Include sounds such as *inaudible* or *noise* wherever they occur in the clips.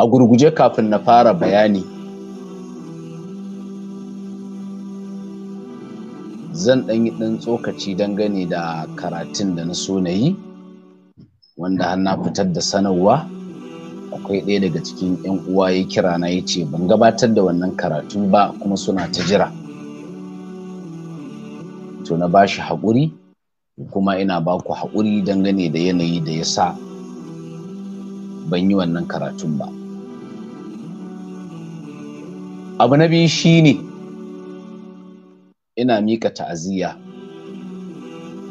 a gurguje kafin na fara bayani zan ɗan yi ɗan tsokaci dangane da karatun da na so na yi wanda har na fitar da sanarwa akwai ɗaya daga cikin 'yan uwa ya kira na ya ce ban gabatar da wannan karatu ba kuma suna ta jira to na ba shi haƙuri kuma ina ba ku haƙuri dangane da yanayi da ya sa ban yi wannan karatun ba abu na biyu shi ne ina mika ta'aziyya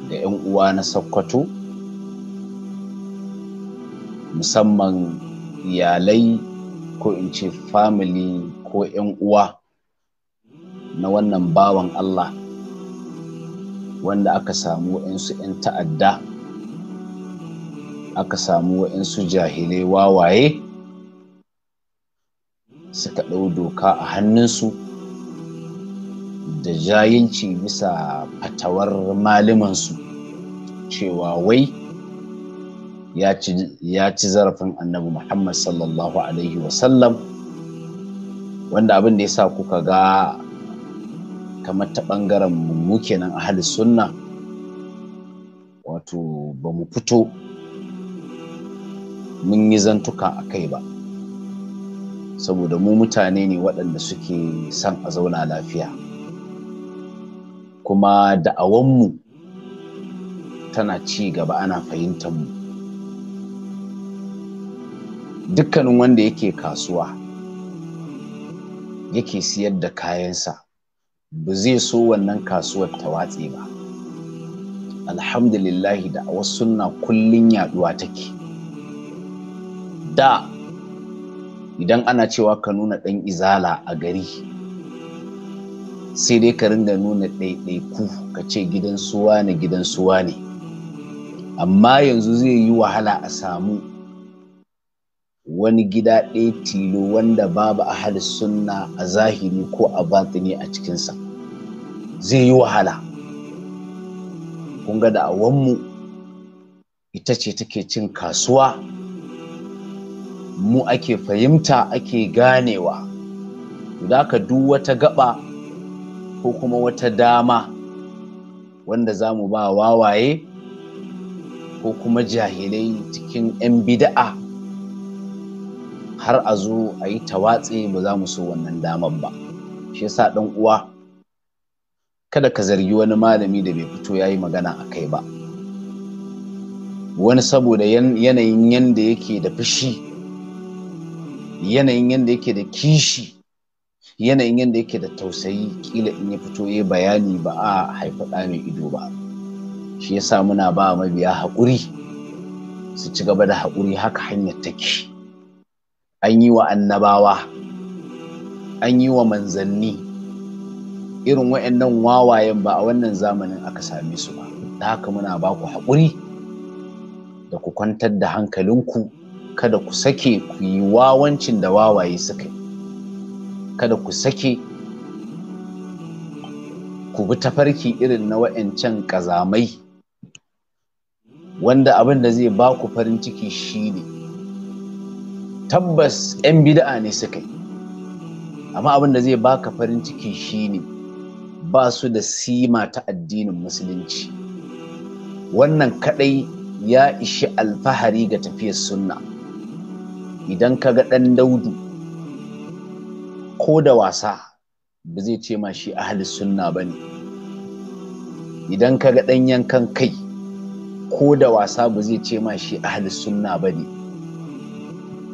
da 'yan uwa na Sokoto musamman iyalai ko in ce family ko 'yan uwa na wannan bawan Allah wanda aka samu wa'insu 'yan ta'adda aka samu wa'yansu jahilai wawaye suka ɗau doka a hannunsu da jayinci bisa fatawar malamansu cewa wai ya ci zarafin annabi muhammad sallallahu alaihi wasallam wanda abin da ya sa kuka ga kamar ta ɓangaren mu kenan a sunna wato ba mu fito mun yi zantuka a kai ba saboda mu mutane ne waɗanda suke son a zauna lafiya kuma da'awanmu tana ci gaba ana fahimtar mu dukkanin wanda yake kasuwa yake siyar da kayansa ba zai so wannan kasuwar ta watse ba alhamdulillahi da a na kullun yaduwa take da idan ana cewa ka nuna ɗan izala a gari sai dai ka ringa nuna ɗaiɗaiku ka ce gidan suwa ne gidan suwa ne amma yanzu zai yi wahala a samu wani gida ɗaya tilo wanda babu ahal sunna a zahiri ko a batini a cikinsa zai yi wahala kun ga da awanmu ita ce take cin kasuwa mu ake fahimta ake ganewa da ka duk wata gaba ko kuma wata dama wanda za mu ba wawaye ko kuma jahilai cikin 'yan bida'a har a zo a yi tawatsi ba za mu so wannan daman ba shi yasa ɗan uwa kada ka zargi wani malami da bai fito ya yi magana a kai ba wani saboda yanayin yanda yake da fushi yanayin yadda yake da kishi yanayin yadda yake da tausayi kila in ya fito ya bayani ba a haifi ɗa mai ido ba shi yasa muna ba mabiya haƙuri su ci gaba da haƙuri haka hanyar take an yi wa annabawa an yi wa manzanni irin wa'annan wawayen ba a wannan zamanin aka same su ba da haka muna ba ku haƙuri da ku kwantar da hankalinku kada ku sake ku yi wawancin da wawaye suka yi kada ku sake ku bi tafarki irin na wa'ancan kazamai wanda abin da zai ba ku farin ciki shi ne. tabbas 'yan bida'a ne suka yi amma abin da zai baka farin ciki shi ne ba su da sima ta addinin musulunci wannan kadai ya ishi alfahari ga tafiyar sunna idan ka ga ɗan daudu ko da wasa ba zai ce ma shi ahli sunna ba ne idan ka ga ɗan yankan kai ko da wasa ba zai ce ma shi ahli sunna ba ne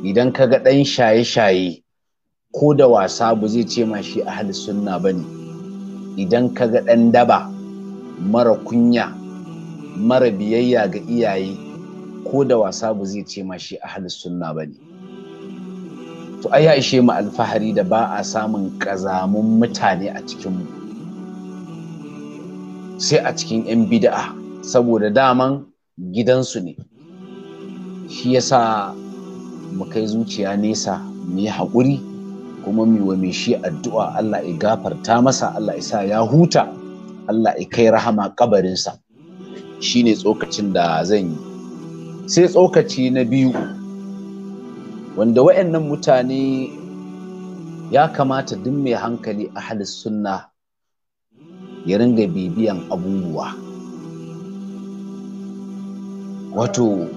idan ka ga ɗan shaye-shaye ko da wasa ba zai ce ma shi ahli sunna ba ne idan ka ga ɗan daba mara kunya mara biyayya ga iyaye ko da wasa ba zai ce ma shi ahli sunna ba ne to ai ya ishe mu alfahari da ba a samun ƙazamun mutane a cikinmu sai a cikin 'yan bida'a saboda daman gidansu ne shi yasa mu kai zuciya nesa mu yi haƙuri kuma mu wa mai shi addu'a Allah ya gafarta masa Allah ya sa ya huta Allah ya kai rahama kabarinsa shine tsokacin da zan yi sai tsokaci na biyu wanda wa'annan mutane ya kamata duk mai hankali a halis sunna ya ringa bibiyan abubuwa wato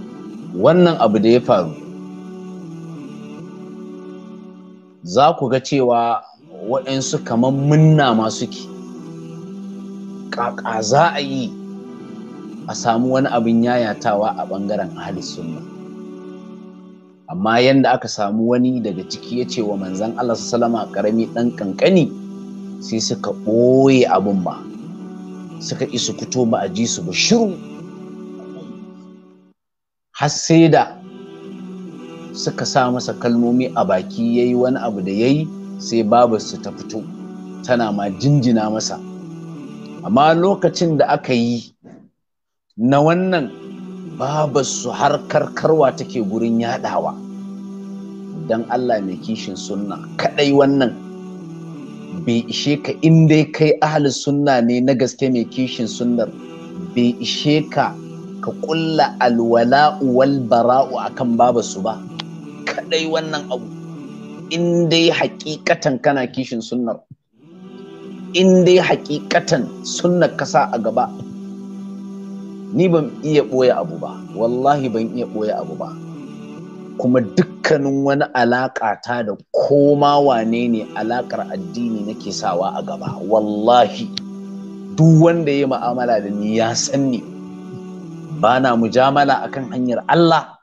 wannan abu da ya faru za ku ga cewa waɗansu kamar munna ma suke ƙaƙa za a yi a samu wani abin yayatawa a ɓangaren ahalis sunna amma yanda aka samu wani daga ciki ya ce wa manzan Allah salama karami ɗan ƙanƙani sai suka ɓoye abin ba suka isu kuto ba a ji su ba shiru har sai da suka sa masa kalmomi a baki ya yi wani abu da ya yi sai babu su ta fito tana ma jinjina masa amma lokacin da aka yi na wannan Babasu har karkarwa take gurin yadawa don Allah mai kishin sunna kadai wannan bai ishe ka inda kai ahli sunna ne na gaske mai kishin sunnar bai ishe ka ka kulla alwala'u wal bara'u akan su ba kadai wannan abu in dai hakikatan kana kishin sunnar in dai hakikatan sunnar kasa a gaba ni ban iya ɓoye abu ba wallahi ban iya ɓoye abu ba kuma dukkanin wani alaƙa ta da koma wane ne alaƙar addini nake sawa a gaba wallahi duk wanda ya ma'amala da ni ya san ni ba na mujamala akan hanyar Allah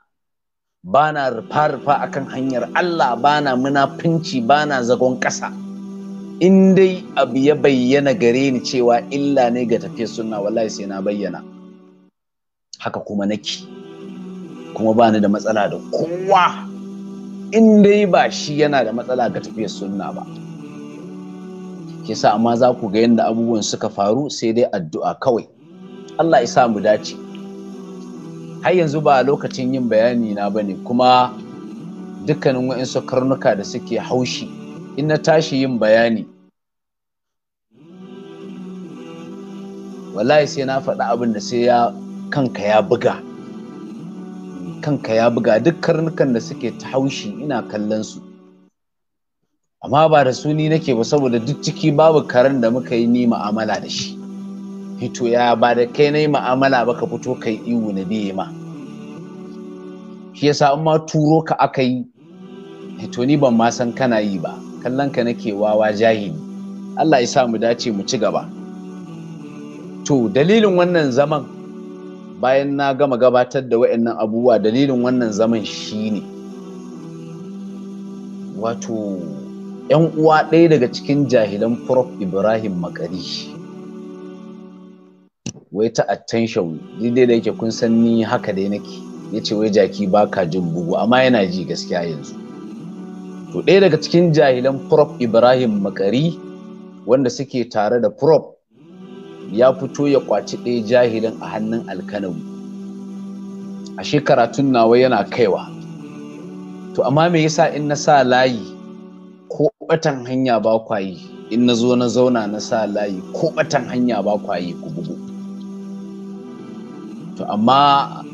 ba na rufa-rufa akan hanyar Allah ba na munafunci ba na zagon ƙasa in dai abu ya bayyana gare ni cewa illa ne ga tafiye suna wallahi sai na bayyana haka kuma nake kuma ba ni da matsala da kowa in dai ba shi yana da matsala ga tafiyar sunna ba sa amma za ku ga yadda abubuwan suka faru sai dai addu'a kawai Allah ya sa mu dace har yanzu ba lokacin yin bayani na bane kuma dukkanin wa'insu karnuka da suke haushi in na tashi yin bayani wallahi sai na faɗi abin da sai ya kanka ya buga kanka ya buga duk karnukan da suke ta haushi ina kallon su amma ba da suni nake ba saboda duk ciki babu karen da muka yi ni ma'amala da shi hito ya ba da kai na ma'amala ba ka fito kai iwu na biye ma shi yasa amma ma turo ka aka yi hito ni ban ma san kana yi ba kallon ka nake wawa jahili Allah ya sa mu dace mu ci gaba to dalilin wannan zaman bayan na gama gabatar da wa'annan abubuwa dalilin wannan zaman shine wato yan uwa ɗaya daga cikin jahilan prof ibrahim makari wai ta attention dai da yake kun san ni haka dai nake ya ce wai jaki baka jin bugu amma yana ji gaskiya yanzu to ɗaya daga cikin jahilan prof ibrahim makari wanda suke tare da prof ya fito ya kwaci ɗaya jahilin a hannun alkanawi ashe karatun nawa yana kaiwa to amma me yasa in na sa layi ko batan hanya ba kwayi in na zo na zauna na sa layi ko batan hanya ba kwayi ku to amma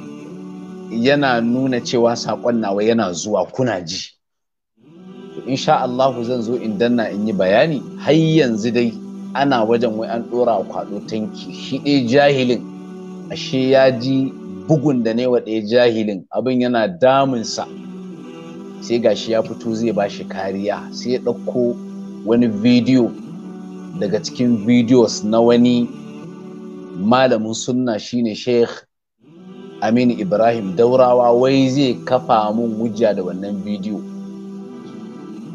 yana nuna cewa saƙon nawa yana zuwa kuna ji to insha Allahu zan zo in danna in yi bayani har yanzu dai ana wajen wai an ɗora wa kwaɗo tanki shi ɗaya jahilin ashe ya ji bugun da ne wa ɗaya jahilin abin yana damunsa sai gashi ya fito zai ba shi kariya sai ya ɗauko wani bidiyo daga cikin videos na wani malamin sunna shine sheikh aminu ibrahim daurawa wai zai kafa mun hujja da wannan bidiyo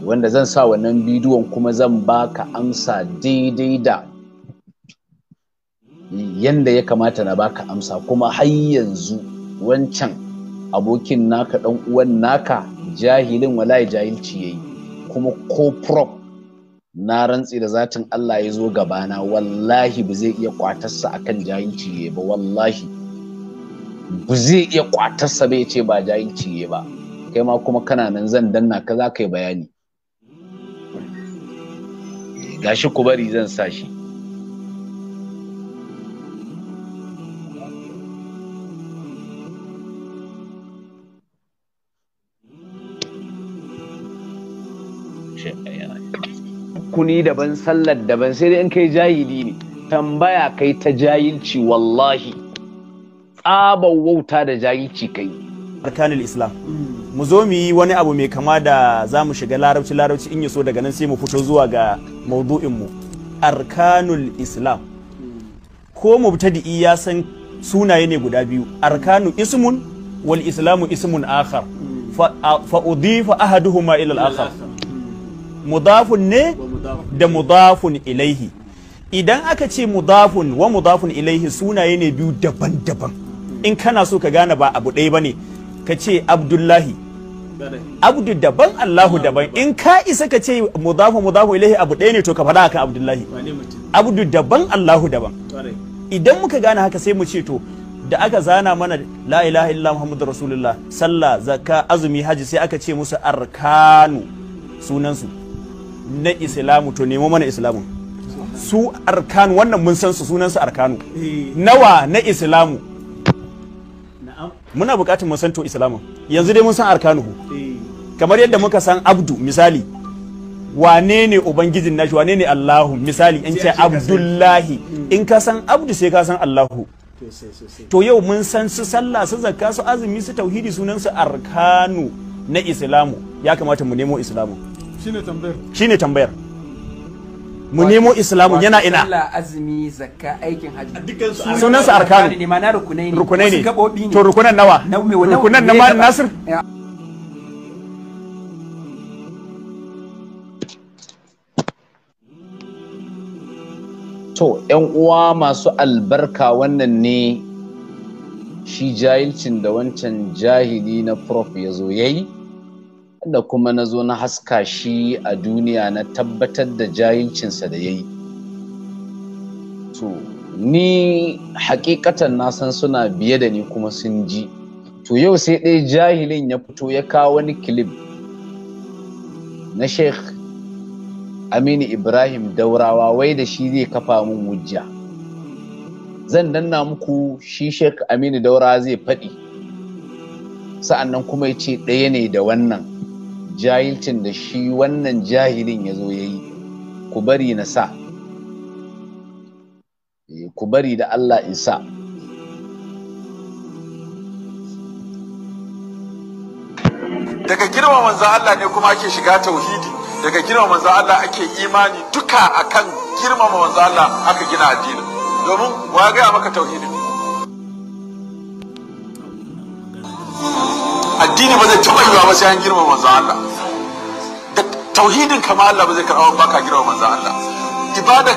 wanda zan sa wannan bidiyon kuma zan baka amsa daidai da yanda ya kamata na baka amsa kuma har yanzu wancan abokin naka dan uwan naka jahilin wallahi jahilci yayi kuma ko prop na rantsi da zatin Allah ya zo gabana wallahi ba zai iya kwatarsa akan jahilci yayi ba wallahi ba zai iya kwatarsa bai ce ba jahilci yayi ba kai ma kuma kana nan zan danna ka za ka yi bayani gashi ku bari zan sa shi kuni daban sallar daban sai dai in kai jahili ne tambaya kai ta jahilci wallahi tsabar wauta da jahilci kai arkanil islam mu zo mu yi wani abu mai kama da za mu shiga larabci larabci in yaso daga nan sai mu fito zuwa ga maudu'in mu arkanul islam ko mubtadi'i ya san sunaye ne guda biyu arkanu ismun wal islamu ismun akhar fa udifa ahaduhuma ila al akhar mudafun ne da mudafun ilaihi idan aka ce mudafun wa mudafun ilaihi sunaye ne biyu daban-daban in kana so ka gane ba abu ɗaya bane ka ce abdullahi abdu daban allahu daban in ka isa ka ce mudafu mudafu ilahi abu ɗaya ne to ka faɗa akan abdullahi abdu daban allahu daban idan muka gane haka sai mu ce to da aka zana mana la ilaha illa muhammadu rasulullah sallah zakka azumi haji sai aka ce musu arkanu sunansu na islamu to nemo mana islamu su arkanu wannan mun san su sunansu arkanu eh. nawa na islamu muna bukatun mun san to islamin yanzu dai mun san arkanuhu kamar yadda muka san abdu misali wane ne ubangijin nashi wane ne allahu misali in ce abdullahi mm. in ka san abdu sai ka san allahu to yau mun san su sallah su zakka su azumi su tauhidi sunan su arkanu na islamu ya kamata mu nemo islamu shine tambayar shine tambayar mu nemo islamu yana ina azumi zakka aikin sunan su arkanu rukunai ne to rukunan nawa rukunan na ma'an nasir to yan uwa masu albarka wannan ne shi jahilcin da wancan jahili na prof ya zo yayi da kuma na zo na haska shi a duniya na tabbatar da jayincinsa da ya yi to ni hakikatan na san suna biye da ni kuma sun ji to yau sai ɗaya jahilin ya fito ya kawo wani kilib na sheikh aminu ibrahim daurawa wai da shi zai kafa mun wujja zan danna muku shi sheikh aminu daurawa zai faɗi sa'annan kuma ya ce ɗaya ne da wannan jahilcin da shi wannan jahilin ya zo ya yi ku bari na sa eh, ku bari da Allah isa daga girma manzan Allah ne kuma ake shiga tauhidi daga girma manzan Allah ake imani duka akan girma manzan Allah aka gina addini domin wa gaya maka tauhidin addini ba zai taɓa yiwa ba sai an girma manzo Allah da tauhidin kama Allah ba zai karɓa ba ka girma manzo Allah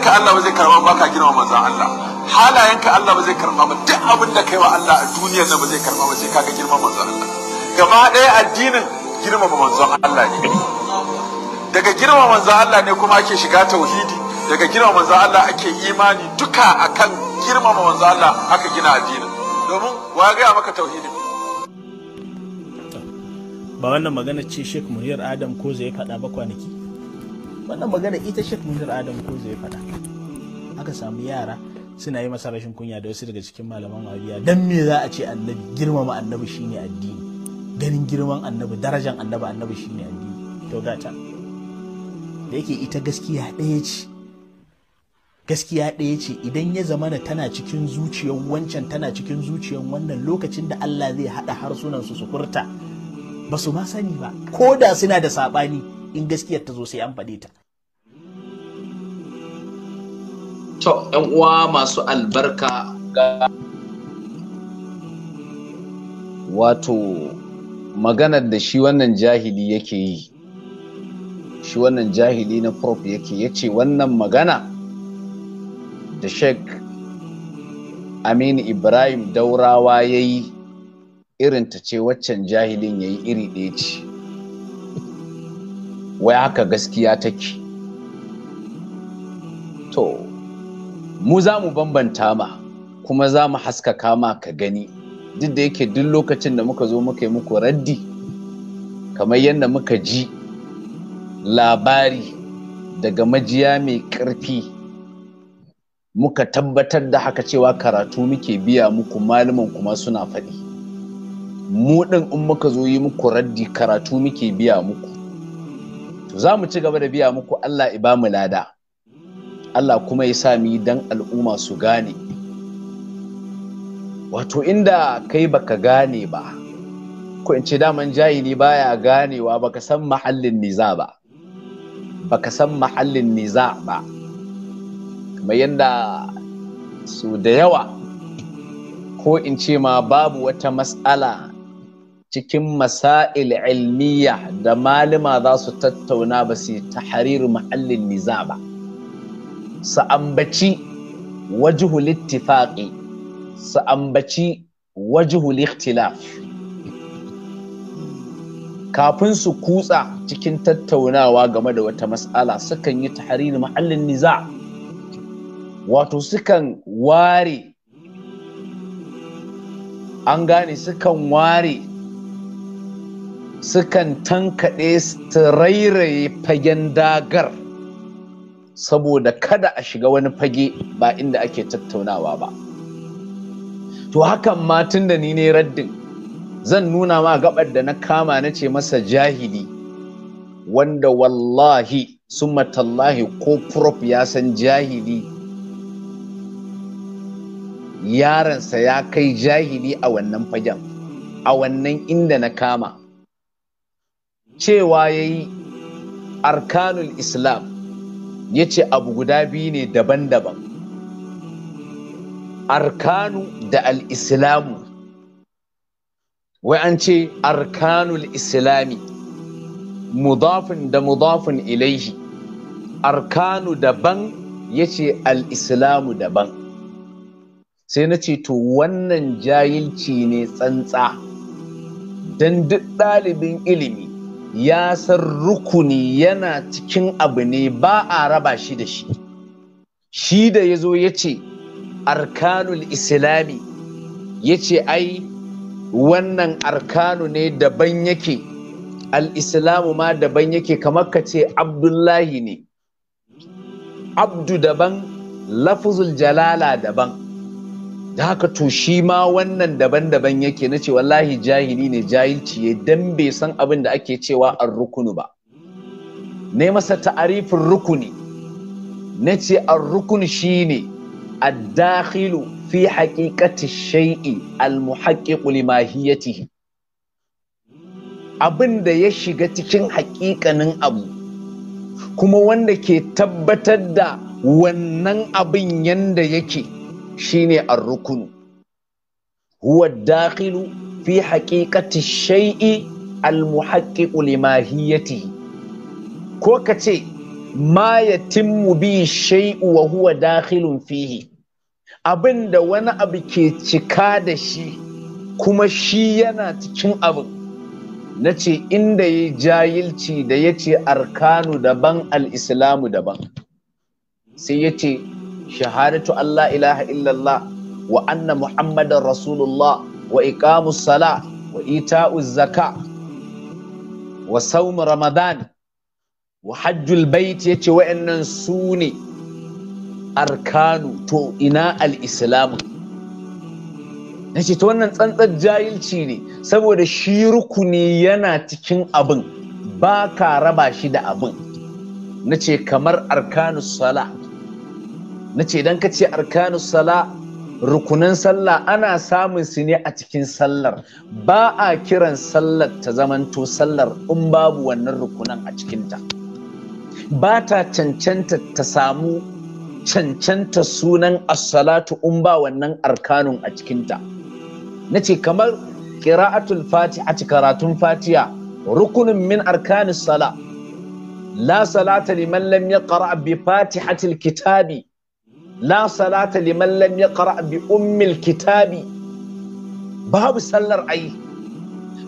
ka Allah ba zai karɓa ba ka girma manzo Allah halayenka Allah ba zai karɓa ba duk abin da kaiwa Allah a duniyar nan ba zai karɓa ba sai ka ga girma manzo Allah gaba ɗaya addinin girma manzo Allah ne daga girma manzo Allah ne kuma ake shiga tauhidi daga girma manzo Allah ake imani duka akan girma manzo Allah aka gina addinin domin wa ga maka tauhidin ba wannan magana ce sheikh munir adam ko zai faɗa ba kwanaki wannan magana ita sheikh munir adam ko zai faɗa aka samu yara suna yi masa rashin kunya da wasu daga cikin malaman wahabiya dan me za a ce annabi girmama annabi shine addini ganin girman annabi darajan annabi annabi shine addini to gata da yake ita gaskiya ɗaya ce gaskiya ɗaya ce idan ya zamana tana cikin zuciyar wancan tana cikin zuciyar wannan lokacin da Allah zai haɗa harsunan su su furta ba su ma sani ba ko da suna da saɓani in gaskiyar ta zo sai an faɗe ta to yan uwa masu albarka ga wato maganar da shi wannan jahili yake yi shi wannan jahili na prof yake ya ce wannan magana da sheik aminu ibrahim daurawa ya yi irin ta ce waccan jahilin ya yi iri ɗaya ce wai haka gaskiya take to mu za mu bambanta ma kuma za mu haskaka ma ka gani duk da yake duk lokacin da muka zo muka yi muku raddi kamar yadda muka ji labari daga majiya mai ƙarfi muka tabbatar da haka cewa karatu muke biya muku malaman kuma suna faɗi mu ɗin in muka zo yi muku raddi karatu muke biya muku za mu ci gaba da biya muku Allah iba mu lada Allah kuma ya sa mu dan al'umma su gane wato inda kai baka gane ba ko in ce daman jahili baya ganewa baka san mahallin niza ba baka san mahallin niza ba kamar yadda su da yawa ko in ce ma babu wata matsala cikin masail ilmiya da malama za su tattauna ba su tahrir muhallin niza ba su ambaci wajihu ittifaqi su ambaci wajihu ikhtilaf kafin su kutsa cikin tattaunawa game da wata mas'ala sukan yi tahrir muhallin niza wato sukan ware an gane sukan ware sukan tankaɗe su rairaye fagen dagar saboda kada a shiga wani fage ba inda ake tattaunawa ba to hakan ma tun da ni ne raddin zan nuna ma gabar da na kama na ce masa jahili wanda wallahi sun matallahi ko prof ya san jahili yaransa ya kai jahili a wannan fagen a wannan inda na kama cewa ya yi arkanul islam ya ce abu guda biyu ne daban-daban arkanu da Al-Islamu. wai an ce arkanul islami mudafin da mudafin ilaihi arkanu daban ya ce Al-Islamu daban sai na ce to wannan jahilci ne tsantsa don duk ɗalibin ilimi ya san rukuni yana cikin abu ne ba a raba shi da shi shi da ya zo ya ce arkanul islami ya ce ai wannan arkanu ne daban yake al-islamu ma daban yake kamar ka ce abdullahi ne abdu daban lafuzul jalala daban da haka to shi ma wannan daban-daban yake na ce wallahi jahili ne jahilci ya dan bai san abin da ake cewa an rukunu ba ne masa ta'arifin rukuni na ce an shi ne addakhilu fi haƙiƙati shai'i almuhaqqiqu limahiyatihi abin da ya shiga cikin haƙiƙanin abu kuma wanda ke tabbatar da wannan abin yanda yake shine ar-rukunu huwa dakhilu fi haqiqati shay'i al-muhaqqiqu limahiyatihi ko kace ma yatimmu bi shay'u wa huwa dakhilun fihi abinda wani abu ke cika da shi kuma shi yana cikin abin na inda ya jahilci da yace ce arkanu daban al'islamu daban sai yace. shahadatu Allah ilaha illallah wa anna muhammadan rasulullah wa iqamus sala wa ita'uz zaka wa saum ramadan wa hajjul bait yace wa'annan su ne arkanu to ina al-islamu na ce ta wannan tsantsar jahilci ne saboda shi rukuni yana cikin abin ba ka raba shi da abin na ce kamar arkanus sala na ce don ka ce arkanu sala rukunan sallah ana samun su ne a cikin sallar ba a kiran sallar ta zamanto sallar in babu wannan rukunan a cikinta ba ta cancanta ta samu cancanta sunan assalatu in ba wannan arkanun a cikinta na ce kamar kira'atul Fati ci karatun fatiha rukunin min arkanin sala la salata liman lam yaqra bi fatihatil kitabi la salata liman lam yaqra bi ummil kitabi babu sallar ai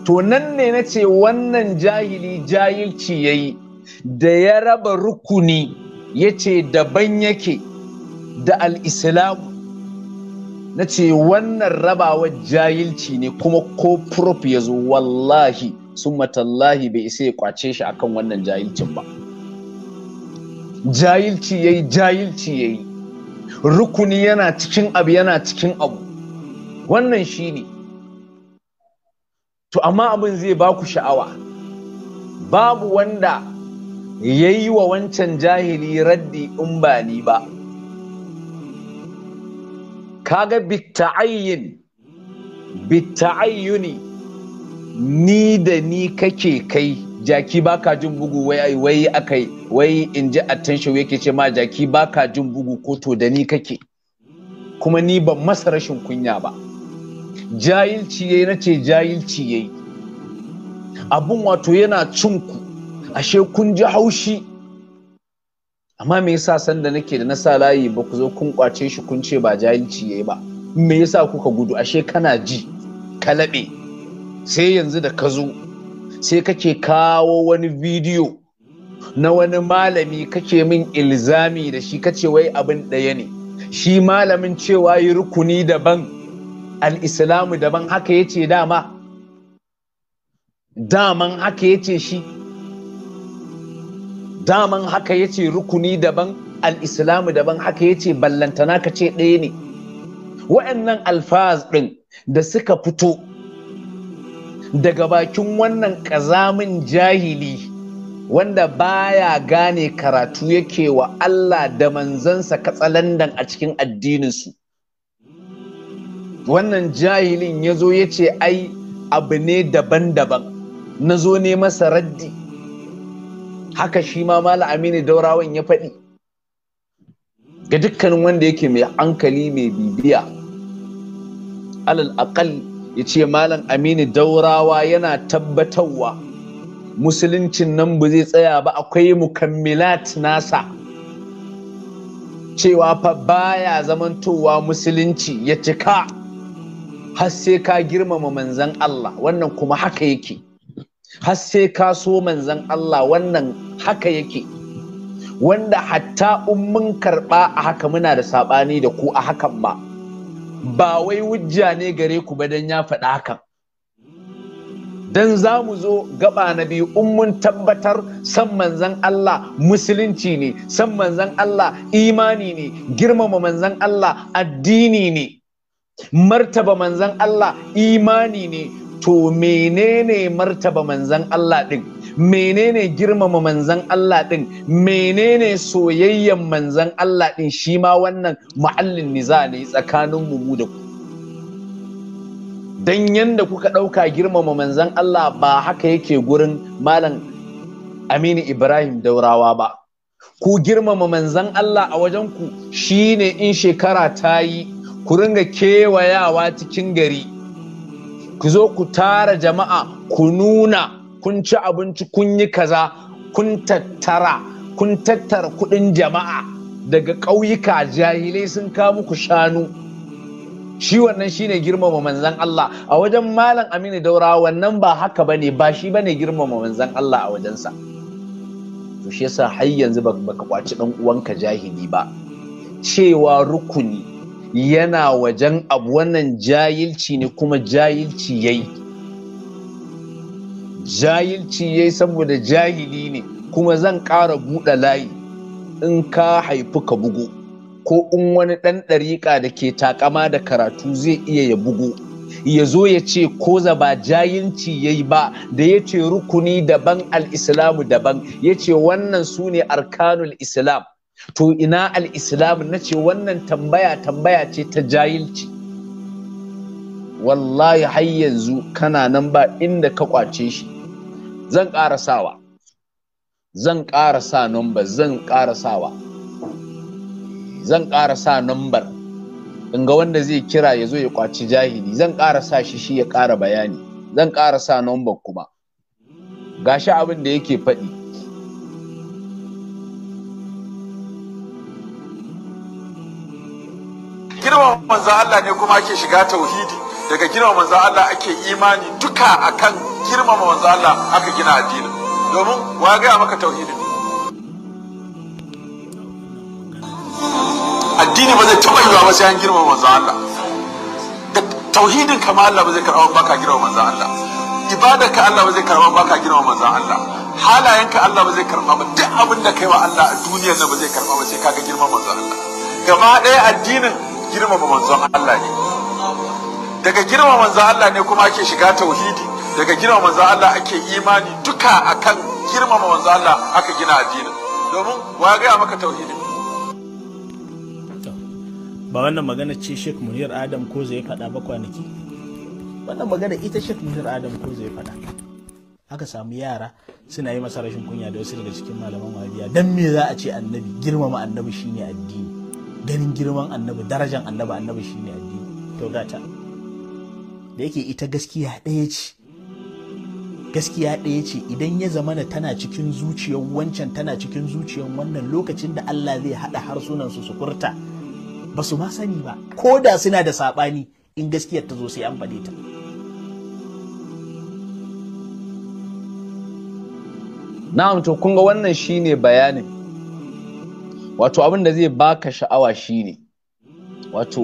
to nan ne nace wannan jahili jahilci yayi da ya raba rukuni yace daban yake da al-islam nace wannan rabawa jahilci ne kuma ko prof ya wallahi summa tallahi bai isa ya kwace shi akan wannan jahilcin ba jahilci yayi jahilci yayi rukuni yana cikin abu yana cikin abu wannan shi ne to amma abin zai ba ku sha'awa babu wanda ya yi wa wancan jahili raddi in ba ni ba kaga bitta'ayyin bitta'ayyuni ni da ni kake kai jaki baka jin bugu wai wai akai wai in ji attention yake ce ma jaki baka jin bugu ko to da ni kake kuma ni ban masa rashin kunya ba jahilci yayi na ce jahilci yayi abun wato yana cinku ashe kun ji haushi amma me yasa sanda nake da na sa layi ba ku zo kun kwace shi kun ce ba jahilci yayi ba me yasa kuka gudu ashe kana ji kalabe sai yanzu da ka zo sai kake kawo wani bidiyo na wani malami kake min ilzami da shi kace wai abin ɗaya ne shi malamin cewa yi rukuni daban al'islamu daban haka yace dama daman haka yace shi daman haka yace rukuni daban al'islamu daban haka yace ballantana kace ɗaya ne wa'annan alfaz ɗin da suka fito daga bakin wannan ƙazamin jahili wanda baya gane karatu yake wa Allah da manzansa katsalandan a cikin addininsu wannan jahilin ya zo ya ce ai abu ne daban-daban na zo ne masa raddi haka shi ma mala amini daurawan ya faɗi ga dukkanin wanda yake mai hankali mai bibiya alal aƙal ya ce malam aminu daurawa yana tabbatarwa musuluncin nan ba zai tsaya ba akwai mukammilat nasa cewa fa baya zamantowa musulunci ya cika har sai ka girmama manzan Allah wannan kuma haka yake har sai ka so manzan Allah wannan haka yake wanda hatta in mun karɓa a haka muna da saɓani da ku a hakan ba ba wai wujja ne gare ku ba don ya faɗa hakan Don za mu zo gaba na biyu in mun tabbatar san manzan Allah musulunci ne san manzan Allah imani ne girmama manzan Allah addini ne martaba manzan Allah imani ne to menene martaba manzan Allah ɗin menene girmama manzan Allah din menene soyayyan manzan Allah din shi ma wannan muhallin niza ne tsakanin mu da ku dan yanda kuka ɗauka girmama manzan Allah ba haka yake gurin malam Aminu Ibrahim Daurawa ba ku girmama manzan Allah a wajen ku shine in shekara ta yi ku ringa kewayawa cikin gari ku zo ku tara jama'a ku nuna kun ci abinci kun yi kaza kun tattara kun tattara kudin jama'a daga ƙauyuka jahilai sun kawo muku shanu shi wannan shine girmama manzan Allah a wajen malam Aminu Daura wannan ba haka bane ba shi bane girmama manzan Allah a wajensa to shi yasa har yanzu baka kwaci dan uwanka jahili ba cewa rukuni yana wajen abu wannan jahilci ne kuma jahilci yayi jahilci yayi saboda jahili ne kuma zan ƙara buɗe layi in ka haifi ka bugu ko in wani ɗan ɗariƙa da ke takama da karatu zai iya ya bugu ya zo ya ce koza ba jayinci ya yi ba da ya ce rukuni daban al'islamu daban ya ce wannan su ne arkanul islam to ina al'islamu na ce wannan tambaya tambaya ce ta jayilci wallahi har yanzu kana nan ba inda ka kwace shi zan ƙara sawa zan ƙara sa number zan ƙara sawa zan ƙara sa number in ga wanda zai kira ya zo ya kwaci jahili zan ƙara sa shi shi ya ƙara bayani zan ƙara sa number kuma gashi abin da yake faɗi Girmama manzo Allah ne kuma ake shiga tauhidi daga wa manzo Allah ake imani duka akan girmama manzo Allah aka gina addini domin wa ga maka tauhidi addini ba zai taba yiwa ba sai an girmama manzo Allah tauhidin kama Allah ba zai karɓa gina girmama manzo Allah ka Allah ba zai karɓa gina girmama manzo Allah halayenka Allah ba zai karɓa ba duk abin da kai wa Allah a duniyar nan ba zai karɓa ba sai kaga girmama manzo Allah gaba ɗaya addinin girmama manzan Allah ne daga girma manzo Allah ne kuma ake shiga tauhidi daga girma manzo Allah ake imani duka akan girma manzo Allah aka gina addini domin wa ga maka tauhidi ba wannan magana ce Sheikh Munir Adam ko zai faɗa ba kwanaki wannan magana ita Sheikh Munir Adam ko zai faɗa aka samu yara suna yi masa rashin kunya da wasu daga cikin malaman wahabiya dan me za a ce annabi girmama annabi shine addini ganin girman annabi darajan annabi annabi shine addini to gata da yake ita gaskiya ɗaya ce gaskiya ɗaya ce idan ya zamana tana cikin zuciyar wancan tana cikin zuciyar wannan lokacin da Allah zai haɗa harsunan su furta ba su ma sani ba ko da suna da saɓani in gaskiyar ta zo sai an faɗe ta na'am to kun ga wannan shine bayanin wato abin da zai baka sha'awa shine wato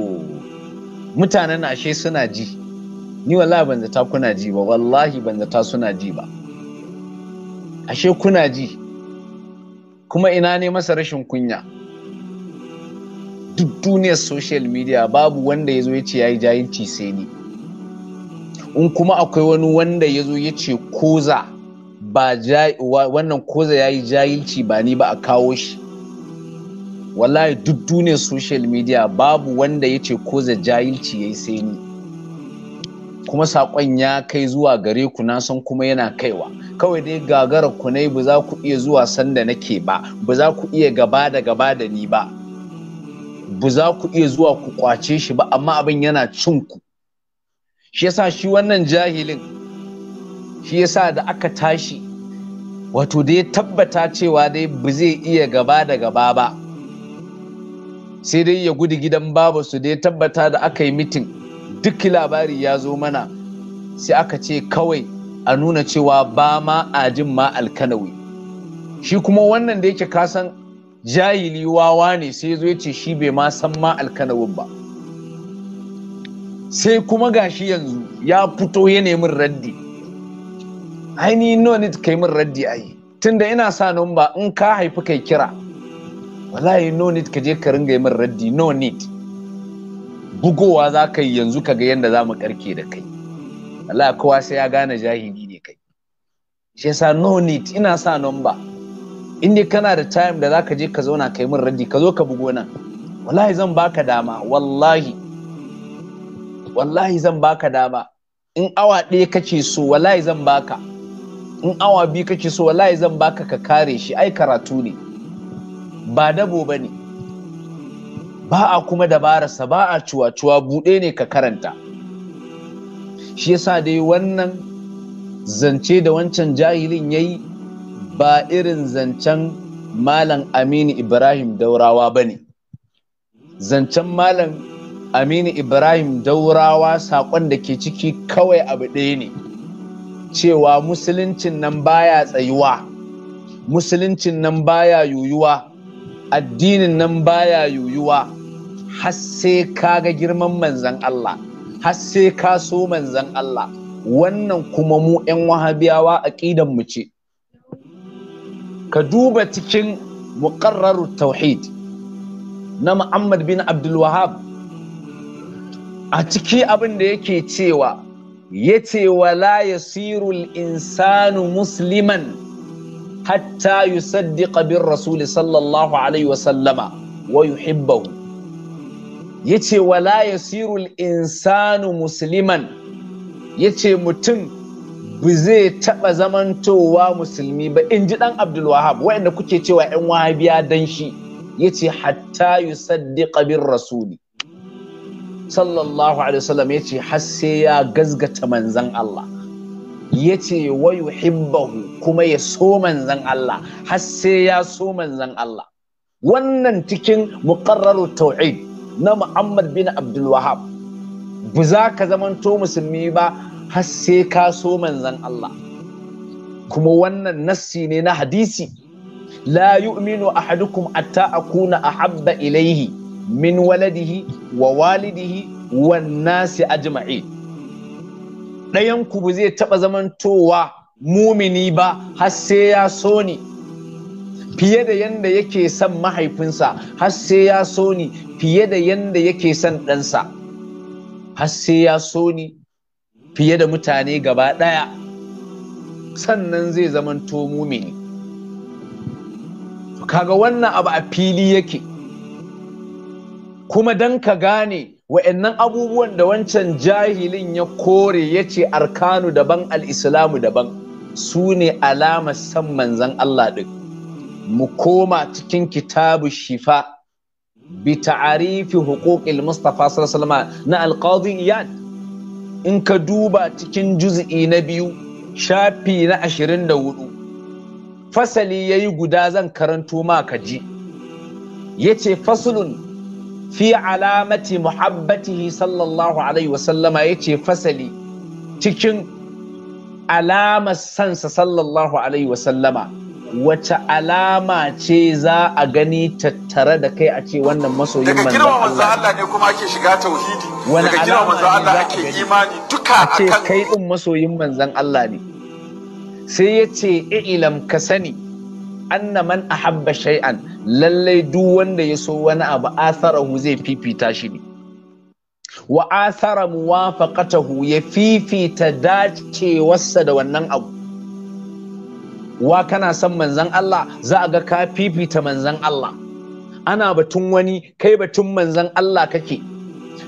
mutanen ashe suna ji ni wallahi ban zata kuna ji ba wallahi ban zata suna ji ba ashe kuna ji kuma ina ne masa rashin kunya duk duniyar social media babu wanda ya zo ya ce ya yi jayinci sai ni in kuma akwai wani wanda ya zo ya ce koza ba wannan koza ya yi ba ni ba a kawo shi wallahi duk duniyar social media babu wanda ya ce koza jayinci ya yi sai ni kuma sakon ya kai zuwa gare ku na san kuma yana kaiwa kawai dai gagarar ku ne ba za ku iya zuwa sanda nake ba ba za ku iya gaba da gaba da ni ba ba za ku iya zuwa ku kwace shi ba amma abin yana cin ku shi yasa shi wannan jahilin shi yasa da aka tashi wato dai tabbata cewa dai ba zai iya gaba da gaba ba sai dai ya gudu gidan babu su dai tabbata da aka yi mitin duk labari ya zo mana sai aka ce kawai a nuna cewa ba ma ajin ma alkanawi shi kuma wannan da yake kasan jahili wawa ne sai zo yace shi bai ma san ma alkanawin ba sai kuma gashi yanzu ya fito ya nemi raddi ainihin no need kai min raddi ai tunda ina sa number in ka haifi kai kira wallahi no need ka je ka ringa yi min raddi no need bugowa za ka yi yanzu ka ga yadda za mu karke da kai Allah kowa sai ya gane jahili ne kai shi sa no need ina sa number in dai kana da time da za ka je ka zauna kai mun raddi ka zo ka bugo nan wallahi zan baka dama wallahi wallahi zan baka dama in awa ɗaya kace so wallahi zan baka in awa biyu kace so wallahi zan baka ka kare shi ai karatu ne ba dabo bane ba a kuma dabararsa ba a cuwa-cuwa buɗe ne ka karanta shi yasa dai wannan zance da wancan jahilin ya yi ba irin zancen malam aminu ibrahim daurawa ba ne zancen malam aminu ibrahim daurawa saƙon da ke ciki kawai abu ɗaya ne cewa musuluncin nan baya tsayuwa musuluncin nan baya yuyuwa addinin nan baya yuyuwa har sai ka ga girman manzan Allah har sai ka so manzan Allah wannan kuma mu 'yan wahabiyawa aƙidan mu ce ka duba cikin muƙarraru tauhid na Muhammad bin Abdulwahab, a ciki abin da yake cewa ya ce wala yasirul insanu musliman hatta yusaddiqa bin rasuli sallallahu alaihi wasallama wa yuhibbahu yace wala yasirul insanu musliman yace mutum bi zai taɓa zamantowa musulmi ba in ji ɗan abdulwahab waɗanda kuke cewa 'yan wahabiya dan shi yace hatta yusaddiqa bin rasuli sallallahu alaihi wasallam yace har sai ya gazgata manzan Allah yace wa yuhibbahu kuma ya so manzan Allah har ya so manzan Allah wannan cikin muqarrarut tauhid na muhammad bin abdul wahab ba za ka zamanto musulmi ba har sai ka so manzan allah kuma wannan nassi ne na hadisi la yu'minu ahadukum atta akuna ahabba ilaihi min waladihi wa walidihi wa nasi ajma'i ɗayan ku ba zai taɓa zamantowa mumini ba har sai ya so ni fiye da yanda yake son mahaifinsa har sai ya so ni fiye da yanda yake son ɗansa har sai ya so ni fiye da mutane gaba ɗaya sannan zai zamanto mumini kaga wannan abu a fili yake kuma don ka gane wa'annan abubuwan da wancan jahilin ya kore ya ce arkanu daban al al'islamu daban su ne alamar san manzan Allah ɗin mu koma cikin kitabu shifa bi ta'arifi huquqil mustafa sallallahu na alqadi iyad in ka duba cikin juz'i na biyu shafi na 24 fasali yayi guda zan karanto ma ka ji yace faslun fi alamati muhabbatihi sallallahu alaihi wasallama yace fasali cikin alamar sansa sallallahu alaihi wasallama wace alama ce za a gani tattare da kai a ce wannan masoyin manzan Allah daga Allah ne kuma ake shiga tauhidi wani alama ne Allah ake imani duka a ce kai din masoyin manzon Allah ne sai ya ce ilam ka sani anna man ahabba shay'an lallai duk wanda ya so wani abu atharahu zai fifita shi ne wa athara muwafaqatahu ya fifita dacewarsa da wannan abu wa kana son manzan Allah za a ga ka fifita manzan Allah ana batun wani kai batun manzan Allah kake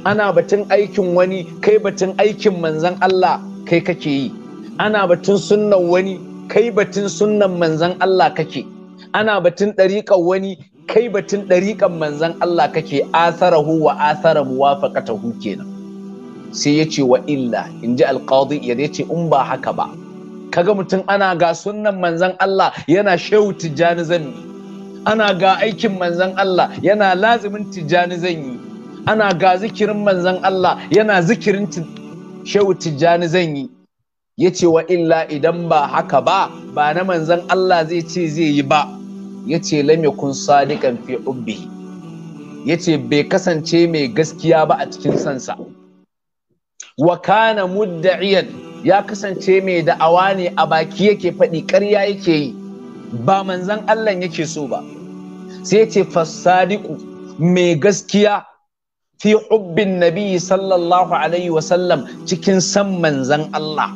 ana batun aikin wani kai batun aikin manzan Allah kai kake yi ana batun sunnan wani kai batun sunnan manzan Allah kake ana batun ɗariƙar wani kai batun ɗariƙar manzan Allah kake A'sarahu wa asara muwafaqatahu kenan sai ya ce wa illa in ji alƙadi ya ce in ba haka ba kaga mutum ana ga sunnan manzan Allah yana shehu tijjani zan yi ana ga aikin manzan Allah yana lazimin tijjani zan yi ana ga zikirin manzan Allah yana zikirin shehu tijjani zan yi ya ce wa illa idan ba haka ba ba na manzan Allah zai ce zai yi ba ya ce lam yakun sadiqan fi ubbi ya ce bai kasance mai gaskiya ba a cikin sansa. wa kana mudda'iyan ya kasance mai da'awa ne a baki yake faɗi ƙarya yake yi ba manzan Allah yake so ba sai ce fasadiku mai gaskiya fi hubbin nabi sallallahu alaihi wasallam cikin san manzan Allah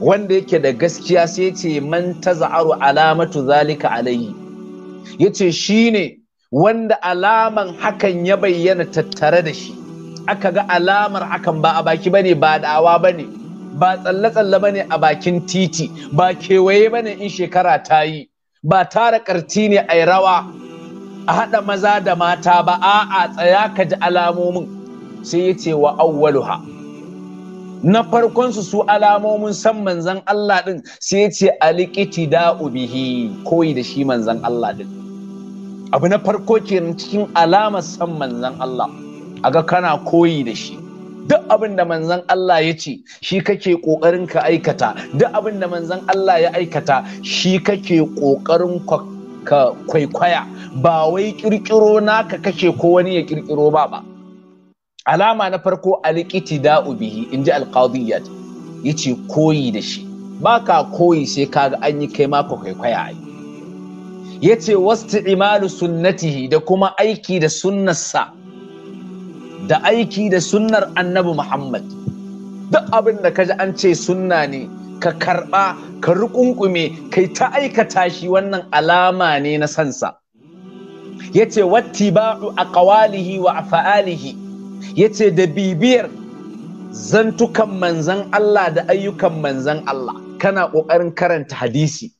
wanda yake da gaskiya sai ce man taza'aru alamatu zalika alaihi yace shine wanda alaman hakan ya bayyana tattare da shi aka ga alamar hakan ba a baki bane ba dawa bane ba tsalle-tsalle bane a bakin titi ba kewaye bane in shekara ta yi ba tara karti ne a rawa a haɗa maza da mata ba a'a tsaya ka ji alamomin sai ya ce wa awwaluha na farkonsu su alamomin san manzan Allah ɗin sai ya ce alikiti da ubihi koyi da shi manzan Allah ɗin abu na farko kenan cikin alamar san manzan Allah Aga kana koyi da shi duk abin da manzon Allah ya ce shi kake ƙoƙarin ka aikata duk abin da manzon Allah ya aikata shi kake ƙoƙarin ka kwaikwaya ba wai ƙirƙiro naka kake ko wani ya ƙirƙiro ba ba alama na farko alƙiti da'u bihi in ji alƙadiyyat ya ce koyi da shi ba ka koyi sai ka ga an yi kai maka kwaikwaya ya ce wasu sunnatihi da kuma aiki da sunnarsa da aiki da sunnar annabi Muhammad duk abin da ka ji an ce sunna ne ka karɓa ka rukunkume kai ta aikata shi wannan alama ne na sansa ya ce ba a ƙawalihi wa a fa'alihi ya ce da bibiyar zantukan manzan Allah da ayyukan manzan Allah kana ƙoƙarin karanta hadisi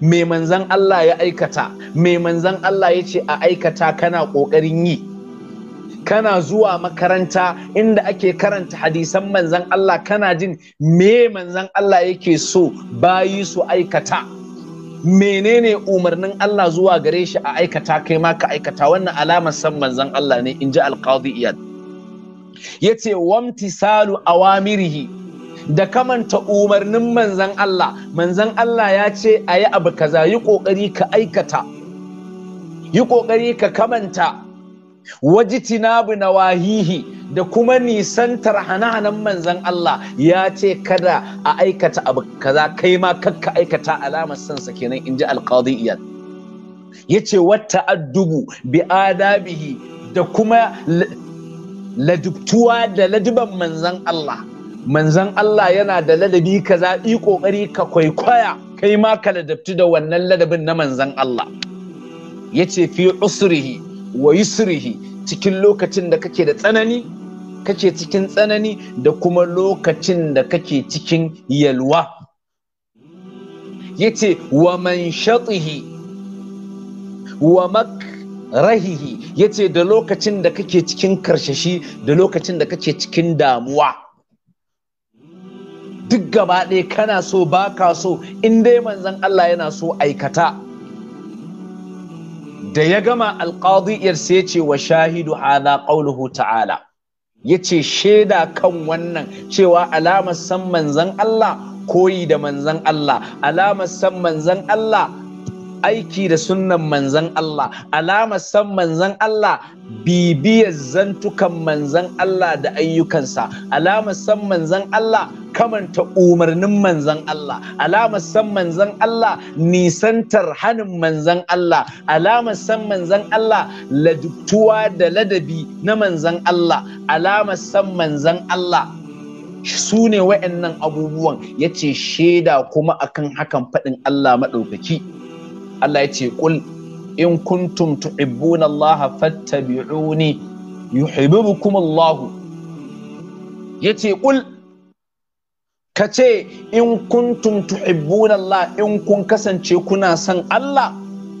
mai manzan Allah ya aikata mai manzan Allah ya ce a aikata kana ƙoƙarin yi kana zuwa makaranta inda ake karanta hadisan manzan Allah kana jin me manzan Allah yake so bayi su aikata menene umarnin Allah zuwa gare shi a aikata kai ma ka aikata wannan alamar san manzan Allah ne in ji alqadi iyad yace wamtisalu awamirihi da kamanta umarnin manzan Allah manzan Allah ya ce a abu kaza yi ƙoƙari ka aikata yi ƙoƙari ka kamanta Waji na Wahihi da kuma nisantar hana-hanan manzan Allah ya ce kada a aikata abu kaza kai ma kakka aikata alamar sansa kenan inji alqadi iyad yace wata addubu bi adabihi da kuma ladubtuwa da ladiban manzan Allah manzan Allah yana da ladabi kaza yi kokari ka kwaikwaya kai ma ka ladabti da wannan ladabin na manzan Allah yace fi usrihi wa yusrihi cikin lokacin da kake da tsanani kake cikin tsanani da kuma lokacin da kake cikin yalwa yace wa man shatihi wa makrahihi yace da lokacin da kake cikin karshashi da lokacin da kake cikin damuwa duk gaba ɗaya kana so baka so in dai manzon Allah yana so aikata da ya gama alqadiyar sai ya ce wa shahidu ala qauluhu ta'ala yace shaida kan wannan cewa alamar san manzon Allah koyi da manzan Allah alamar san manzon Allah aiki da sunnan manzan Allah alamar san manzan Allah bibiyar zantukan manzan Allah da ayyukansa alamar san manzan Allah kamanta umarnin manzan Allah alamar san manzan Allah nisantar hanin manzan Allah alamar san manzan Allah ladubtuwa da ladabi na manzan Allah alamar san manzan Allah su ne wa'annan abubuwan ya ce shaida kuma akan hakan faɗin Allah maɗaukaki. Allah ya ce kul in kuntum tuhibbuna Allah fattabi'uni yuhibbukum Allah yace kul kace in kuntum tuhibbuna Allah in kun kasance kuna son Allah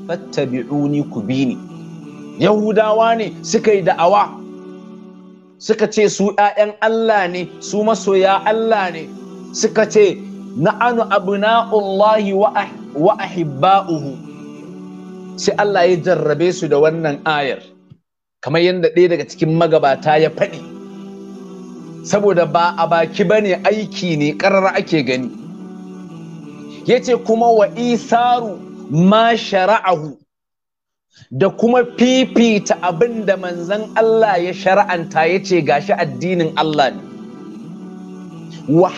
fattabi'uni ku bi ni Yahudawa ne suka yi da'awa suka ce su ‘ya'yan Allah ne su masoya Allah ne suka ce na'anu abu na'ullahi wa ahibba'uhu sai Allah ya jarrabe su da wannan ayar kamar yadda ɗaya daga cikin magabata ya faɗi saboda ba a baki ba ne aiki ne ƙarar ake gani ya ce kuma wa isaru ma shara'ahu da kuma fifita abin da manzan Allah ya shara'anta ya ce gashi addinin Allah ne wa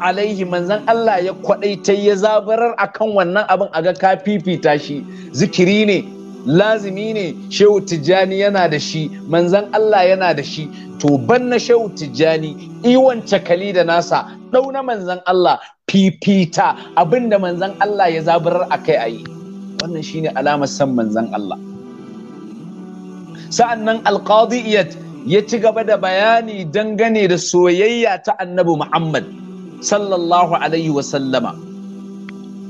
alaihi manzan Allah ya kwadaitai ya zabarar akan wannan abin a ga ka fifita shi zikiri ne lazimi ne shehu tijjani yana da shi manzan Allah yana da shi to banna shehu tijjani iwon cakali da nasa ɗau na manzan Allah fifita abinda manzan Allah ya zabarar a kai a wannan shine alamar san manzan Allah sa'an nan alqadiyat ya ci gaba da bayani dangane da soyayya ta annabi Muhammad sallallahu alaihi wasallama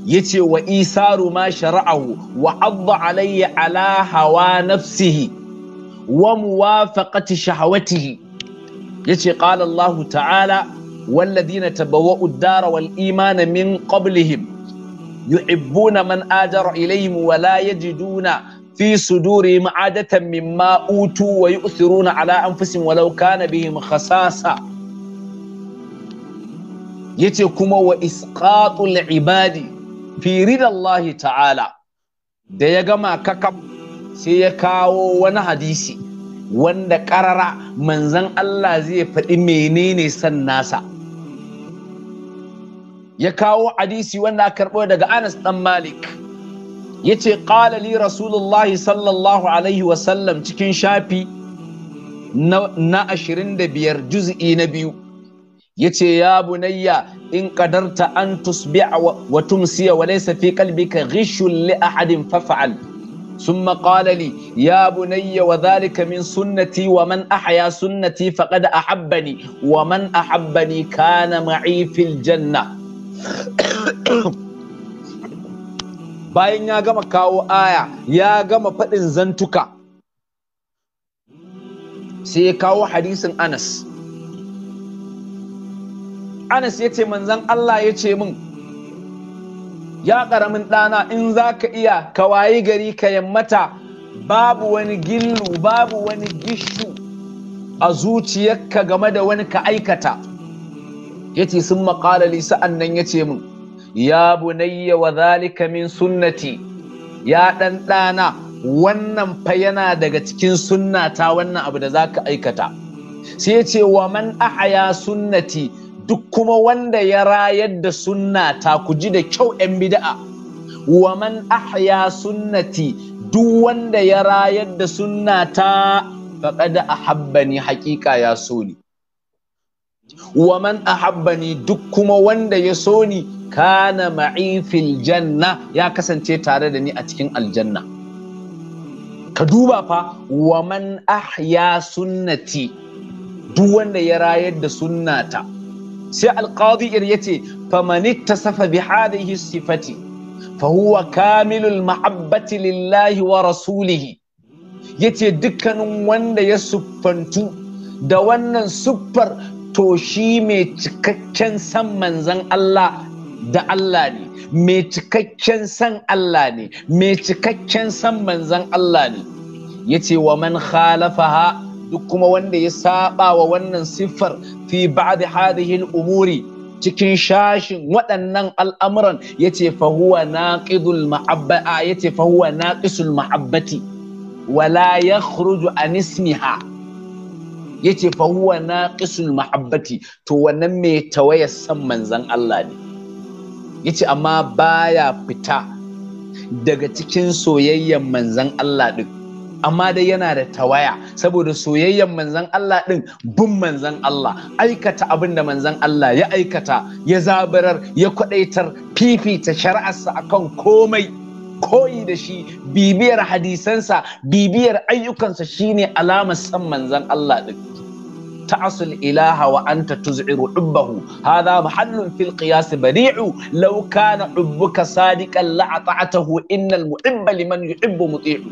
ya ce wa isaru ma shara'ahu wa adda alayya ala hawa nafsihi wa muwafaqati shahawatihi yace qala Allah ta'ala والذين تبوأوا wal-imana min قبلهم يحبون من آجر إليهم ولا يجدون fi sudurihim adatan mimma utu wa yu'thiruna ala anfusihim walau kana bihim khasasa yace kuma wa isqatul ibadi fi ridallahi ta'ala da ya gama kakab sai ya kawo wani hadisi wanda ƙarara manzan Allah zai faɗi menene san nasa ya kawo hadisi wanda a karɓo daga Anas ɗan Malik yace qala li rasulullahi sallallahu alaihi wasallam cikin shafi na ashirin da biyar juz'i na biyu yace ya bunayya in qadarta an tusbi'a wa tumsiya wa laysa fi qalbika ghishun li ahadin faf'al ثم قال لي يا بني وذلك من سنتي ومن أحيا سنتي فقد أحبني ومن أحبني كان معي في الجنة bayan ya gama kawo aya ya gama faɗin zantuka sai ya kawo hadisin anas anas ya ce manzan allah ya ce min ya ƙaramin ɗana in za ka iya ka wayi gari ka yammata babu wani gillu babu wani gishu a zuciyarka game da wani ka aikata ya ce sun maƙalali sa'an nan ya ce min ya bunayya wa zalika min sunnati ya ɗan ɗana wannan fa yana daga cikin sunnata wannan abu da za ka aikata sai ya ce wa man ahaya sunnati duk kuma wanda ya rayar da sunnata ku ji da kyau 'yan bida'a wa man ahya sunnati duk wanda ya rayar da sunnata da a habbani haƙiƙa ya so ni wa man ni duk kuma wanda ya so ni kana ma'i janna ya kasance tare da ni a cikin aljanna ka duba fa wa man ahya sunnati duk wanda ya rayar da sunnata sai alqadir yace faman safa bi hadhihi sifati fa huwa kamilul mahabbati lillahi wa rasulihi yace dukkanin wanda ya sufantu da wannan siffar to shi mai cikakken san manzan Allah da Allah ne mai cikakken san Allah ne mai cikakken san manzan Allah ne ya ce wa man khalafaha duk kuma wanda ya saba wa wannan siffar fi ba'd hadhihi umuri cikin shashin waɗannan al'amuran ya ce fahuwa naqidul ma'abba ya ce fahuwa naqisul ma'abbati wala yakhruju an ismiha yace fahuwa na naqisul mahabbati to wannan mai tawayar san manzan Allah ne yace amma baya fita daga cikin soyayyen manzan Allah ɗin amma dai yana da tawaya saboda soyayyen manzan Allah ɗin bin manzan Allah aikata abin da manzan Allah ya aikata ya zabarar ya kwaɗaitar fifita shari'arsa akan komai koyi da shi bibiyar hadisansa bibiyar ayyukansa shine alamar san manzon Allah din ta'asul ilaha wa anta tuz'iru dubbahu hadha mahallun fil qiyas bari'u law kana hubbuka sadiqan la ata'atahu innal muhibba liman yuhibbu muti'u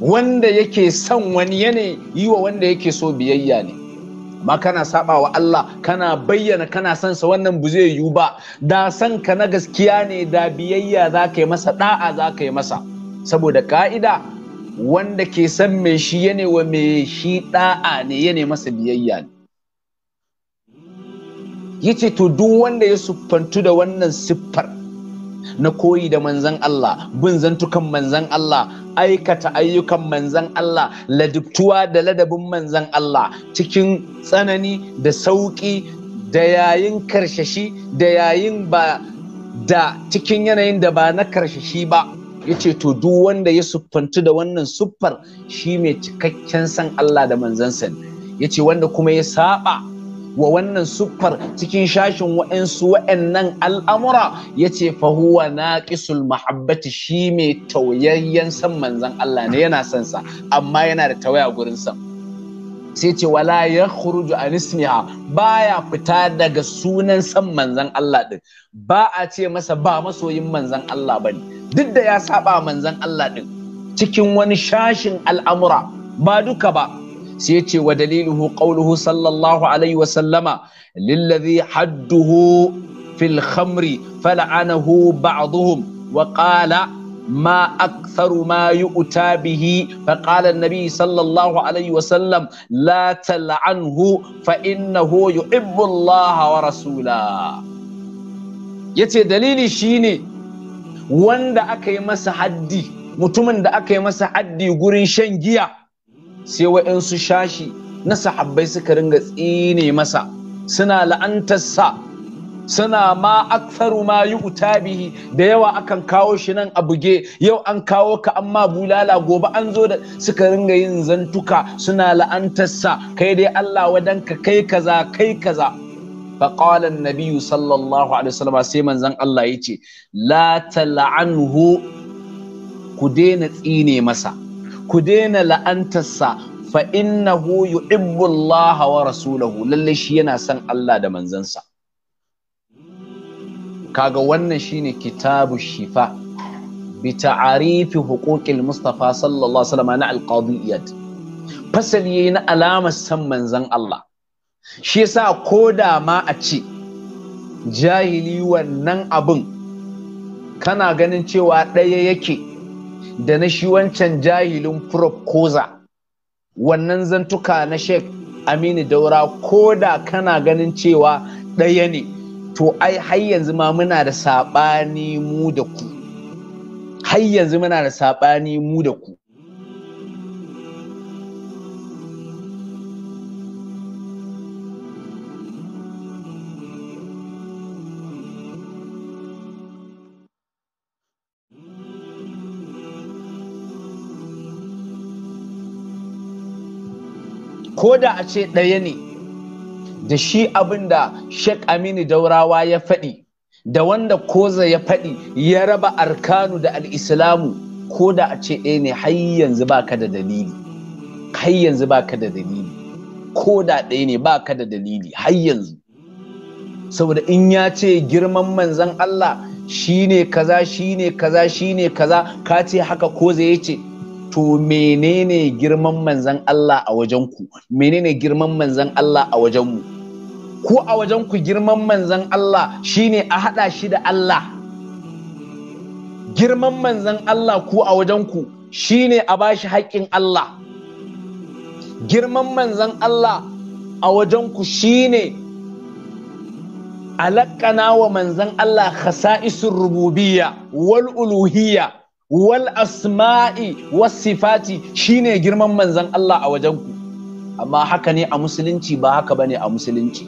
wanda yake son wani yana yi wa wanda yake so biyayya ne Ma kana saba wa Allah kana bayyana kana son sa wannan bu zai yiwu ba da san ka na gaskiya ne da biyayya za ka yi masa da'a za ka yi masa saboda ka'ida wanda ke san mai shi ya wa mai shi da'a ne ya masa biyayya ne yace to duk wanda ya siffantu da wannan siffar na koyi da manzan Allah bin zantukan manzan Allah aikata ayyukan manzan Allah ladubtuwa da ladabin manzan Allah cikin tsanani da sauƙi da yayin karshashi da yayin ba da cikin yanayin da ba na karshashi ba ya ce to duk wanda ya siffantu da wannan siffar shi mai cikakken san Allah da manzansa ne ya ce wanda kuma ya saba wa wannan siffar cikin shashin wa'ansu wa'annan al'amura ya ce fahuwa na ƙisul mahabbati shi mai tauyayyen san manzan Allah ne yana son sa amma yana da tawaya gurin sa. sai ce wala ya khuruju an ismiha baya fita daga sunan san manzan Allah din ba a ce masa ba masoyin manzan Allah bane duk da ya saba manzan Allah din cikin wani shashin al'amura ba duka ba sai ce wa daliluhu qawluhu sallallahu alaihi wa sallama lillazi hadduhu fil khamri fal'anahu ba'dhum wa qala ما أكثر ما يؤتى به فقال النبي صلى الله عليه وسلم لا تلعنه فإنه يحب الله ورسوله yace dalili shine wanda aka yi masa haddi mutumin da aka yi masa haddi gurin shan giya sai waɗansu shashi na sahabbai suka ringa tsine masa suna la'antarsa suna ma aksaru ma yi da yawa akan kawo shi nan a buge yau an kawo ka amma bulala gobe an zo da suka ringa yin zantuka suna la'antarsa kai dai Allah wadanka kai kaza kai kaza فقال النبي sallallahu alaihi عليه sai manzan Allah yace la tal'anhu ku daina tsine masa ku daina la'antarsa fa innahu yuhibbu Allah wa rasulahu lalle shi yana son Allah da manzansa kaga wannan shine kitabu shifa bi ta'arifi huquqil mustafa sallallahu alaihi wasallam na alqadiyat fasali na alamar san manzan Allah shi yasa ko da ma a ce jahili wannan abin kana ganin cewa ɗaya yake da na shi wancan jahilin prop koza wannan zantuka na shek aminu daura ko da kana ganin cewa ɗaya ne to ai har yanzu ma muna da saɓani mu da ku har yanzu muna da saɓani mu da ku ko da a ce ɗaya ne da shi abin da Sheikh Aminu Daurawa ya faɗi da wanda koza ya faɗi ya raba arkanu da al'islamu ko da a ce ɗaya ne har yanzu ka da dalili har yanzu ka da dalili ko da ɗaya ne ba ka da dalili har yanzu saboda in ya ce girman manzan Allah shine kaza shine kaza shine kaza ka ce haka ko zai ce to menene girman manzan Allah a wajen ku menene girman manzan Allah a wajen mu ku a wajen ku girman manzan Allah shine a hada shi da Allah girman manzan Allah ku a wajen ku shine a bashi haƙƙin Allah girman manzan Allah a wajen ku shine alakana wa manzan Allah khasa'isur rububiyya wal uluhiyya wal asma'i was sifati shine girman manzan Allah a wajen ku amma haka ne a musulunci ba haka bane a musulunci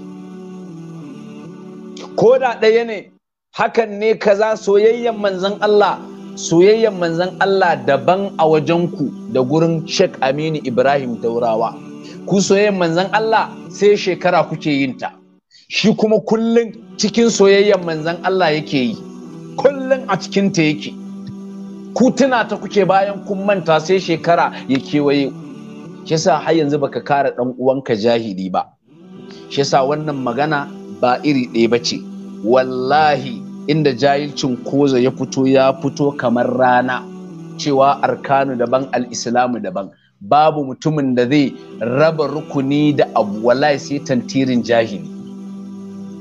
ko da ɗaya ne hakan ne kaza soyayyan manzon Allah soyayyan manzon Allah daban a wajen ku da gurin Sheikh Aminu Ibrahim Daurawa ku soyayyen manzon Allah sai shekara kuke yin ta shi kuma kullun cikin soyayyan manzon Allah yake yi kullun a cikin ta yake ku tuna ta kuke bayan kun manta sai shekara ya kewaye shi yasa har yanzu baka kara dan uwanka jahili ba shi yasa wannan magana ba iri ɗaya ba ce wallahi inda jahilcin koza ya fito ya fito kamar rana cewa arkanu daban al'islamu daban babu mutumin da zai raba rukuni da abu wallahi sai tantirin jahili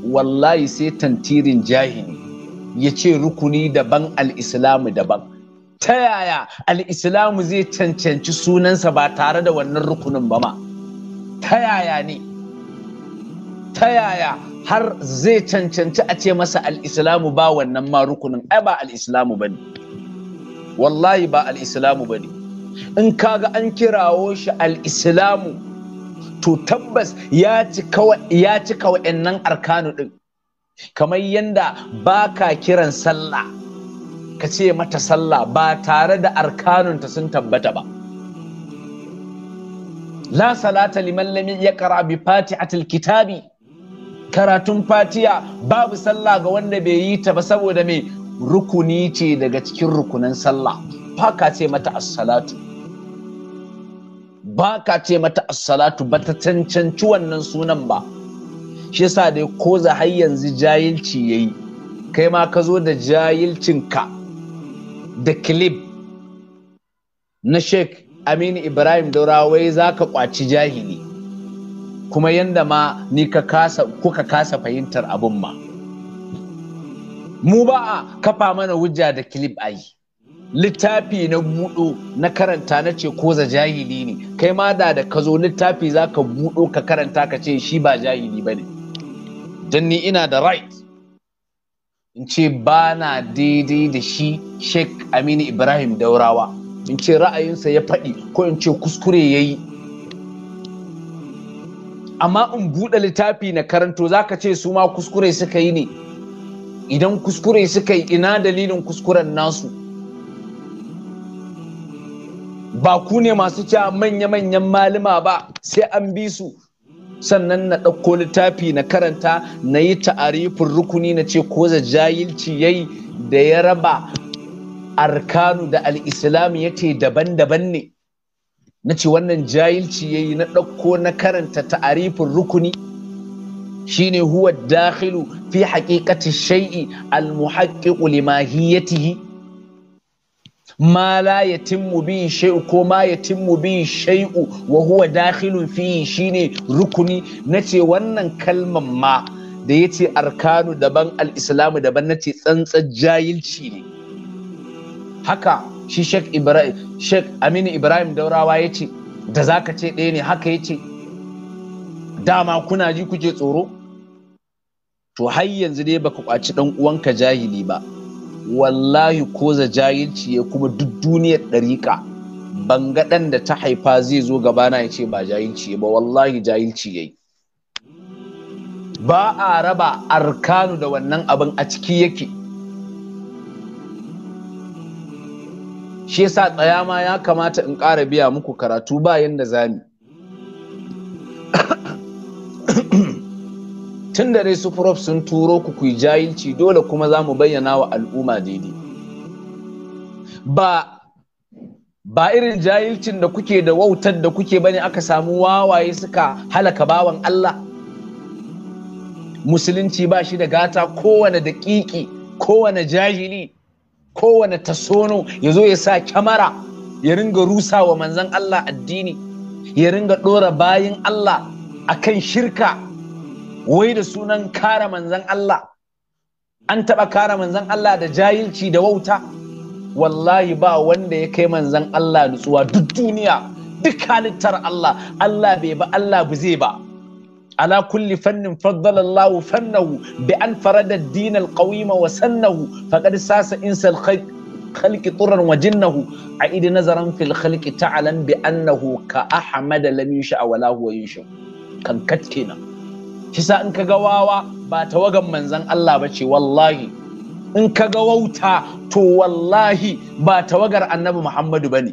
wallahi sai tantirin jahili ya ce rukuni daban al'islamu daban ta yaya al'islamu zai cancanci sunansa ba tare da wannan rukunin ba ma ta yaya ne ta yaya har zai cancanci a ce masa al'islamu ba wannan ma rukunin ai ba al'islamu ba ne wallahi ba al'islamu ba ne in kaga an kirawo shi al'islamu to tabbas ya cika wa'annan arkanu din. kamar yadda ba ka kiran sallah ka ce mata sallah ba tare da arkanunta sun tabbata ba la salata liman lam yaqra bi fatihatil kitabi karatun fatiya babu sallah ga wanda bai yi ta ba saboda mai rukuni ce daga cikin rukunan sallah ba ka ce mata assalatu. ba ka ce mata assalatu ba ta cancanci wannan sunan ba shi yasa dai ko za har yanzu jahilci yayi kai ma ka zo da jahilcinka da clip na sheikh aminu ibrahim daura wai za ka kwaci jahili kuma yadda ma ni ka kasa kuka kasa fahimtar abin ma mu ba a kafa mana hujja da clip a yi littafi na buɗo na karanta na ce ko za jahili ne kai ma da da ka zo littafi za ka buɗo ka karanta ka ce shi ba jahili ba ne don ni ina da right in ce ba na daidai da shi sheikh aminu ibrahim daurawa in ce ra'ayinsa ya faɗi ko in ce kuskure ya yi amma in buɗe littafi na karanto za ka ce su ma kuskure suka yi ne idan kuskure suka yi ina dalilin kuskuren nasu ba ku ne masu cewa manya-manyan malama ba sai an bi su sannan na ɗauko littafi na karanta na yi ta'arifin rukuni na ce ko za jahilci yayi da ya raba arkanu da al'islam ya ce daban-daban ne na ce wannan jahilci yayi na ɗauko na karanta ta'arifin rukuni shine huwa dakhilu fi haƙiƙati shai'i al-muhaqqiqu limahiyatihi Mala la yatimmu bi shay'u ko ma yatimmu bi shay'u wa huwa dakhilun fi shine rukuni nace wannan kalman ma da yace arkanu daban al-islamu daban nace tsantsar jahilci ne haka shi Sheikh Aminu Ibrahim Daurawa yace da zaka ce ɗaya ne haka yace dama kuna ji kuke tsoro to har yanzu dai baka kwaci ɗan uwanka jahili ba wallahi ko za ya kuma duk duniyar ɗariƙa ban ɗan da ta haifa zai zo gabana ya ce ba jahilci ba wallahi jahilci ya yi ba a raba arkanu da wannan abin a ciki yake shi yasa tsaya ma ya kamata in ƙara biya muku karatu ba yanda zami tun da dai su prof sun turo ku ku jahilci dole kuma za mu bayyana wa al'umma daidai ba ba irin jahilcin da kuke da wautar da kuke bane aka samu wawaye suka halaka bawan Allah musulunci ba shi da gata kowane daƙiƙi kowane jahili kowane tasono ya zo ya sa kyamara ya ringa rusa wa manzan Allah addini ya ringa ɗora bayin Allah akan shirka wai da sunan kare manzan Allah an taɓa kare manzan Allah da jahilci da wauta wallahi ba wanda ya kai manzan Allah nutsuwa duk duniya duk halittar Allah Allah bai ba Allah bu zai ba ala kulli fannin faddala Allah fannahu bi an farada ad-din al-qawim wa sannahu faqad sasa insal خلق طرا وجنه عيد نظرا في الخلق تعلم بأنه كأحمد لم ينشأ ولا هو Kan كان كتكينا kisa in kaga wawa ba tawagan manzan Allah ba ce wallahi in kaga wauta to wallahi ba tawagar annabi Muhammadu ba ne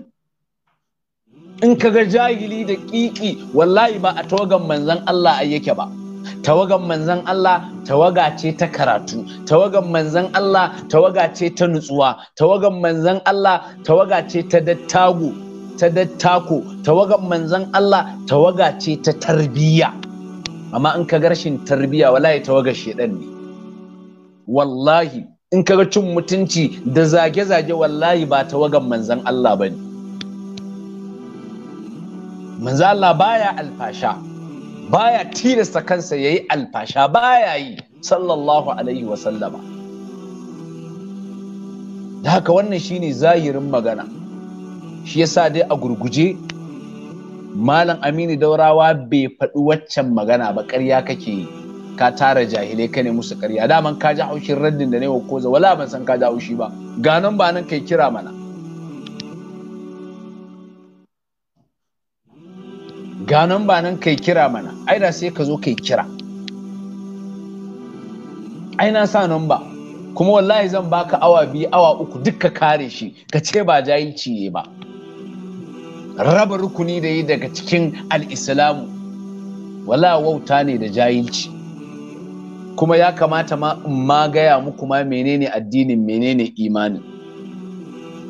in kaga jahili da ƙiƙi wallahi ba a tawagan manzan Allah a yake ba tawagan manzan Allah tawaga ce ta karatu tawagan manzan Allah tawaga ce ta nutsuwa tawagan manzan Allah tawaga ce ta dattago ta dattako tawagan manzan Allah tawaga ce ta tarbiyya amma in ka ga rashin tarbiya wallahi waga shedan ne wallahi in ka ga cin mutunci da zage-zage wallahi ba ta wagan manzan Allah ba ne manzan Allah baya alfasha baya tilasta kansa yayi alfasha baya yi sallallahu alaihi wa da haka wannan shine zahirin magana shi yasa dai a gurguje malam aminu daurawa bai faɗi waccan magana ba ƙarya kake ka tara jahilai ka ne musu ƙarya daman ka ji haushin raddin da ne wa koza wala ban san ka ji haushi ba ganan ba nan kai kira mana ganan ba nan kai kira mana ai da sai ka zo kai kira ai na sa nan ba kuma wallahi zan baka awa biyu awa uku duk ka kare shi ka ce ba jahilci ne ba raba rukuni da yi daga cikin al'islamu wala wauta ne da jahilci kuma ya kamata ma in magaya gaya muku ma menene addinin menene imani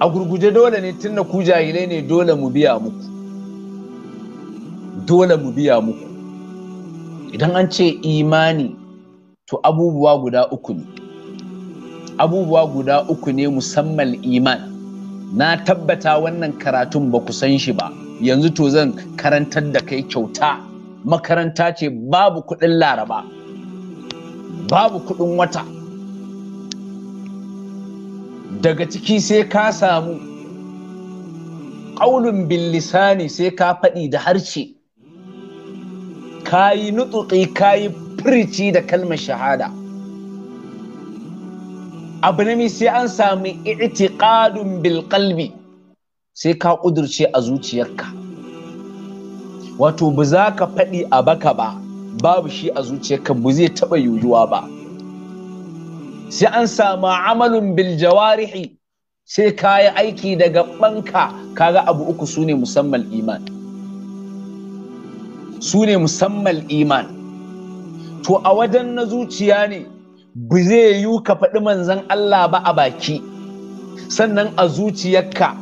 a gurguje dole ne tun ku jahilai ne dole mu biya muku dole mu biya muku idan an ce imani to abubuwa guda uku ne abubuwa guda uku ne musamman iman na tabbata wannan karatun ba ku san shi ba yanzu to zan karantar da kai kyauta makaranta ce babu kuɗin laraba babu kuɗin wata daga ciki sai ka samu ƙaunin billisani sai ka faɗi da harshe ka yi nutsuƙi ka yi firici da kalmar shahada abu na sai an sami i'tiqadun bil qalbi sai ka kudurce a zuciyarka wato ba za ka faɗi a baka ba babu shi a zuciyarka ba zai taɓa yiwuwa ba sai an samu amalun bil jawarihi sai ka yi aiki daga Ka kaga abu uku su ne musamman iman su ne musamman iman to a wajen na zuciya ne ba zai yiwu ka faɗi manzan Allah ba a baki sannan a zuciyarka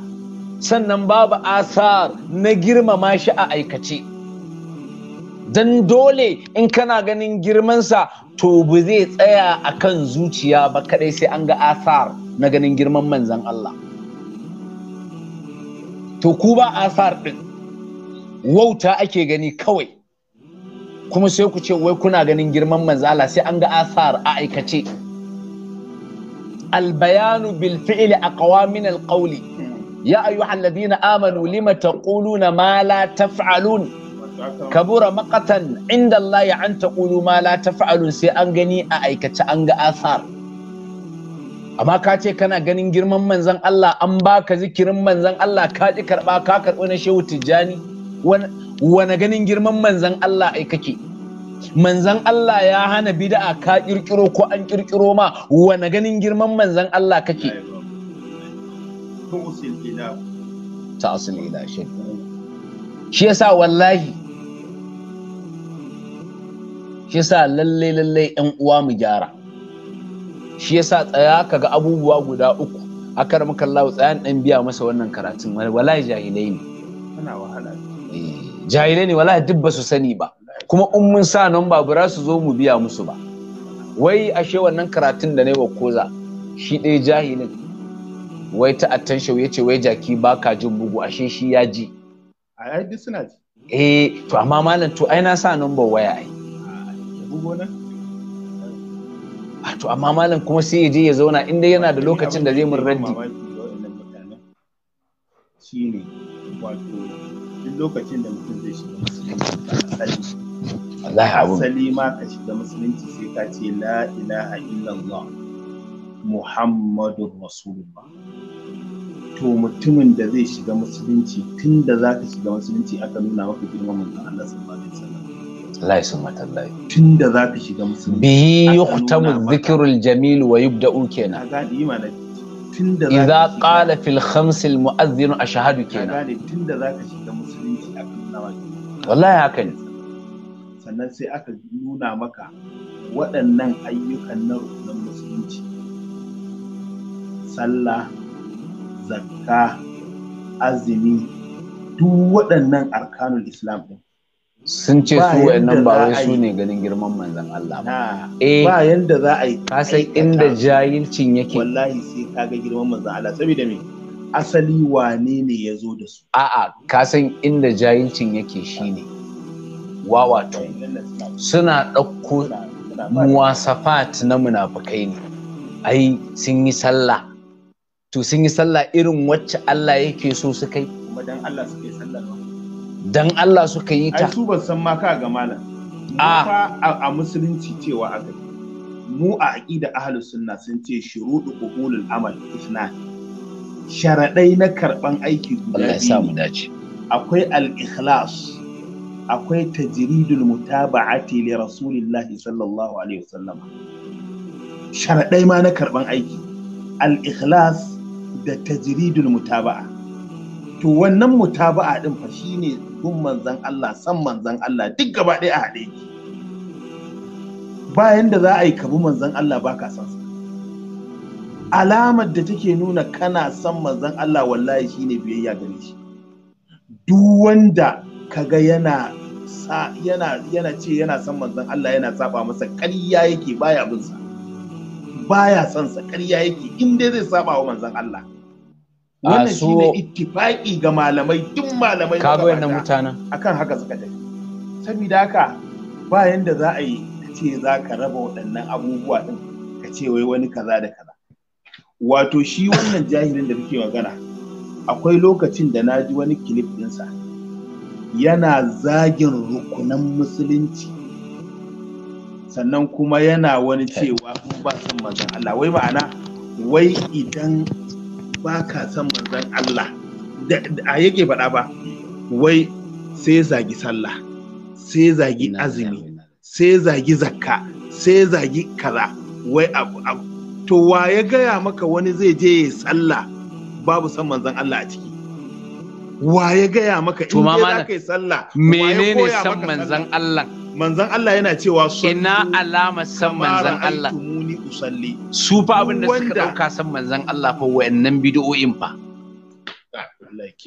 sannan babu asar na girmama shi a aikace don dole in kana ganin girmansa to ba zai tsaya a kan zuciya ba kadai sai an ga asar na ganin girman manzan Allah to ku ba asar ɗin wauta ake gani kawai kuma sai ku ce wai kuna ganin girman manzala sai an ga asar a aikace albayanu bil fi'li aqwamin al qawli ya ayyuhal ladina amanu lima taquluna ma la taf'alun kabura maqatan inda Allah an taqulu ma la taf'alun sai an gani a aikace an ga asar amma ka ce kana ganin girman manzan Allah an baka zikirin manzan Allah ka ji karba ka karbi na shehu tijjani wane ganin girman manzan Allah ai kake manzan Allah ya hana bid'a ka kirkiro ko an kirkiro ma wane ganin girman manzan Allah kake ta'asul ila shi yasa wallahi shi yasa lalle lalle yan uwa mu gyara shi yasa tsaya kaga abubuwa guda uku akar maka Allah tsayan dan biya masa wannan karatun wallahi jahilai ne ana wahala jahilai ne wala duk ba su sani ba kuma in mun sa nan ba bura su zo mu biya musu ba wai ashe wannan karatun da na yi wa koza shi ɗaya jahilin wai ta attention ya ce wai jaki ba ka jin bugu ashe shi ya ji ai duk suna ji eh to amma malam to ai na sa ba waya ai ah, to amma malam kuma sai ya je ya zauna inda yana da lokacin da zai mun raddi shine lokacin da mutum zai shiga musulunci asali ma ka shiga musulunci sai ka ce la ilaha illallah muhammadun rasulullah to mutumin da zai shiga musulunci tun da za ka shiga musulunci aka nuna maka girman manzon Allah sallallahu alaihi wasallam Allah sun matallahi tun da za ka shiga musulunci bihi yuhtamu dhikrul jamil wa yubda'u kenan ka gani malam tun da idza qala fil khams al kenan wallahi haka ne sannan sai aka nuna maka waɗannan ayyukan na rukunan musulunci sallah zakka azumi duk waɗannan arkanul islam ɗin sun ce su wayannan ba wai su ne ganin girman manzon Allah ba eh ba yanda za a yi ka san inda jahilcin yake wallahi sai ka ga girman manzon Allah saboda me asali wane ne ya zo da su a'a ka san inda jahilcin yake shine wa wato suna ɗauko muwasafat na munafukai ne ai sun yi sallah to sun yi sallah irin wacce Allah yake so su kai kuma dan Allah suke sallah dan Allah suka yi ta ai su ban san ma ka ga malam ah. a musulunci cewa aka mu a aqida ahlus sunna sun ce shurudu qubulul amal isna sharadai na karban aiki guda biyu akwai al-ikhlas akwai tajridul mutaba'ati li rasulillahi sallallahu alaihi wasallam sharadai ma na karban aiki al-ikhlas da tajridul mutaba'ah to wannan mutaba'a din fa shine gun manzon Allah san manzon Allah duk gaba ɗaya a haɗe bayan da za a yi kabu manzon Allah baka san sa alamar da take nuna kana san manzon Allah wallahi shine biyayya gare shi duk wanda kaga yana yana yana ce yana san manzon Allah yana saba masa ƙarya yake baya bin sa baya son sa ƙarya yake in dai zai saba wa manzon Allah wannan shine ittifaqi ga malamai duk malamai ka ga mutanen akan haka suka tafi saboda haka ba yanda za a yi ka ce za ka raba waɗannan abubuwa din ka ce wai wani kaza da kaza wato shi wannan *coughs* jahilin da kake magana akwai lokacin da na ji wani kilif sa, yana zagin rukunan musulunci sannan kuma yana wani cewa kun ba son mazan. Allah wai ma'ana wai idan ba ka san manzan Allah a yake faɗa ba wai sai zagi sallah sai zagi azumi sai zagi zakka sai zagi kaza wai abu to wa ya gaya maka wani zai je ya sallah babu san manzan Allah a ciki wa ya gaya maka in ka yi sallah menene san manzan Allah manzan Allah yana cewa ina alama san manzan Allah su fa abin da suka dauka san manzan Allah fa wayannan bid'o'in fa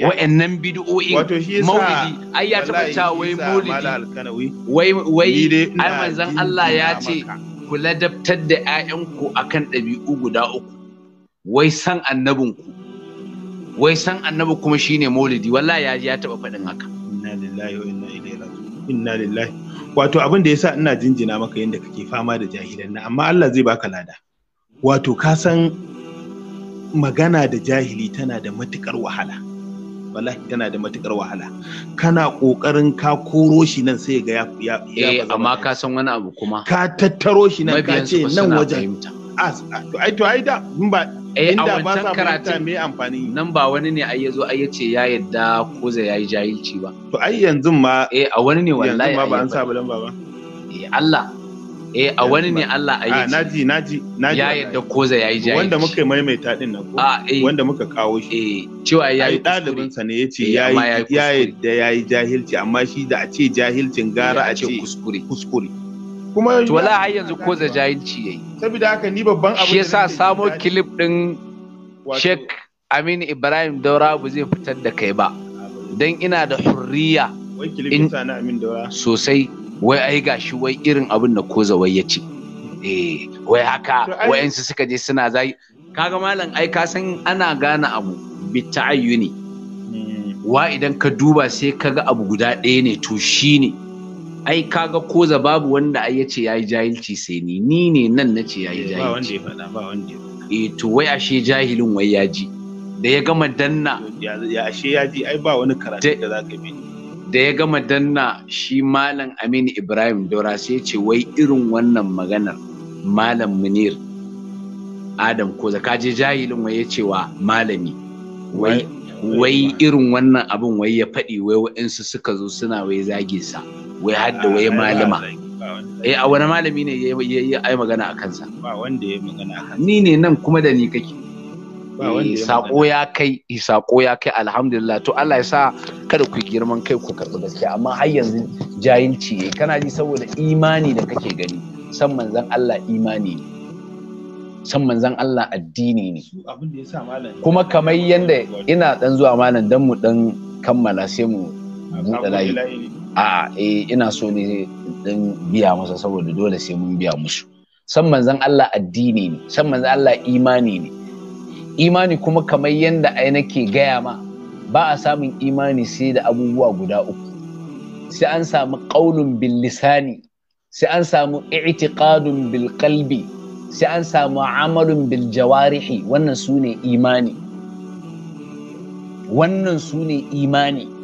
wayannan bid'o'in maulidi ai ya bata, wai maulidi wai wai ai manzan Allah ya ce ku ladabtar da ƴaƴanku akan ɗabi'u guda uku wai san annabinku wai san annabi kuma shine mawlidi wallahi ya ji ya taba faɗin haka inna lillahi wa inna ilaihi raji'un inna lillahi wato abin da yasa ina jinjina maka yadda kake fama da jahilan nan amma Allah zai baka lada wato ka san magana da jahili tana da matukar wahala wallahi tana da matukar wahala kana kokarin ka koro shi nan sai ga ya ya eh, amma ka san wani abu kuma ka tattaro shi nan ka ce nan wajen ai to ai da in ba eh, ba sa fahimta me amfani nan ba wani ne ai yazo ai yace ya yadda ko zai yayi jahilci ba to ai yanzu ma eh a wani ne wallahi ma ba an sa lamba ba eh Allah eh a wani ne Allah a ah, yace naji naji naji ya yadda zai yayi jahilci wanda muka maimaita din nan ko ah, eh. wanda muka kawo shi eh cewa yayi dalibin sa ne yace yayi ya eh, yadda yayi jahilci amma shi da a ce jahilcin gara a ce kuskure kuskure kuma to wala har yanzu ko za jahilci yayi saboda haka ni babban abu shi yasa samo clip din Sheikh Aminu Ibrahim Daura bu zai fitar da kai ba dan ina da hurriya in sosai wai ai gashi wai irin abin da koza wai ya ce eh wai haka wayansu suka je suna zai kaga malam ai ka san ana gane abu bi ta'ayyuni hmm. wa idan ka duba sai kaga abu guda ɗaya ne to shine ne ai kaga koza babu wanda ai yace yayi jahilci sai ni ni ne nan nace yayi jahilci ba wanda ya faɗa ba wanda ya eh to wai ashe jahilin wai ya ji da ya gama danna ya ashe ya ji ai ba wani karatu da zaka bi da ya gama danna shi malam Aminu Ibrahim Daura sai ce wai irin wannan maganar malam Munir Adam koza kaje jahilin wai ya cewa malami wai wai irin wannan abin wai ya faɗi wai waɗansu suka zo suna wai zage sa wai hadda wai ah, malama eh a wani malami ne ya yi ai magana a kansa ba wanda ya magana a kansa ni ne nan kuma da ni kake eh, sako ya kai eh, sako ya kai alhamdulillah to Allah ya sa kada ku girman kai ku karbi gaskiya amma har yanzu jahilci ne kana ji saboda imani da kake gani san manzon Allah imani ne san manzon Allah addini ne kuma kamar yanda ina dan zuwa malam dan mu dan kammala sai mu buɗe layi a eh ina so ne dan biya masa saboda dole sai mun biya musu san manzon Allah addini ne san manzon Allah imani ne imani kuma kamar yanda ai nake gaya ma ba a samun imani sai da abubuwa guda uku sai an samu qaulun bil lisani sai an samu i'tiqadun bil qalbi sai an samu amalun bil jawarihi wannan sune imani wannan sune imani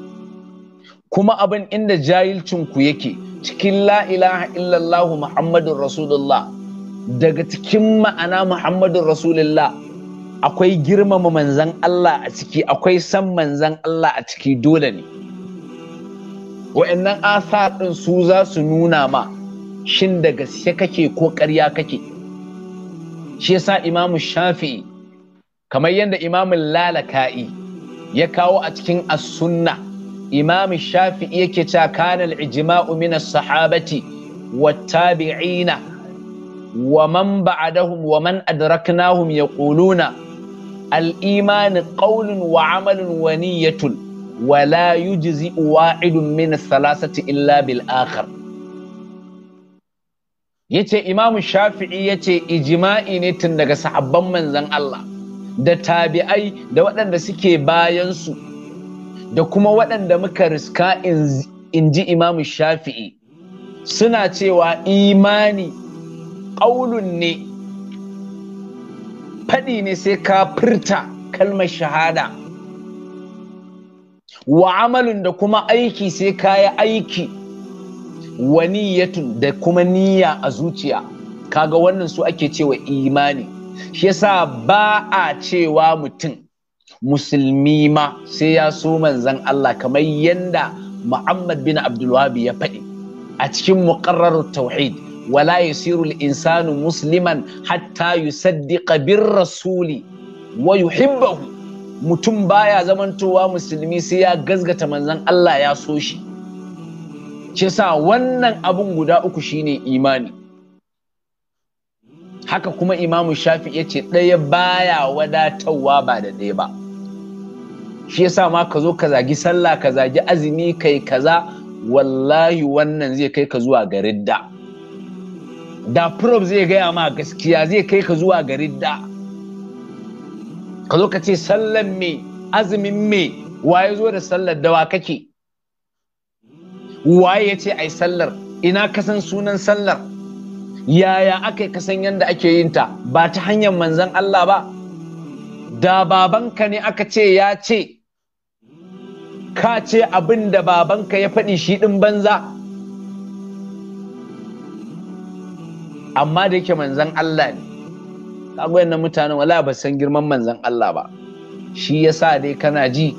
kuma abin inda jahilcinku yake cikin la ilaha illallahu muhammadun rasulullah daga cikin ma'ana muhammadun rasulullah akwai girmama manzan Allah a ciki akwai san manzan Allah a ciki dole ne wa'annan asa ɗin su za su nuna ma shin da gaske kake ko ƙarya kake shi yasa imamu shafi'i kamar yadda imamun lalaka'i ya kawo a cikin as sunnah imam shafi'i yake cewa kana al-ijma'u min as-sahabati wat-tabi'ina wa man ba'dahum wa man adraknahum yaquluna al-iman qawlun wa 'amalun wa niyyatun wa la yujzi wa'idun min thalathati illa bil akhir yace imam shafi'i yace ijma'i ne tun daga sahabban manzon Allah da tabi'ai da waɗanda suke bayan su da kuma waɗanda muka riska in ji imamu shafi'i suna cewa imani ƙaunun ne faɗi ne sai ka furta kalmar shahada wa amalin da kuma aiki sai ka yi aiki wa niyyatun da kuma niyya a zuciya kaga wannan su ake cewa imani shi yasa ba a cewa mutum musulmi ma sai ya so manzan Allah kamar yanda Muhammad bin Abdulwabi ya faɗi a cikin muqarrar tauhid wala yasiru al-insanu musliman hatta yusaddiqa bir rasuli wa yuhibbahu mutum baya zamantowa musulmi sai ya gazgata manzan Allah ya so shi ce sa wannan abun guda uku shine imani haka kuma imamu shafi ya ce ɗaya baya wadatawa ba da ɗaya ba shi yasa ma ka zo ka zagi sallah ka zagi azumi kai kaza wallahi wannan zai kai ka zuwa ga ridda da prof zai gaya ma gaskiya zai kai ka zuwa ga ridda ka zo ka ce sallan me azumin me waye zo da sallar dawa kake waye ya ce ai sallar ina kasan sunan sallar yaya aka yi kasan yadda ake yin ta ba ta hanyar manzan Allah ba da babanka ne aka ce ya ce ka ce abin da babanka ya faɗi shi ɗin banza amma da yake manzan Allah ne kaga na mutane wala ba san girman manzan Allah ba shi ya sa dai kana ji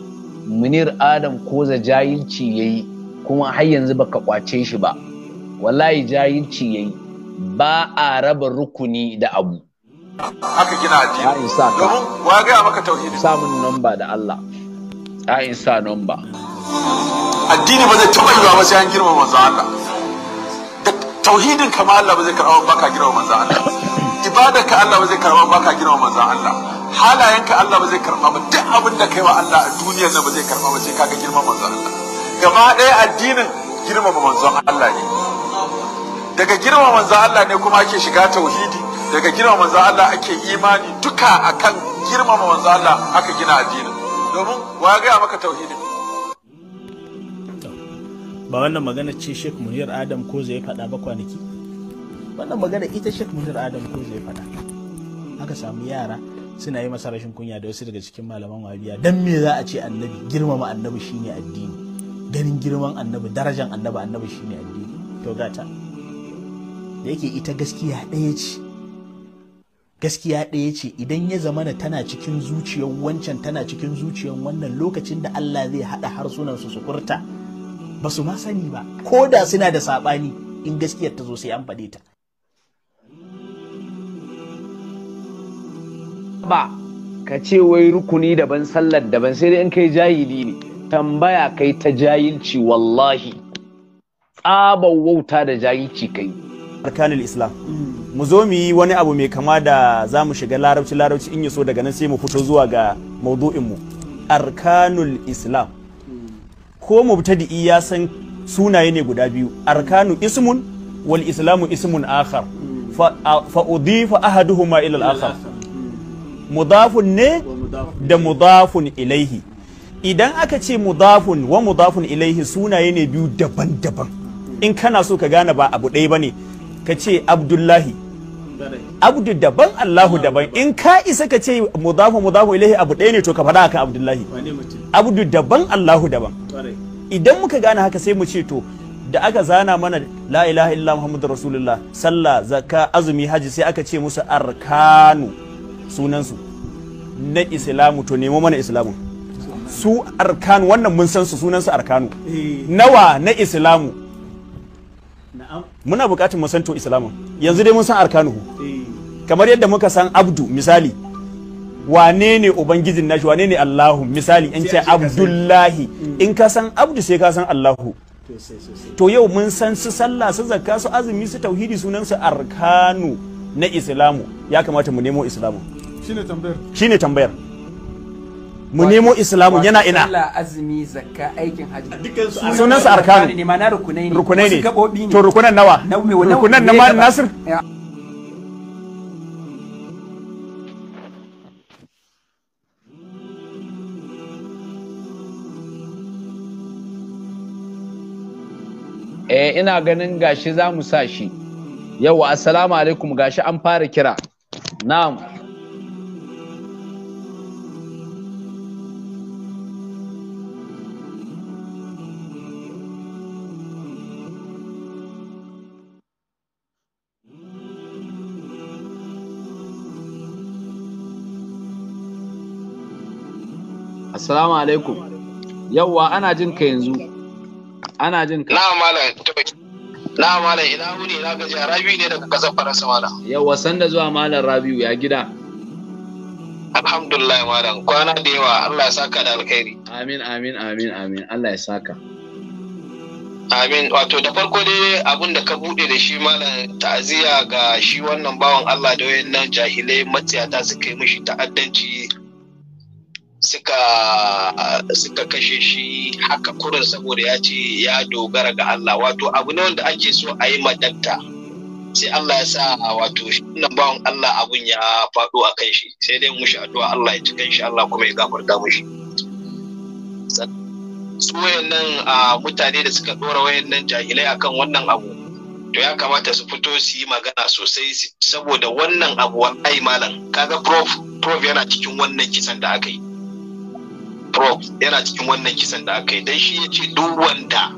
munir adam ko za jahilci yi. kuma har yanzu ka kwace shi ba wallahi ya yi. ba a raba rukuni da abu haka gina ajiyar domin wa maka samun nomba da Allah a sa sa ba. addini ba zai taɓa yiwa ba sai an girma manzo Allah da tauhidin kama Allah ba zai karɓa ba ka girma manzo Allah ibada ka Allah ba zai karɓa ba ka girma manzo Allah halayenka Allah ba zai karɓa ba duk abin da kai wa Allah a duniyar nan ba zai karɓa ba sai ka ga girma manzo Allah gama ɗaya addinin girma manzon Allah ne daga girma manzon Allah ne kuma ake shiga tauhidi daga girma manzon Allah ake imani duka akan girma manzon Allah aka gina addinin domin wa gaya maka tauhidin ba wannan magana ce Sheikh Munir Adam ko zai faɗa ba kwanaki wannan magana ita Sheikh Munir Adam ko zai faɗa aka samu yara suna yi masa rashin kunya da wasu daga cikin malaman wabiya dan me za a ce annabi girmama annabi shine addini ganin girman annabi darajan annabi annabi shine addini to gata da yake ita gaskiya ɗaya ce gaskiya ɗaya ce idan ya zama na tana cikin zuciyar wancan tana cikin zuciyar wannan lokacin da Allah zai haɗa harsunansu su furta ba su ma sani ba ko da suna da saɓani in gaskiyar ta zo sai an faɗe ta ba ka ce wai rukuni daban sallar daban sai dai in kai jahili ne tambaya kai ta jahilci wallahi tsaban wauta da jahilci kai arkanul islam mu zo mu yi wani abu mai kama da za mu shiga larabci larabci in yaso daga nan sai mu fito zuwa ga maudu'in mu arkanul islam ko mubtadi'i ya san sunaye ne guda biyu arkanu ismun wal islamu ismun akhar fa udifa ahaduhuma ila al akhar mudafun ne da mudafun ilaihi idan aka ce mudafun wa mudafun ilaihi sunaye ne biyu daban-daban in kana so ka gane ba abu ɗaya bane ka ce abdullahi abdu daban allahu ah, daban in ka isa ka ce mudafu mudafu ilahi abu ɗaya ne to ka faɗa akan abdullahi abdu daban allahu daban idan muka gane haka sai mu ce to da aka zana mana la ilaha illa muhammadu rasulullah sallah zakka azumi haji sai aka ce musu arkanu sunansu na islamu to nemo mana islamu su arkanu wannan mun san su sunansu arkanu eh. nawa na islamu muna bukatun mu san to islamin yanzu dai mun san arkanuhu eh. kamar yadda muka san abdu misali wane ne ubangijin nashi wane ne allahu misali in ce abdullahi mm. in ka san abdu sai ka san allahu to yau mun san su sallah su zakka su azumi su tauhidi sunan su arkanu na islamu ya kamata mu nemo islamu shine tambayar shine tambayar mu nemo islamu yana ina azumi zakka aikin haji sunan su arkanu rukunai ne to rukunan nawa rukunan na mal nasir Eh ina ganin gashi za mu sa shi. Yau assalamu alaikum gashi an fara kira. Na'am. Salamu alaikum. Yawwa ana jin ka yanzu. Ana jin ka. Na malam Na malam ina wuni na gaji Rabiu ne daga kasar Faransa malam. Yawwa sanda zuwa malam Rabiu ya gida. Alhamdulillah malam kwana da yawa Allah ya saka da alkhairi. Amin amin amin amin Allah ya saka. Amin wato da farko dai abin da ka bude da shi malam ta'aziyya ga shi wannan bawan Allah da wayannan jahilai matsiyata suka yi mishi ta'addanci suka suka kashe shi haka kurin saboda ya ce ya dogara ga Allah wato abu ne wanda ake so a yi madanta sai Allah ya sa wato nan bawan Allah abun ya faɗo a kan shi sai dai mushi addu'a Allah ya ci shi Allah kuma ya gafarta mushi su wayannan mutane da suka dora wayannan jahilai akan wannan abu to ya kamata su fito su yi magana sosai saboda wannan abu wallahi malam kaga prof prof yana cikin wannan kisan da aka yi probes yana cikin wannan kisan da aka yi dan shi ya ce duk wanda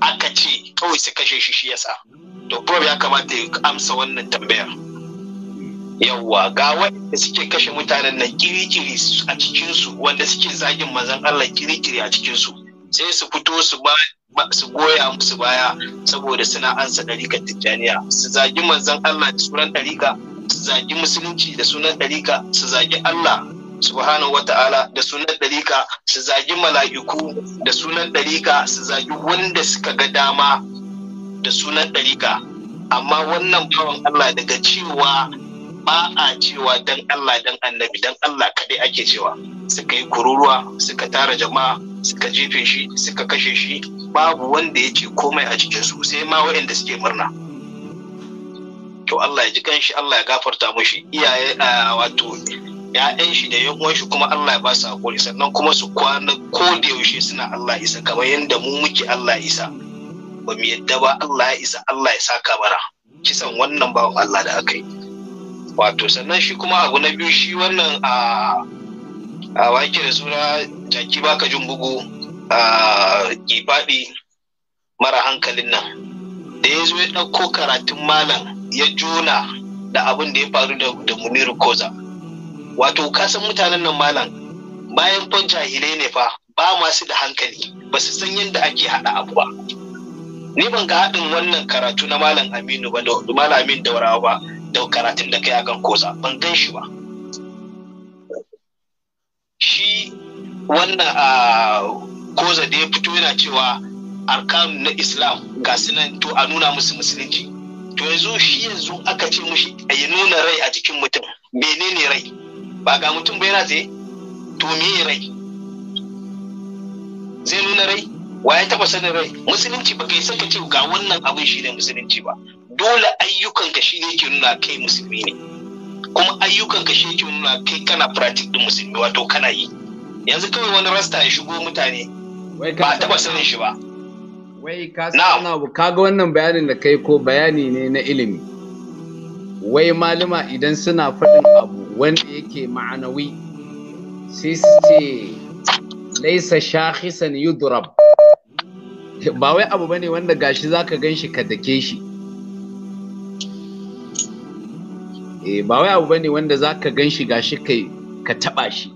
aka ce kawai su kashe shi shi yasa to probe ya kamata ya amsa wannan tambayar yawwa ga wanda suke kashe mutanen nan kirikiri a cikinsu wanda suke zagin mazan Allah kirikiri a cikinsu sai su fito su ba su goya musu baya saboda suna ansa ɗarikar tijjaniya su zagi manzon Allah da sunan ɗarika su zagi musulunci da sunan ɗarika su zagi Allah subhanahu wata'ala da sunan ɗarika su zagi mala'iku da sunan ɗarika su zagi wanda suka ga dama da sunan ɗarika amma wannan bawan Allah daga cewa ba a cewa dan Allah dan annabi dan Allah kaɗai ake cewa suka yi kururuwa suka tara jama'a suka jefe shi suka kashe shi babu wanda ya ce komai a cikin su, sai ma waɗanda suke murna to Allah ya ji kanshi Allah ya gafarta mushi iyaye wato ya'yan shi da yan uwan shi kuma Allah ya ba su hakuri sannan kuma su kwana ko da yaushe suna Allah isa kamar yadda mu muke Allah isa ba mu yadda ba Allah ya isa Allah ya saka bara kisan wannan ba Allah da aka yi wato sannan shi kuma abu na biyu shi wannan a a waki da suna jaki baka jin bugu a kifadi mara hankalin nan da ya zo ya ɗauko karatun malam ya jona da abin da ya faru da muniru koza wato kasan mutanen nan malam bayan fa jahilai ne fa ba masu da hankali ba su san yadda ake haɗa abu ba ni ban ga haɗin wannan karatu na malam aminu ba da malam amin daurawa ba da karatun da kai akan kosa ban gan shi ba shi wannan a koza da ya fito yana cewa arkanu na islam ga nan to a nuna musu musulunci to yanzu shi yanzu aka ce mushi a yi nuna rai a jikin mutum menene rai ba ga mutum ba yana tsaye to me rai zai nuna rai wa ya taba sanin rai musulunci ba kai saka ce ga wannan abin shi ne musulunci ba dole ayyukanka shi ne ke nuna kai musulmi ne kuma ayyukanka shi ke nuna kai kana pratik din musulmi wato kana yi yanzu kawai wani rasta ya shigo mutane ba taba sanin shi ba wai ka ga wannan bayanin da kai ko bayani ne na ilimi wai malama idan suna faɗin abu wanda yake ma'anawi sai su ce laisa shakhisan yudrab ba wai abu bane wanda gashi zaka ganshi ka dake shi eh ba wai abu bane wanda zaka ganshi gashi kai ka taba shi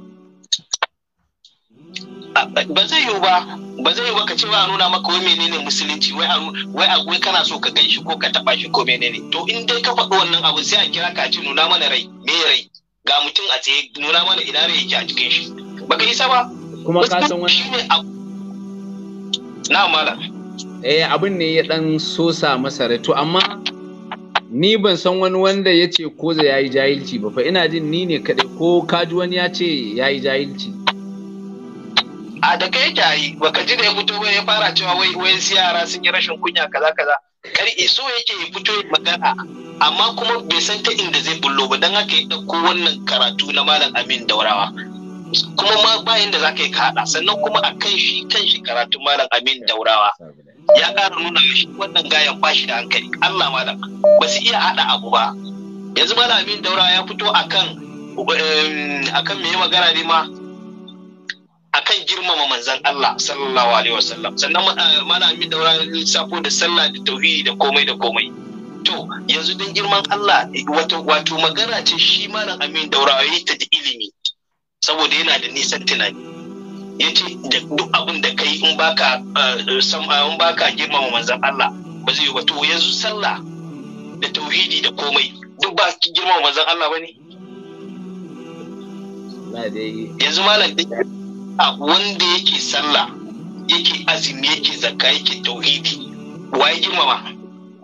ba zai yiwu ba ba zai yiwu ba ka ce wa a nuna maka wai menene musulunci wai a wai a wai kana so ka ganshi ko ka taba shi ko menene to in dai ka faɗi wannan abu sai a kira ka ce nuna mana rai me rai ga mutum a tsaye nuna mana ina ne yake a cikin shi baka isa ba kuma ka san wani na mala eh abin ne ya dan sosa masa rai to amma ni ban san wani wanda ya ce koza ya yi jahilci ba fa ina jin ni ne kaɗai ko kaji wani ya ce ya yi jahilci a da kai yayi baka ji da ya fito ba ya fara cewa wai wai yara sun yi rashin kunya kaza kaza kar iso yake ya fito magana amma kuma bai san ta inda zai bullo ba don haka ya ɗauko wannan karatu na malam amin daurawa kuma ma bayan da za ka yi kaɗa sannan kuma a kan shi kan shi karatun malam amin daurawa ya ƙara nuna shi wannan gayan ba shi da hankali allah malam ba su iya haɗa abu ba yanzu malam amin daurawa ya fito akan akan me magana ne ma akan girmama manzan Allah sallallahu alaihi wasallam sannan eh, malam amin daurawa ya lissafo da sallah da tauhidi da komai da komai to yanzu don girman Allah wato magana ce shi malam Amin Daurawa ta da ilimi saboda yana da nisan tunani ya ce duk abin da ka yi in baka eh, eh, in baka girmama manzan Allah ba zai ba to yanzu sallah da tauhidi da komai duk ba girmama manzan Allah ba ne yanzu malam a wanda yake sallah yake azumi yake zakka yake tauhidi waye girmama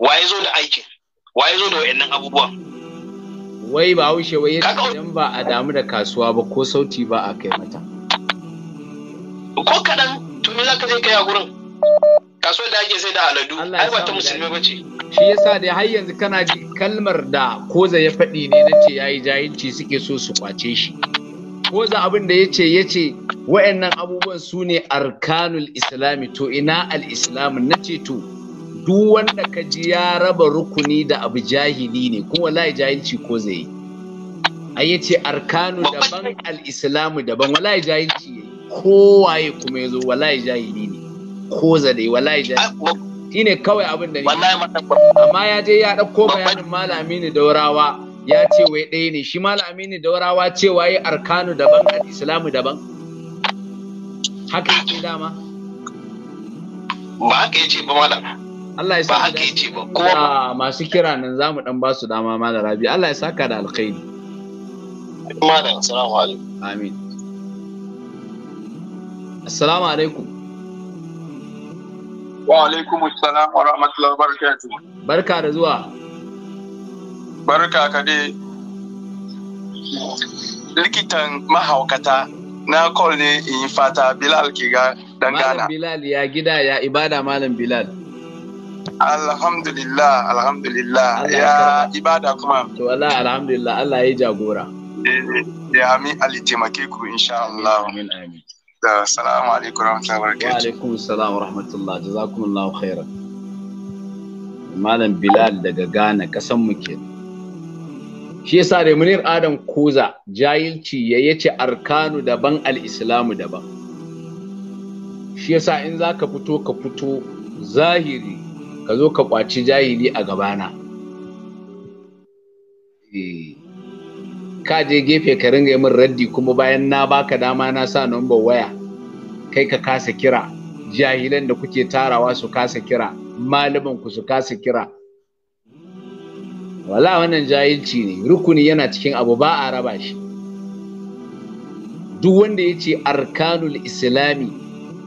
ya zo da aikin waye zo da wayannan abubuwan wai ba haushe wai idan ba a damu da kasuwa ba ko sauti ba a kai mata ko kadan to me zaka je kai a gurin kasuwar da ake sai da aladu ai ba ta musulmi ba ce shi yasa dai har yanzu kana ji kalmar da koza ya faɗi ne na ce yayi jahilci suke so su kwace shi koza abin da yace yace wa'annan abubuwan su ne arkanul islami to ina al-islam na ce to duk wanda ka ji ya raba rukuni da abu jahili ne kuma wallahi jahilci ko zai yi ai yace arkanu daban al-islamu daban wallahi jahilci ne kowaye kuma yazo wallahi jahili ne ko zade wallahi jahili shine kawai abin da ne amma ya je ya ɗauko bayanin malami ne daurawa ya ce wai ɗaya ne shi malami ne daurawa ce yi arkanu daban al islamu daban haka yake dama ba haka yace ba malam Allah ya ba haka ba ah, masu kira nan zamu dan ba su dama da Rabi Allah ya saka da alkhairi malam assalamu alaikum amin assalamu alaikum wa alaikum assalam wa rahmatullahi wa barakatuh barka da zuwa barka ka dai likitan mahaukata na call ne in fata Bilal ke ga dangana Malam Bilal ya gida ya ibada Malam Bilal Alhamdulillah, alhamdulillah. Ya ibada kuma. To Allah alhamdulillah Allah ya jagora. Eh, eh, ya amin Ali taimake ku insha Allah. Amin amin. Da salamu alaikum rahmatullahi wa barakatuh. Wa alaikum salam wa rahmatullah. Jazakumullahu khairan. Malam Bilal daga Ghana kasan mu ke. Shi yasa da Munir Adam Koza jahilci ya yace arkanu daban al-Islamu daban. Shi yasa in zaka fito ka fito zahiri ka zo ka kwaci jahili a gabana eh, ka je gefe ka ringa min raddi kuma bayan na baka dama na sa number waya kai ka kasa kira jahilan da kuke tarawa su kasa kira malaman ku su kasa kira wala wannan jahilci ne rukuni yana cikin abu ba a raba shi duk wanda ya ce arkanul islami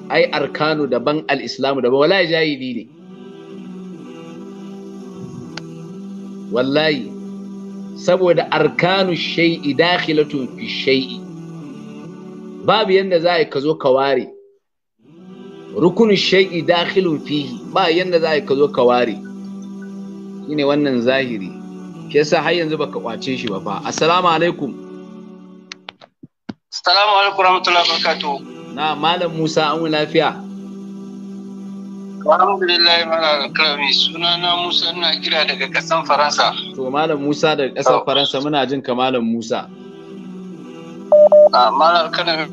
ai arkanu daban al-islamu daban wala jahili ne wallahi saboda arkanu shay'i dakhilatun fi shay'i babu yanda za ka zo ka ware rukunin shay'i dakhilun fihi ba yanda za ka zo ka ware shine wannan zahiri ke yasa har yanzu baka kwace shi ba fa assalamu alaikum assalamu alaikum rahmatullahi wabarakatuh na malam Musa an lafiya Alhamdulillah Malam Alkalami suna na Musa ina kira daga kasan Faransa. To Malam Musa daga kasar Faransa muna jin ka Malam Musa. Ah, Malam Alkalami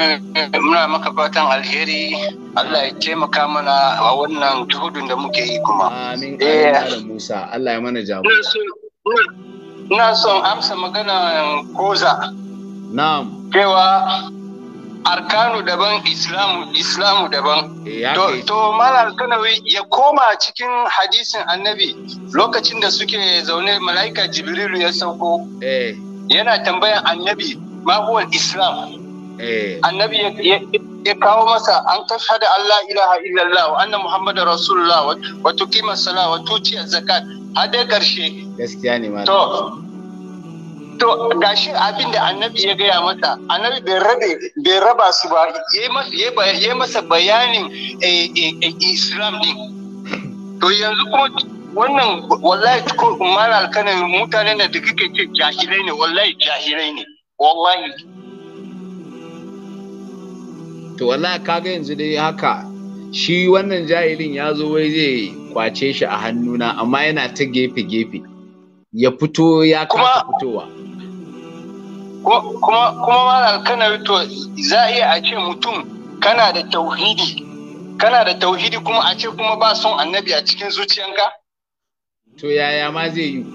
muna maka fatan alheri Allah ya taimaka mana a wannan juhudun da muke yi kuma. Amin eh. Malam Musa Allah ya mana jagora. Ina son amsa magana koza. Na'am. Cewa arkanu daban islamu islamu daban eh, to, malar kanawi ya koma cikin hadisin annabi lokacin da suke zaune mala'ika jibrilu ya sauko eh. yana tambayan annabi mahuwan islam eh. annabi ya kawo masa an da Allah ilaha illallah wa anna muhammadar rasulullah wa tuqima salat wa tuti zakat har dai karshe gaskiya ne to to shi abin da annabi ya gaya masa, annabi bai rabe bai raba su ba ya masa bayanin eh, eh, eh, islam din to yanzu kuma wannan wallahi ko mara alkanan mutane na da kake ce jahilai ne wallahi jahilai ne wallahi to wallahi kaga yanzu dai haka shi wannan jahilin ya zo wai zai kwace shi a hannuna amma yana ta gefe-gefe ya fito ya kasa fitowa kuma kuma alkanawi to za a iya a ce mutum kana da tauhidi kana da tauhidi kuma a ce kuma ba son annabi a cikin zuciyanka to yaya ma zai yi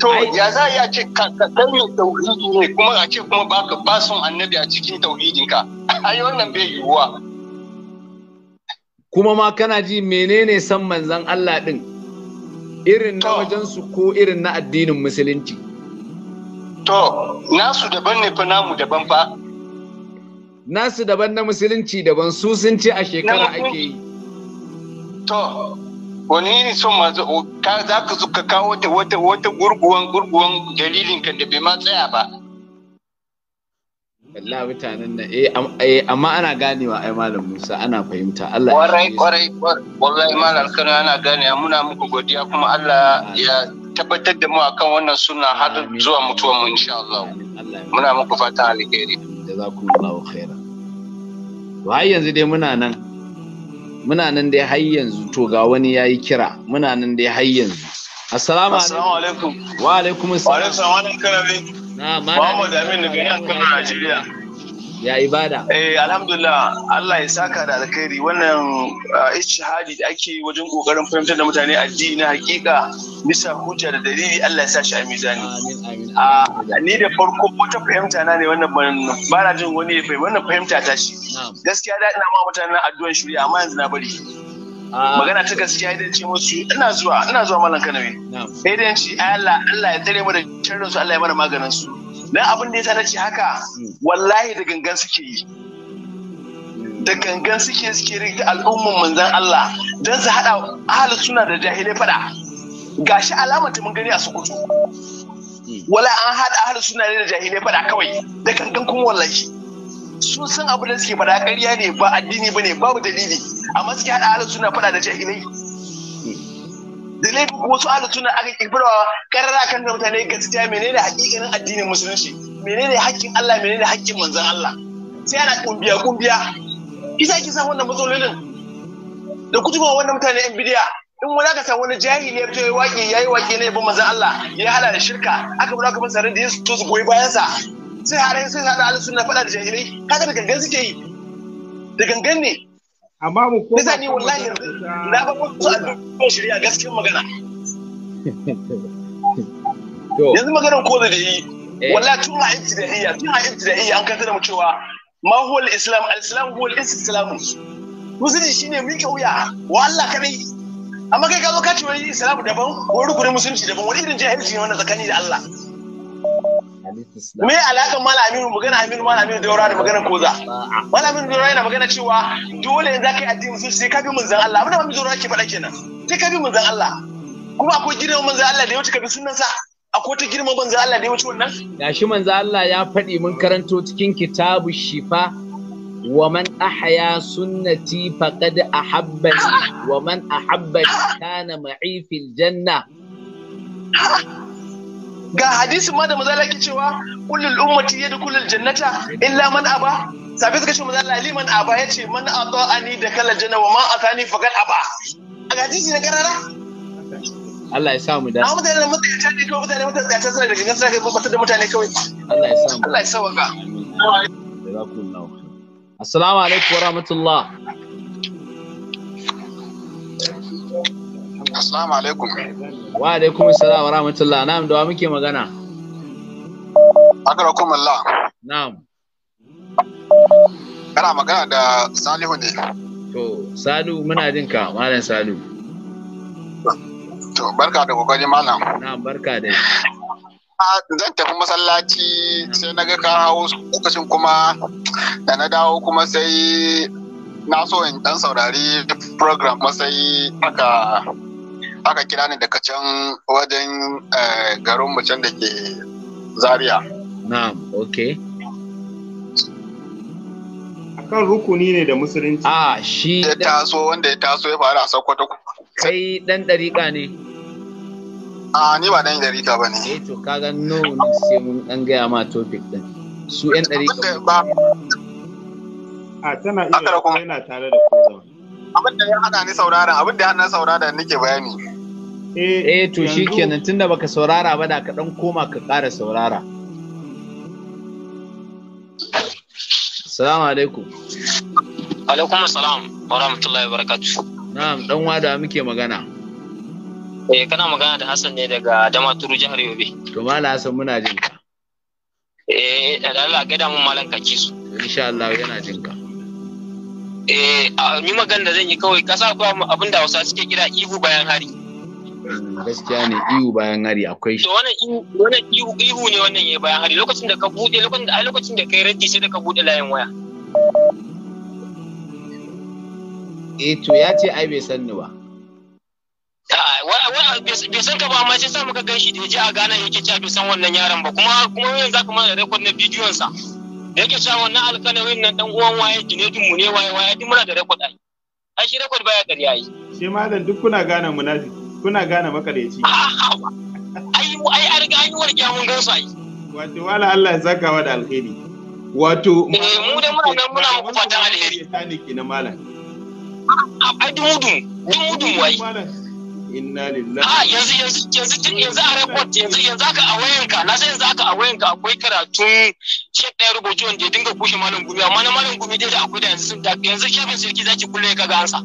to ya za a ce kai mai tauhidi ne kuma a ce kuma baka ba son annabi a cikin tauhidinka *laughs* ai wannan bai yiwuwa kuma ma kana ji menene san manzan Allah din irin na wajensu ko irin na addinin musulunci to nasu daban ne fa namu daban fa nasu daban na musulunci daban su sun ce a shekara ake yi to wani ne son ma za ka zuka kawo wata wata gurguwan gurguwan dalilin kan da bai ma tsaya ba Allah mutanen nan eh, eh amma ana ganewa ai malam Musa ana fahimta Allah ya kwarai kwarai wallahi malam kana ana ganewa muna muku godiya kuma Allah ya tabbatar da mu a kan wannan suna har zuwa mutuwar mu insha Allah muna muku fatan alheri jazakumullahu khaira wa yanzu dai muna nan muna nan dai har yanzu to ga wani yayi kira muna nan dai har yanzu assalamu alaikum wa alaikum assalam wa alaikum assalam na Muhammad wa daga Yankun Najeriya ya ibada eh alhamdulillah Allah ya saka da alkhairi wannan ah, ishihadi da ake wajen kokarin fahimtar da mutane addini na hakika bisa hujja da dalili Allah ya sa shi a mizani ah, ni da farko wata fahimta na ne wannan ba na jin wani fahimta wannan fahimta ta shi gaskiya da ina ma mutanen addu'an shuri'a amma yanzu na bari ah, magana ta gaskiya idan ce musu ina zuwa ina zuwa malam kanawe idan ce Allah Allah ya tare mu da sharrin su Allah ya mana maganin su na abin da ya na ce haka wallahi da gangan suke yi da gangan suke suke rikta al'ummar manzan Allah don su haɗa ahalin suna da jahilai fada gashi alamar ta mun gani a sukutu. wala an haɗa ahalin suna da jahilai fada kawai da gangan kuma wallahi sun san abu da suke fada ƙarya ne ba addini ba ne, babu dalili amma suke haɗa ahalin suna fada da jahilai da laifin kuma su ala sunna aka kirkirwa karara kan da mutane gaskiya menene hakikanin addinin musulunci menene haƙƙin Allah menene haƙƙin manzon Allah sai ana kumbiya kumbiya isa kisa wannan matsalolin da kutuba wannan mutane yan bidiya in wani aka samu wani jahili ya fito ya waƙe ya yi waƙe na yabon manzon Allah ya hala da shirka aka aka kuma sarari da ya to su goyi bayansa sai har sai hada ahlus na faɗa da jahilai kaga da gangan suke yi da gangan ne amma mu ko ba ni wallahi na ba mu gaskiyar magana *laughs* yanzu maganar ko da yi eh. wallahi tun a ibtidaiya tun a ibtidaiya an kantar mu cewa ma huwal islam al islam huwal islam musulunci shine miƙe wuya wa Allah kadai amma kai ka zo ka ce wani islam daban wani rukunin musulunci daban wani irin jahilci ne wannan tsakani da Allah me alakan malamin magana aminu malamin daura da magana koza malamin daura yana magana cewa dole in zaka yi addinin musulunci sai ka bi manzon Allah abin da malamin daura ke faɗa kenan sai ka bi manzon Allah kuma akwai girman manzon Allah da ya wuce ka bi sunnan sa akwai ta girman manzon Allah da ya wuce wannan shi manzon Allah ya faɗi mun karanto cikin kitabu shifa ومن أحيا سنتي فقد أحبني ومن أحبني كان معي في الجنة ga hadisi ma da mazala ke cewa kullul ummati yadu kullul jannata illa man aba sabi suka ce mazala man aba ya ce man ani da kala janna wa man atani faqad aba a hadisi na karara Allah ya samu da Amma mutane mutane ta ne kawai mutane mutane ta sanar da gangan sai ka batar da mutane kawai. Allah ya sa Allah ya sa ga. Assalamu alaikum wa rahmatullah. Assalamu alaikum. Wa alaikum assalam wa rahmatullah. Na'am da wa muke magana? Akrakum Allah. Na'am. Kana magana da Salihu ne. To, Salu muna jin ka, Malam Salu. To, barka da kokari malam. Na'am, barka da. zan tafi masallaci sai na ga kawo lokacin kuma da na dawo kuma sai na so in dan saurari program masai aka aka kira ni daga can wajen eh, garin mu can da ke zaria na'am ok kan rukuni ne da musulunci a ah, shi ya taso wanda ya taso ya fara a sokoto kai dan dariƙa ne a ni ba dan dariƙa ba ne eh to kaga no ne sai mun dan gaya ma topic din su yan dariƙa ba a tana iya yana tare da ku abin da ya hada ni saurara abin da ya hana saurara nake bayani eh, eh to shikenan tunda baka saurara ba da ka dan koma ka ƙara saurara Assalamu alaikum alaikum assalam wa rahmatullahi wa na'am dan wada muke magana eh kana magana da Hassan ne daga Damaturu jihar Yobe to mala Hassan muna jinka eh da Allah gaida mun malan kaki su insha Allah yana jinka eh ni magana da zan yi kawai kasa ba abin da Hausa suke kira ihu bayan hari hmm, gaskiya ne ihu bayan hari akwai shi wannan ihu wannan ihu ihu ne wannan yayi bayan hari lokacin da ka bude lokacin da lokacin da kai raddi sai da ka bude layin waya eh to ya ce ai bai san ni ba bai san ka ba amma sai sa muka gan shi da ya je a Ghana yake cewa bai san wannan yaron ba kuma kuma yanzu ka mana rekod na bidiyon sa da yake cewa wannan alƙalawin nan dan uwan waye jinedin mu ne waye waye din muna da record ai ai shi record baya ƙarya yi shi dan duk kuna gane munafiki kuna gane makareci *laughs* ai mu ai an riga an yi mun gansu sai wato wala Allah ya saka wa da alheri wato eh, mu da muna nan muna muku fatan alheri ne na malam ai dumudu dumudu wai inna lillahi a yanzu yanzu yanzu yanzu a report yanzu yanzu aka a wayanka na san yanzu aka a wayanka akwai karatun shek ɗaya rubutu wanda ya dinga kushe malam gumi amma na malam gumi dai da akwai da yanzu sun da yanzu shafin sarki zaki kulle ka ga ansa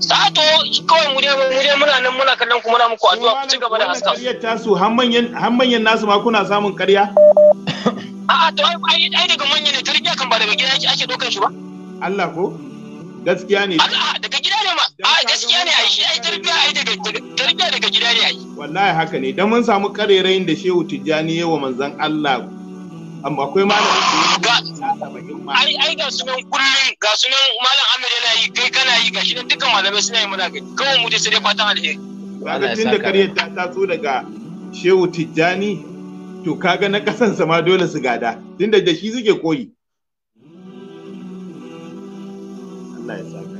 Sato kawai mu dai mu dai muna nan muna kallon kuma na muku addu'a ku ci gaba da haska. Ƙaryar tasu har manyan har manyan nasu ma kuna samun ƙarya? A'a to ai daga manyan ne tarbiyya kan ba daga gida ake ɗaukar shi ba. Allah ko? gaskiya ne daga gida ne ma a gaskiya ne a shi ai tarbiya ai daga tarbiya daga gida ne ai wallahi haka ne dan mun samu karerayin da Shehu Tijjani yawa manzon Allah amma akwai malamin da ai ai ga sunan kullun ga sunan malam Ahmed yana yi kai kana yi gashi ne, dukkan malamai suna yi muna gani kawai mu je sai dai fatan alheri kaga tun da karyar ta taso daga Shehu Tijjani to kaga na kasansa ma dole su gada tunda da shi suke koyi Allah ya saka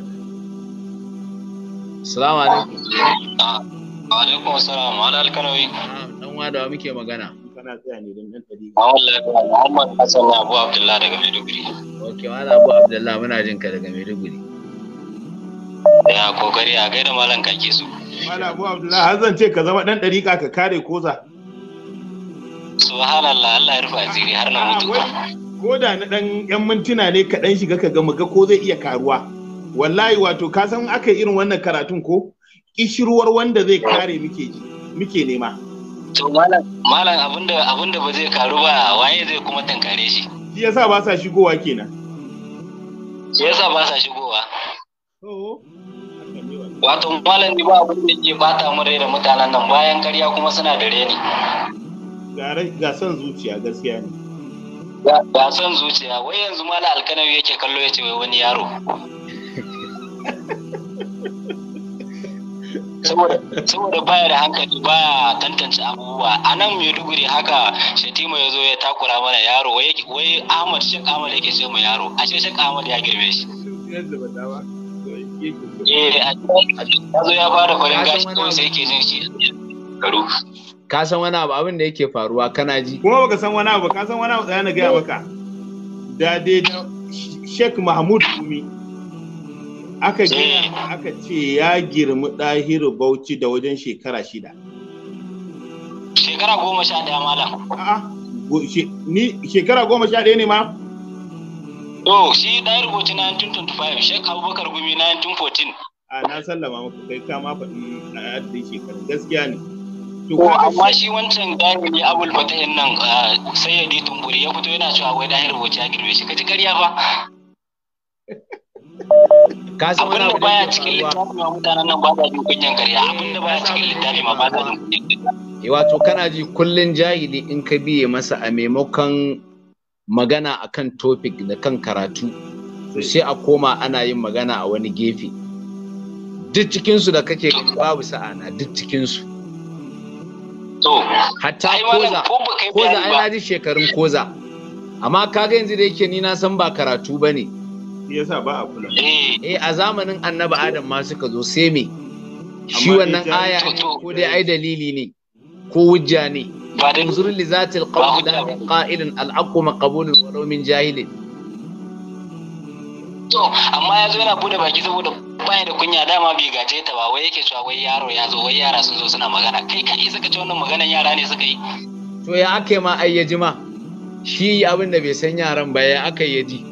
Salamu alaikum. Wa ah, alaikum assalam. Wala alkarawi. Ah, dan wa da muke magana. Kana tsaya ne don dan dari. A wallahi Muhammad Hassan Abu Abdullah daga Maiduguri. Ok, wani Abu Abdullah muna jin ka daga Maiduguri. Ya kokari a gaida malam kake so. Wala Abu Abdullah har zan ce ka zama dan dariƙa ka kare koza. subhanallah Allah ya rufa asiri har na mutu ko da na dan yan mintuna ne ka ɗan shiga ka ga muga ko zai iya karuwa wallahi wato ka san aka irin wannan karatun ko kishirwar wanda zai kare muke ji muke nema to malam malam abinda abinda ba zai karu ba waye zai kuma tankare shi shi yasa ba sa shigowa kenan shi yasa ba sa shigowa wato malam ni ba abin da ke bata mu da mutanen nan bayan karya kuma suna da reni ga son zuciya gaskiya ne ga son zuciya wai yanzu malam alkanawi yake kallo yace wai wani yaro saboda baya da hankali baya tantance abubuwa a nan maiduguri haka shetima ya zo ya takura mana yaro wai ahmad shek ahmad yake ce ma yaro a ce shek ahmad ya girbe shi eh, ya fara farin gashi ka san wani abu abin da yake faruwa kana ji kuma baka san wani abu ka san wani abu tsaye na gaya maka da dai shek mahmud kumi aka gaya aka ce ya girmi ɗahiru bauchi da wajen shekara shida. Shekara goma sha ɗaya malam. A'a, ni shekara goma sha ɗaya ne ma? To, shi ɗahiru bauchi 1925, Sheikh Abubakar Gumi 1914. A na sallama maka kai kama faɗi a adadin shekaru gaskiya ne. To amma shi wancan dahiri abul fatahin nan ah, sai ya tumburi ya fito yana cewa wai dahir bauchi ya girbe shi ka ji karya ba. Abin wani abu da baya cikin littafi ma mutanen nan ba sa jin kunyan ƙarya abin da baya cikin littafi ma ba sa jin kunyan ƙarya eh, wato kana ji kullun jahili in ka biye masa a maimakon magana akan topic da kan karatu to eh. sai a koma ana yin magana a wani gefe duk cikinsu da kake babu sa'ana duk cikinsu hatta koza koza ai na ji shekarun koza amma kaga yanzu da yake ni na san ba karatu ba ne yasa ba a kula eh. eh a zamanin annabi adam ma suka zo sai me shi wannan aya ko dai ai dalili ne ko wujja ne انظر لذات القول لا al aqwa الحق wa law min جاهل to amma ya zo yana bude baki saboda baya da kunya dama bai gaje ta ba wai yake cewa wai yaro ya zo wai yara sun zo suna magana kai kai suka ce wannan maganan yara ne suka yi to ya ake ma ai ya jima shi abin da bai san yaran ba ya aka yi ji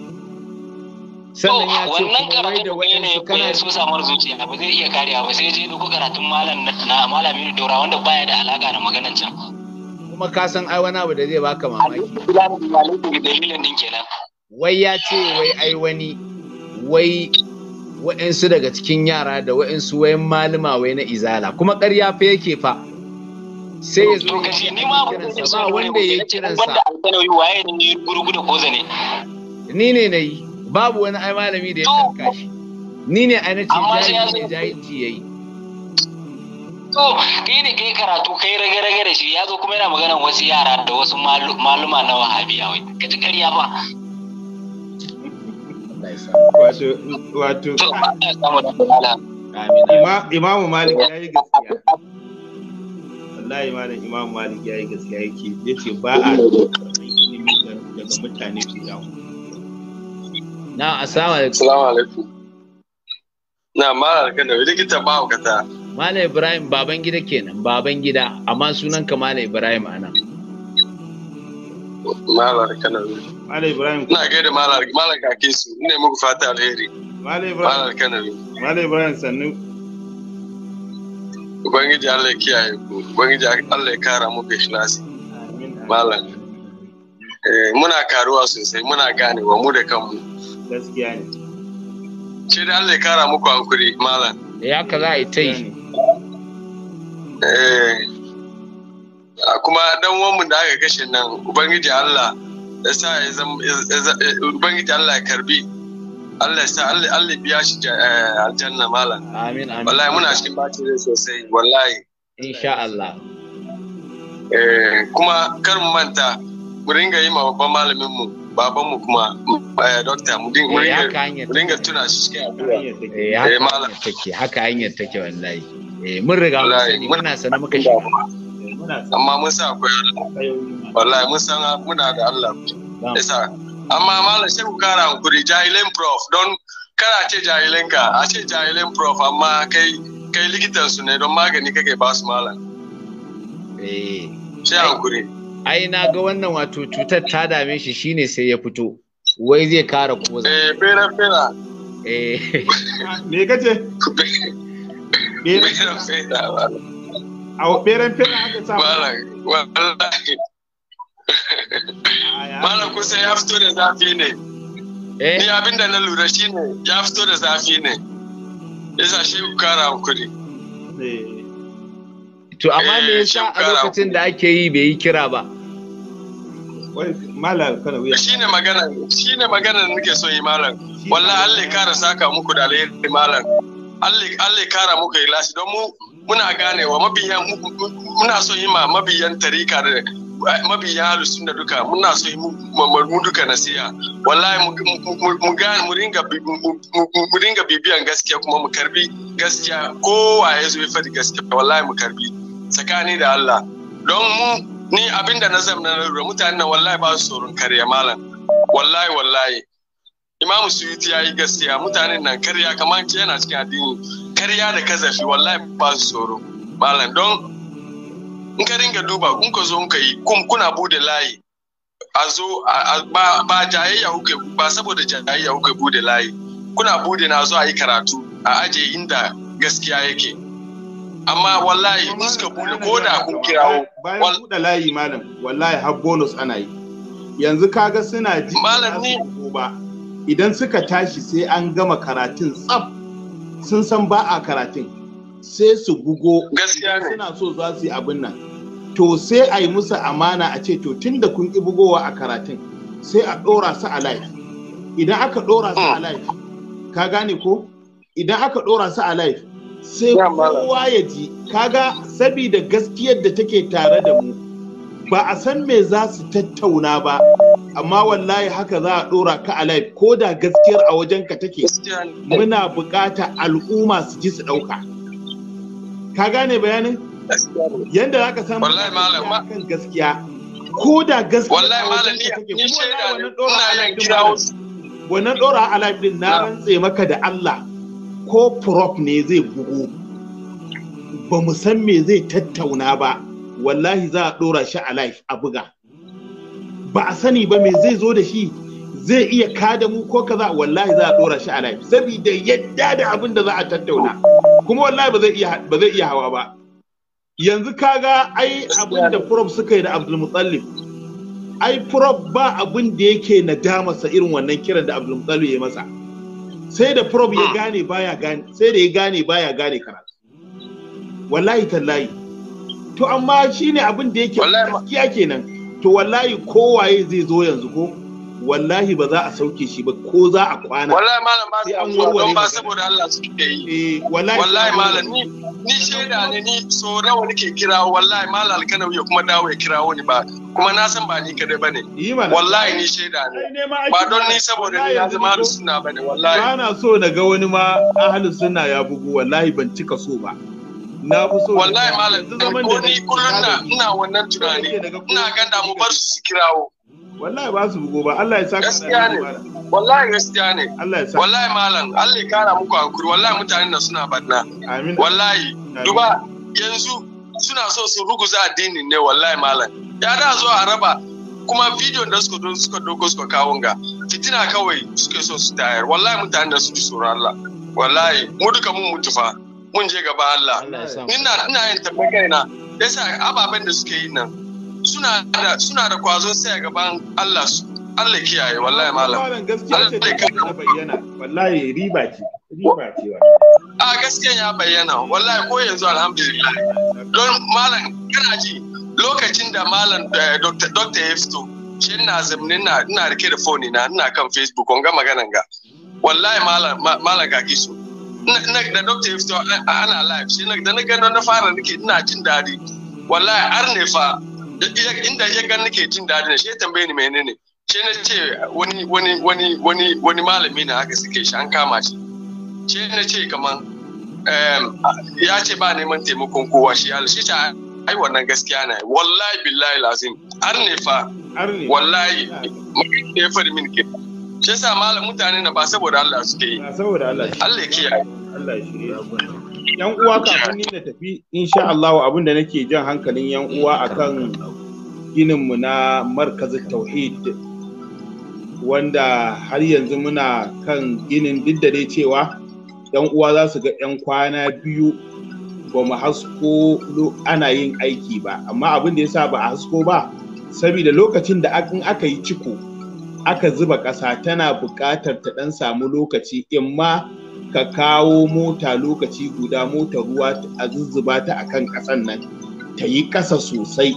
sannan oh, ya ce kuma wai da waɗansu kana su samar zuciya ba zai iya kariya ba sai je duk karatun malam na malami daura wanda baya da alaka da maganar can kuma ka san ai wani abu da zai baka mamaki dalilin din kenan wai ya ce wai ai wani wai wa'insu daga cikin yara da wa'insu wayan malama wai na izala kuma ƙarya fa yake fa sai ya zo ya kiransa ba wanda ya kiransa wanda alkanawi waye ne gurgudu ko zane ni ne na yi babu wani ai malami da ya tanka shi ni ne ai nace jahilci jahilci yayi to kai ne kai karatu kai rage rage da shi ya zo kuma yana magana wasu yara da wasu maluma na wahabiya wai ka ji ƙarya ba wato wato imamu malik ya yi gaskiya wallahi malam imamu malik ya yi gaskiya yake yace ba a daga mutane fiye da na assalamu alaikum assalamu alaikum na mala wani likita ba hukata Malam ibrahim baban gida kenan baban gida amma sunan ka Malam ibrahim ana mala wani. Malam ibrahim na gaida mala mala kake su ne muku fata alheri Malam ibrahim mala alkana mala ibrahim sannu ubangiji Allah ya kiyaye ku ubangiji Allah ya kara muku ikhlasi malam eh, muna karuwa sosai muna ganewa mu da kanmu gaskiya ne ce da Allah ya kara muku hankuri malam ya ka za a ita yi eh, kuma dan wanmu da aka kashe nan ubangiji Allah ya sa ya ubangiji Allah ya karbi Allah ya sa Allah ya biya shi eh, aljanna malam amin amin wallahi muna cikin bacin rai sosai wallahi insha Allah eh, kuma kar mu manta mu ringa yi ma babban malaminmu. mu babanmu kuma eh, dokta mu dinga eh, tuna shi cikin addu'a haka eh, take haka hanyar take wallahi mun riga mun sani muna sanar muka shi amma mun sa akwai wallahi mun san muna da Allah yasa amma malam sai ku kara hankuri jahilan prof don kana ce jahilin ka a ce jahilin prof amma kai kai likitan su ne don magani kake ba su malam eh sai hankuri ai na ga wannan wato cutar ta dame shi shine sai ya fito wai zai kara za eh fera fera eh *laughs* me kace fera fera a beren fera aka sa wallahi Malam sai ya fito da zafi ne. Eh? Ni abin da na lura shine. ya fito da zafi ne. yasa shi ku kara hankuri. Eh. To amma me yasa a eh, lokacin da ake yi bai yi kira ba? Malam kana wuya. Shine magana, shine magana da nake so yi malam. Wallahi Allah ya kara saka muku da alheri malam. Allah Allah ya kara muku ilashi don mu muna ganewa mabiyan muna so yi ma mabiyan tarika da mabiyan halusun da duka muna so yi mu duka nasiya? wallahi mu gane mu ringa bibiyan gaskiya kuma mu karbi gaskiya kowa ya zo ya faɗi gaskiya wallahi mu karbi tsakani da Allah don mu ni abinda na zamna na lura mutanen wallahi ba su tsoron karya malam wallahi wallahi imam suyuti ya yi gaskiya mutanen nan karya kamar ce yana cikin addini karya da kazafi wallahi ba su tsoro malam don in ka ringa duba kun ka zo ka yi kuna bude layi a zo ba jayayya kuke ba saboda jayayya kuke bude layi kuna bude na zo a yi karatu a aje inda gaskiya yake amma wallahi suka bude ko da kun kirawo bayan bude layi malam wallahi har bonus ana yi yanzu kaga suna ji malam ni ba idan suka tashi sai an gama karatun tsaf sun san ba a karatun sai su bugo gaskiya suna so za su yi abin nan to sai a yi musu amana a ce to tunda kun ki bugowa a karatun sai a ɗora su a live idan aka dora su a hmm. live ka gane ko idan aka dora su a live sai kowa ya ji kaga sabida gaskiyar da take tare da mu ba a san me za su tattauna ba amma wallahi haka za a dora ka a live ko da gaskiyar a wajen ka take muna bukata al'umma su ji su dauka ka gane bayanin yanda za ka samu kan gaskiya ko da gaskiya wallahi malami ni shaida wannan dora a live din na rantse maka da Allah ko prop ne zai bugu ba mu san me zai tattauna ba wallahi za a ɗora shi a life a buga ba a sani ba me zai zo da shi zai iya kada mu ko kaza wallahi za a ɗora shi a life saboda yadda da abin da za a tattauna kuma wallahi ba zai iya ba zai iya hawa ba yanzu kaga ai abin da prop suka yi da abdulmutsallim ai prop ba abin da yake nadamarsa irin wannan kiran da abdulmutsallim ya masa sai da prof ya ah. gane baya gane sai da ya gane baya gane karatu wallahi tallahi to amma shine abin da yake gaskiya kenan to wallahi kowaye zai zo yanzu ko wallahi ba za a sauke shi ba ko za a kwana wallahi malam ba an warware don ba saboda Allah suke yi eh wallahi wallahi malam ni ni shaida ne ni so rawa nake kira wallahi malam alkanawi ya kuma dawo ya kirawo wani ba kuma na san ba ni kada bane wallahi ni shaida ne ba don ni saboda ni yanzu zama ahlus sunna bane wallahi ba na so na ga wani ma ahlus sunna ya bugu wallahi ban cika so ba na fi so wallahi malam ko ni kullun na ina wannan tunani ina ganda mu bar su su kirawo wallahi ba su bugo ba Allah ya saka gaskiya ne wallahi gaskiya ne Allah ya saka wallahi malam Allah ya kara muku hankuri wallahi mutanen nan suna banna amin wallahi duba yanzu suna so su ruguza addinin ne wallahi malam ya da zo a raba kuma bidiyon da suka suka doko suka kawo ga fitina kawai suke so su tayar wallahi mutanen da su ji tsoron Allah wallahi mu duka mun mutu fa mun je gaba Allah ina ina yin tabbakai na yasa ababen da suke yi nan suna da suna da kwazon sai gaban Allah su Allah kiyaye wallahi malam Allah ya bayyana wallahi riba ce riba ce a gaskiya ya bayyana wallahi ko yanzu alhamdulillah don malam kana ji lokacin da malam eh, Dr. doctor ya shi na zamanin na ina rike da phone na ina kan facebook on ga maganan ga wallahi malam malam ga kisu da Dr. ya ana live shi da na gano na fara nake ina jin dadi wallahi har ne fa inda ya gan nake jin daɗi shi ya tambaye ni menene shi na ce wani wani wani wani wani malami na haka suke shi an kama shi shi na ce kaman ya ce ba neman taimakon kowa shi ya shi ta ai wannan gaskiya na wallahi billahi lazim har ne fa wallahi ne da ya faɗi min ke shi sa malam mutane na ba saboda Allah suke yi saboda Allah ya kiyaye Allah ya shirya yan uwa kafin ni tafi insha Allah abin da nake jan hankalin yan uwa akan ginin mu na markazin tauhid wanda har yanzu muna kan ginin duk dai cewa yan uwa za su ga yan kwana biyu ba mu hasko ana yin aiki ba amma abin da yasa ba a hasko ba saboda lokacin da in aka yi ciko aka zuba ƙasa tana buƙatar ta ɗan samu lokaci in ma ka kawo mota lokaci guda mota ruwa a zuzzuba ta a kan ƙasan nan ta yi ƙasa sosai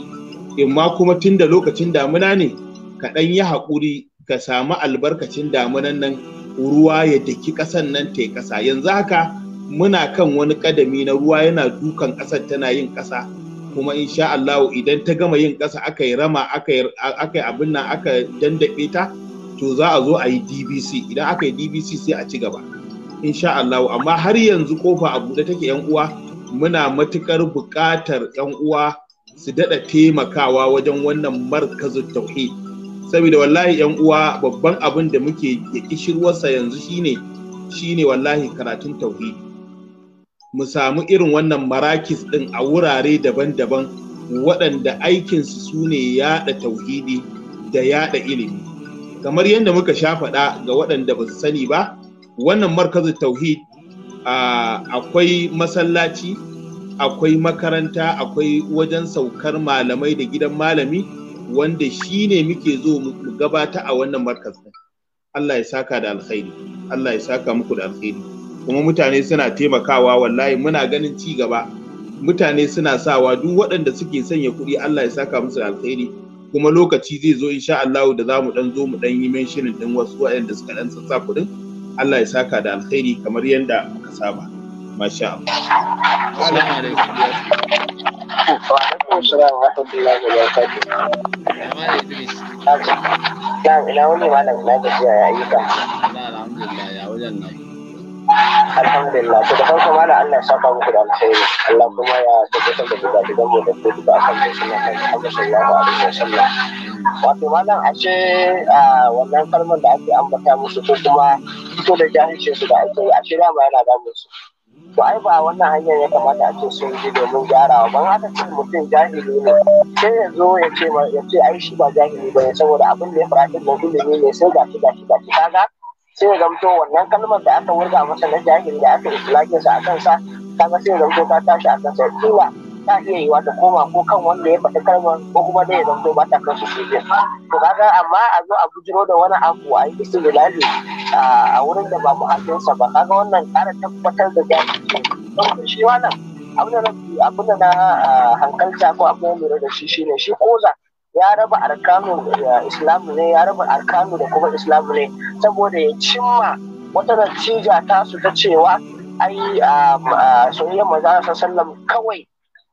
imma kuma tun da lokacin damuna ne ka ɗan yi haƙuri ka samu albarkacin damunan nan ruwa ya daki ƙasan nan ta yi ƙasa yanzu haka muna kan wani ƙadami na ruwa yana dukan ƙasar tana yin ƙasa kuma insha Allah idan ta gama yin ƙasa aka yi rama aka yi abin nan aka dandaɓe ta to za a zo a yi dbc idan aka yi dbc sai a ci gaba insha Allah amma har yanzu kofa a buɗe take yan uwa muna matukar buƙatar yan uwa su daɗa taimakawa wajen wannan markazin tauhid saboda wallahi yan uwa babban abin da muke ya kishirwarsa yanzu shine shine wallahi karatun tauhid mu samu irin wannan marakis din a wurare daban-daban waɗanda aikin su ne yaɗa tauhidi da yaɗa ilimi kamar yadda muka sha faɗa ga waɗanda ba su sani ba wannan markazin tauhid akwai masallaci akwai makaranta akwai wajen saukar malamai da gidan malami wanda shi ne muke zo mu gabata a wannan markazin Allah ya saka da alkhairi Allah ya saka muku da alkhairi kuma mutane suna taimakawa wallahi muna ganin ci gaba mutane suna sawa duk waɗanda suke sanya kuɗi Allah ya saka musu da alkhairi kuma lokaci zai zo insha Allah da za mu dan zo mu dan yi menshinin din wasu waɗanda suka dan sassa kuɗin Allah ya saka da alkhairi kamar yadda muka saba masha alhamdulillah to da farko mala Allah ya saka muku da alheri Allah kuma ya tabbatar da gudanar da mu da aka duka akan sunan Allah sallallahu alaihi Sallam. wato malam ashe wannan kalmar da ake ambata musu ko kuma fito da jahilcin su da ake yi ashe dama yana damun su to ai ba wannan hanyar ya kamata a ce sun ji domin gyarawa ban haka ce mutum jahili ne sai ya zo ya ce ya ce ai shi ba jahili ba ne saboda abin da ya fara din ilimi ne sai gashi gashi gashi kaga sai ya zamto wannan kalmar da aka wurga masa na jahili da aka sa a kansa kaga sai ya zamto ka tashi a kansa kila ta iya yiwa ta koma ko kan wanda ya faɗi kalmar ko kuma da ya zanto ba ta kan su shi to kaga amma a zo a bujiro da wani abu a yi su a wurin da ba muhallinsa ba kaga wannan ƙara tabbatar da Don shi wannan abin da na hankalta ko abin da lura da shi shine shi koza ya raba arkanu islam ne ya raba arkanu da kuma islam ne saboda ya cimma wata natija ta su ta cewa ai soyayyar manzo sallam kawai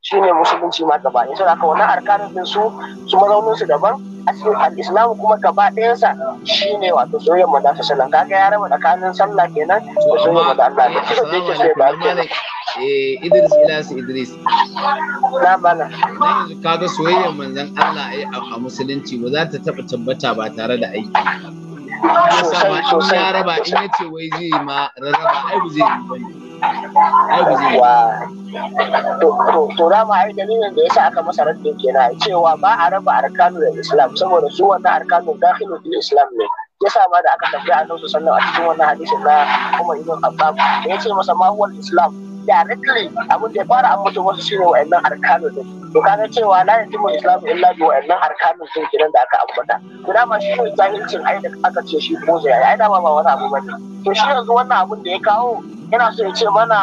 Shi ne musulunci ma gaba ɗaya saboda haka wani arkanin din su su mazaunin su daban a cikin al'islamu kuma gaba Shi ne wato soyayyar mu da alaihi sallan kaga ya raba tsakanin sallah kenan da soyayyar da Allah da shi da yake soyayya ba eh Idris Ilyas Idris na bana dan yanzu kaga soyayyar manzon Allah eh, ai a musulunci ba za ta taba tabbata ba tare da aiki sosai sosai ya raba in yace wai zai ma raba ai ba zai yi ba. ai ba zai to to da ma ai dalilin da yasa aka masa raddin kenan cewa ba a raba arkanu da islam saboda su wannan arkanu dakhilu fil islam ne ya sa ma da aka tafi annabi sallallahu a cikin wannan hadisin na Umar ibn Khattab da ce masa ma huwal islam directly abin da ya fara an mutu wasu shine wa'annan arkanu din to kaga cewa la yanzu islam illa bi wa'annan arkanu din kiran da aka ambata to dama shi ne jahilcin ai da aka ce shi ko zai ai dama ba wani abu bane to shi yanzu wannan abin da ya kawo yana so ya ce mana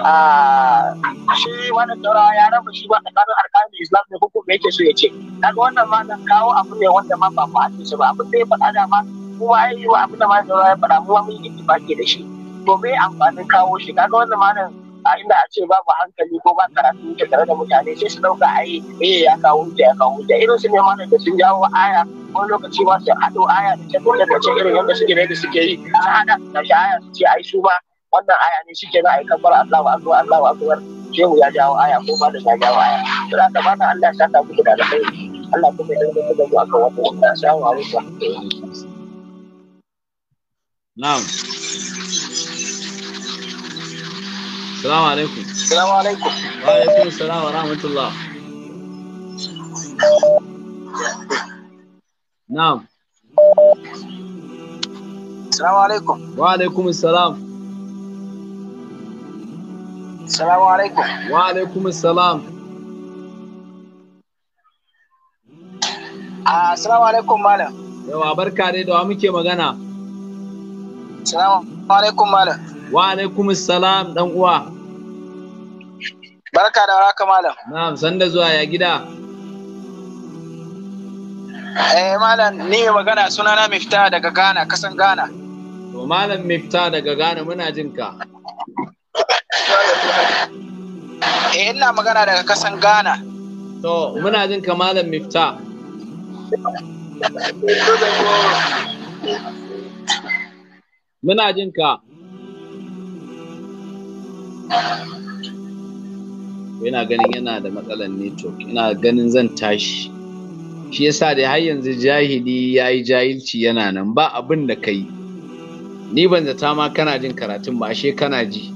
ah, shi wani tsara ya rabu shi ba tsakanin arkanin islam ne hukum yake so ya ce kaga wannan ma zan kawo abu ne wanda ma ba ku ake ba abin da ya faɗa da ma kuma ai yi abin da ma tsara ya faɗa kuma mun yi ittifaki da shi to me amfanin kawo shi kaga wannan ma nan a inda a ce babu hankali ko ba karatu tare da mutane sai su dauka ai eh ya kawo ta ya kawo ta irin su ne ma da sun jawo aya wani lokaci ma su haɗo aya da ta ce irin yadda suke ne da suke yi su hada da aya su ce ai su ba wannan aya ne shi ke na aikan bar Allah wa azuwa Allah wa azuwar shehu ya jawo aya ko ba da ya jawo aya to da na Allah ya saka ku da kai Allah kuma ya dinga da ku akan wannan wannan shawo a wuta na'am Assalamu alaikum. Assalamu alaikum. Wa alaikum assalam wa rahmatullah. Na'am. Assalamu alaikum. Wa alaikum assalam. Salamu alaikum. Wa alaikum salam. Ah, assalamu alaikum malam. Yawa barka dai da wa muke magana. Salamu alaikum malam. Wa alaikum salam dan uwa. Barka da warhaka malam. Na'am sanda zuwa ya gida. Eh malam ni mai magana sunana Mifta daga Ghana kasan Ghana. To malam Mifta daga Ghana muna jin ka. eh ina magana daga kasan ghana to muna jin kamalan mifta muna jin ka yana ganin yana da matsalar network ina ganin zan tashi shi yasa dai har yanzu jahili ya yi jahilci yana nan ba abin da ka yi ni ban zata ma kana jin karatun ba ashe kana ji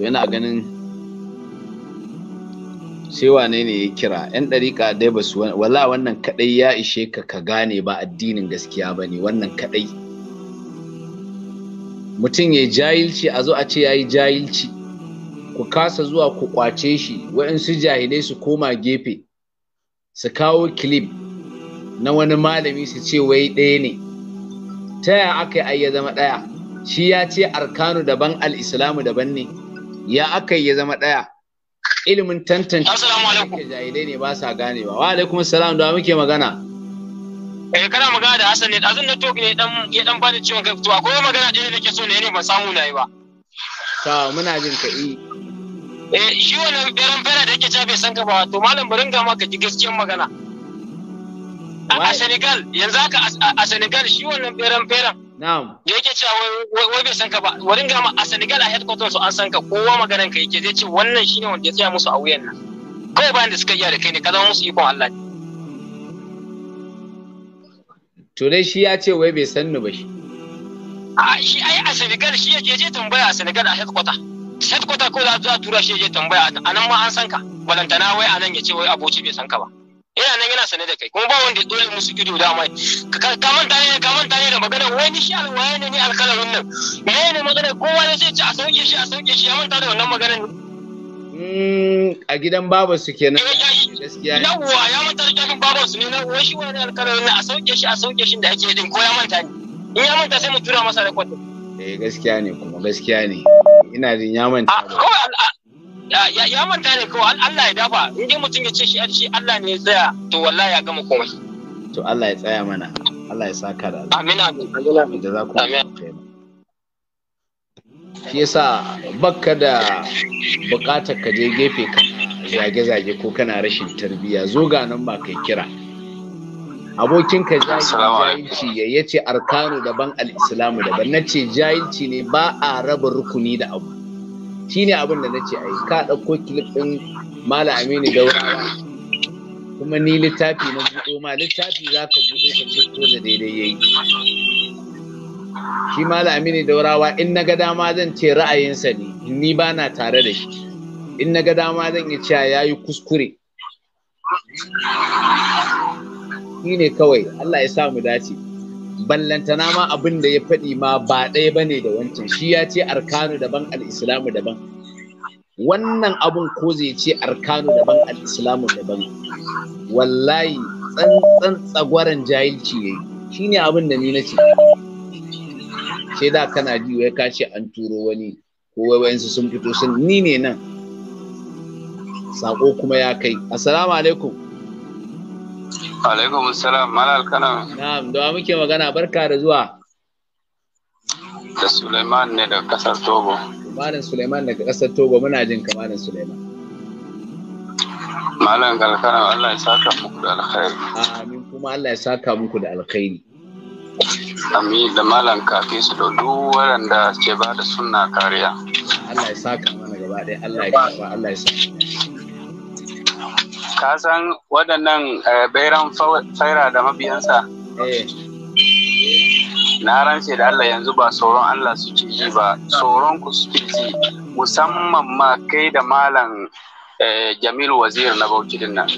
yana ganin sai wane ne ya kira yan ɗariƙa dai ba su wala wannan kaɗai ya ishe ka ka gane ba addinin gaskiya ba ne wannan kaɗai mutum ya jahilci a zo a ce ya yi jahilci ku kasa zuwa ku kwace shi waɗansu jahilai su koma gefe su kawo kilib na wani malami su ce wai ɗaya ne ta yaya aka yi ai ya zama ɗaya shi ya ce arkanu daban al-islamu daban ne ya aka yi ya zama ɗaya ilimin tantance assalamu alaikum jahilai ne ba sa ganewa wa alaikum assalam da muke magana eh kana magana da Hassan ne azun network ne dan ya dan bani ciwon kai to akwai magana da nake so ne ne ban samu nayi ba ta muna jin ka eh eh shi wannan beran fara da yake ta bai san ka ba to malam bari ga maka gaskiyar magana a Senegal yanzu haka a Senegal shi wannan feram-feran beran na'am yake cewa wai bai san ka ba wurin ga ma a Senegal a headquarters su an san ka kowa maganar ka yake zai ce wannan shine wanda ya tsaya musu a wuyan nan kai bayan da suka yi da kai ne ka zama musu ikon Allah to dai shi ya ce wai bai san ni ba shi a shi ai a Senegal shi yake je tambaya a Senegal a headquarters headquarters ko za a tura shi je tambaya a nan ma an san ka balantana wai a nan ya ce wai aboci bai san ka ba ina nan yana sane da kai kuma ba wanda ya dole musu ido da mai ka manta ne ka manta ne da magana wai ni shi alwaye ne ni alkalamin nan me ne magana kowa ne zai ci a sauke shi a sauke shi ya manta da wannan maganar hmm, a gidan babansu kenan eh, gaskiya ne. yawa ya manta da gidan su ne na wai shi wani alkalamin nan a sauke shi a sauke shi da ake din ko ya manta ne in ya manta sai mu tura masa da eh gaskiya ne kuma gaskiya ne ina jin ya manta ya manta ne kawai Allah ya dafa in dai mutum ya ce shi shi Allah ne ya tsaya to wallahi ya gama komai to Allah ya tsaya mana Allah ya saka da amin amin da za ku shi yasa bakka da bukatar ka je gefe ka zage-zage ko kana rashin tarbiyya zo ga nan ba kai kira abokinka jahilci ya yace arkanu daban al'islamu daban nace ce jahilci ne ba a raba rukuni da abu shine abin da nace ai ka ɗauko clip ɗin Malam Aminu Daurawa kuma ni littafi na buɗo ma littafi za ka buɗe ka ce ko da daidai yayi shi Malam Aminu Daurawa in na ga dama zan ce ra'ayinsa ne ni ba na tare da shi in na ga dama zan yi cewa yayi kuskure shi ne kawai Allah ya sa mu dace ballantana ma abin da ya faɗi ma ba ɗaya bane da wancan shi ya ce arkanu daban al'islamu daban wannan abun ko zai ce arkanu daban al'islamu daban wallahi tsantsan tsagwaran jahilci ya yi shi ne abin da ni na ce da kana ji wai ka an turo wani ko wayansu sun fito sun ni ne nan sako kuma ya kai assalamu alaikum Alaikum salam malal kana. Na'am, da muke magana barka da zuwa. Da Suleiman ne daga kasar Togo. Malam Suleiman daga kasar Togo muna jin ka Malam Suleiman. Malam Galkana Allah ya saka muku da alkhairi. Amin kuma Allah ya saka muku da alkhairi. Amin da malam kafi su da duk waɗanda ke ba da sunna kariya. Allah ya saka mana gaba ɗaya Allah ya kafa Allah ya saka. ka san waɗannan eh, bairan faira da mabiyansa eh. na rance da Allah yanzu ba tsoron Allah su suke ji ba tsoron ku ji musamman ma kai da malam eh, Jamilu Wazir na Bauchi din nan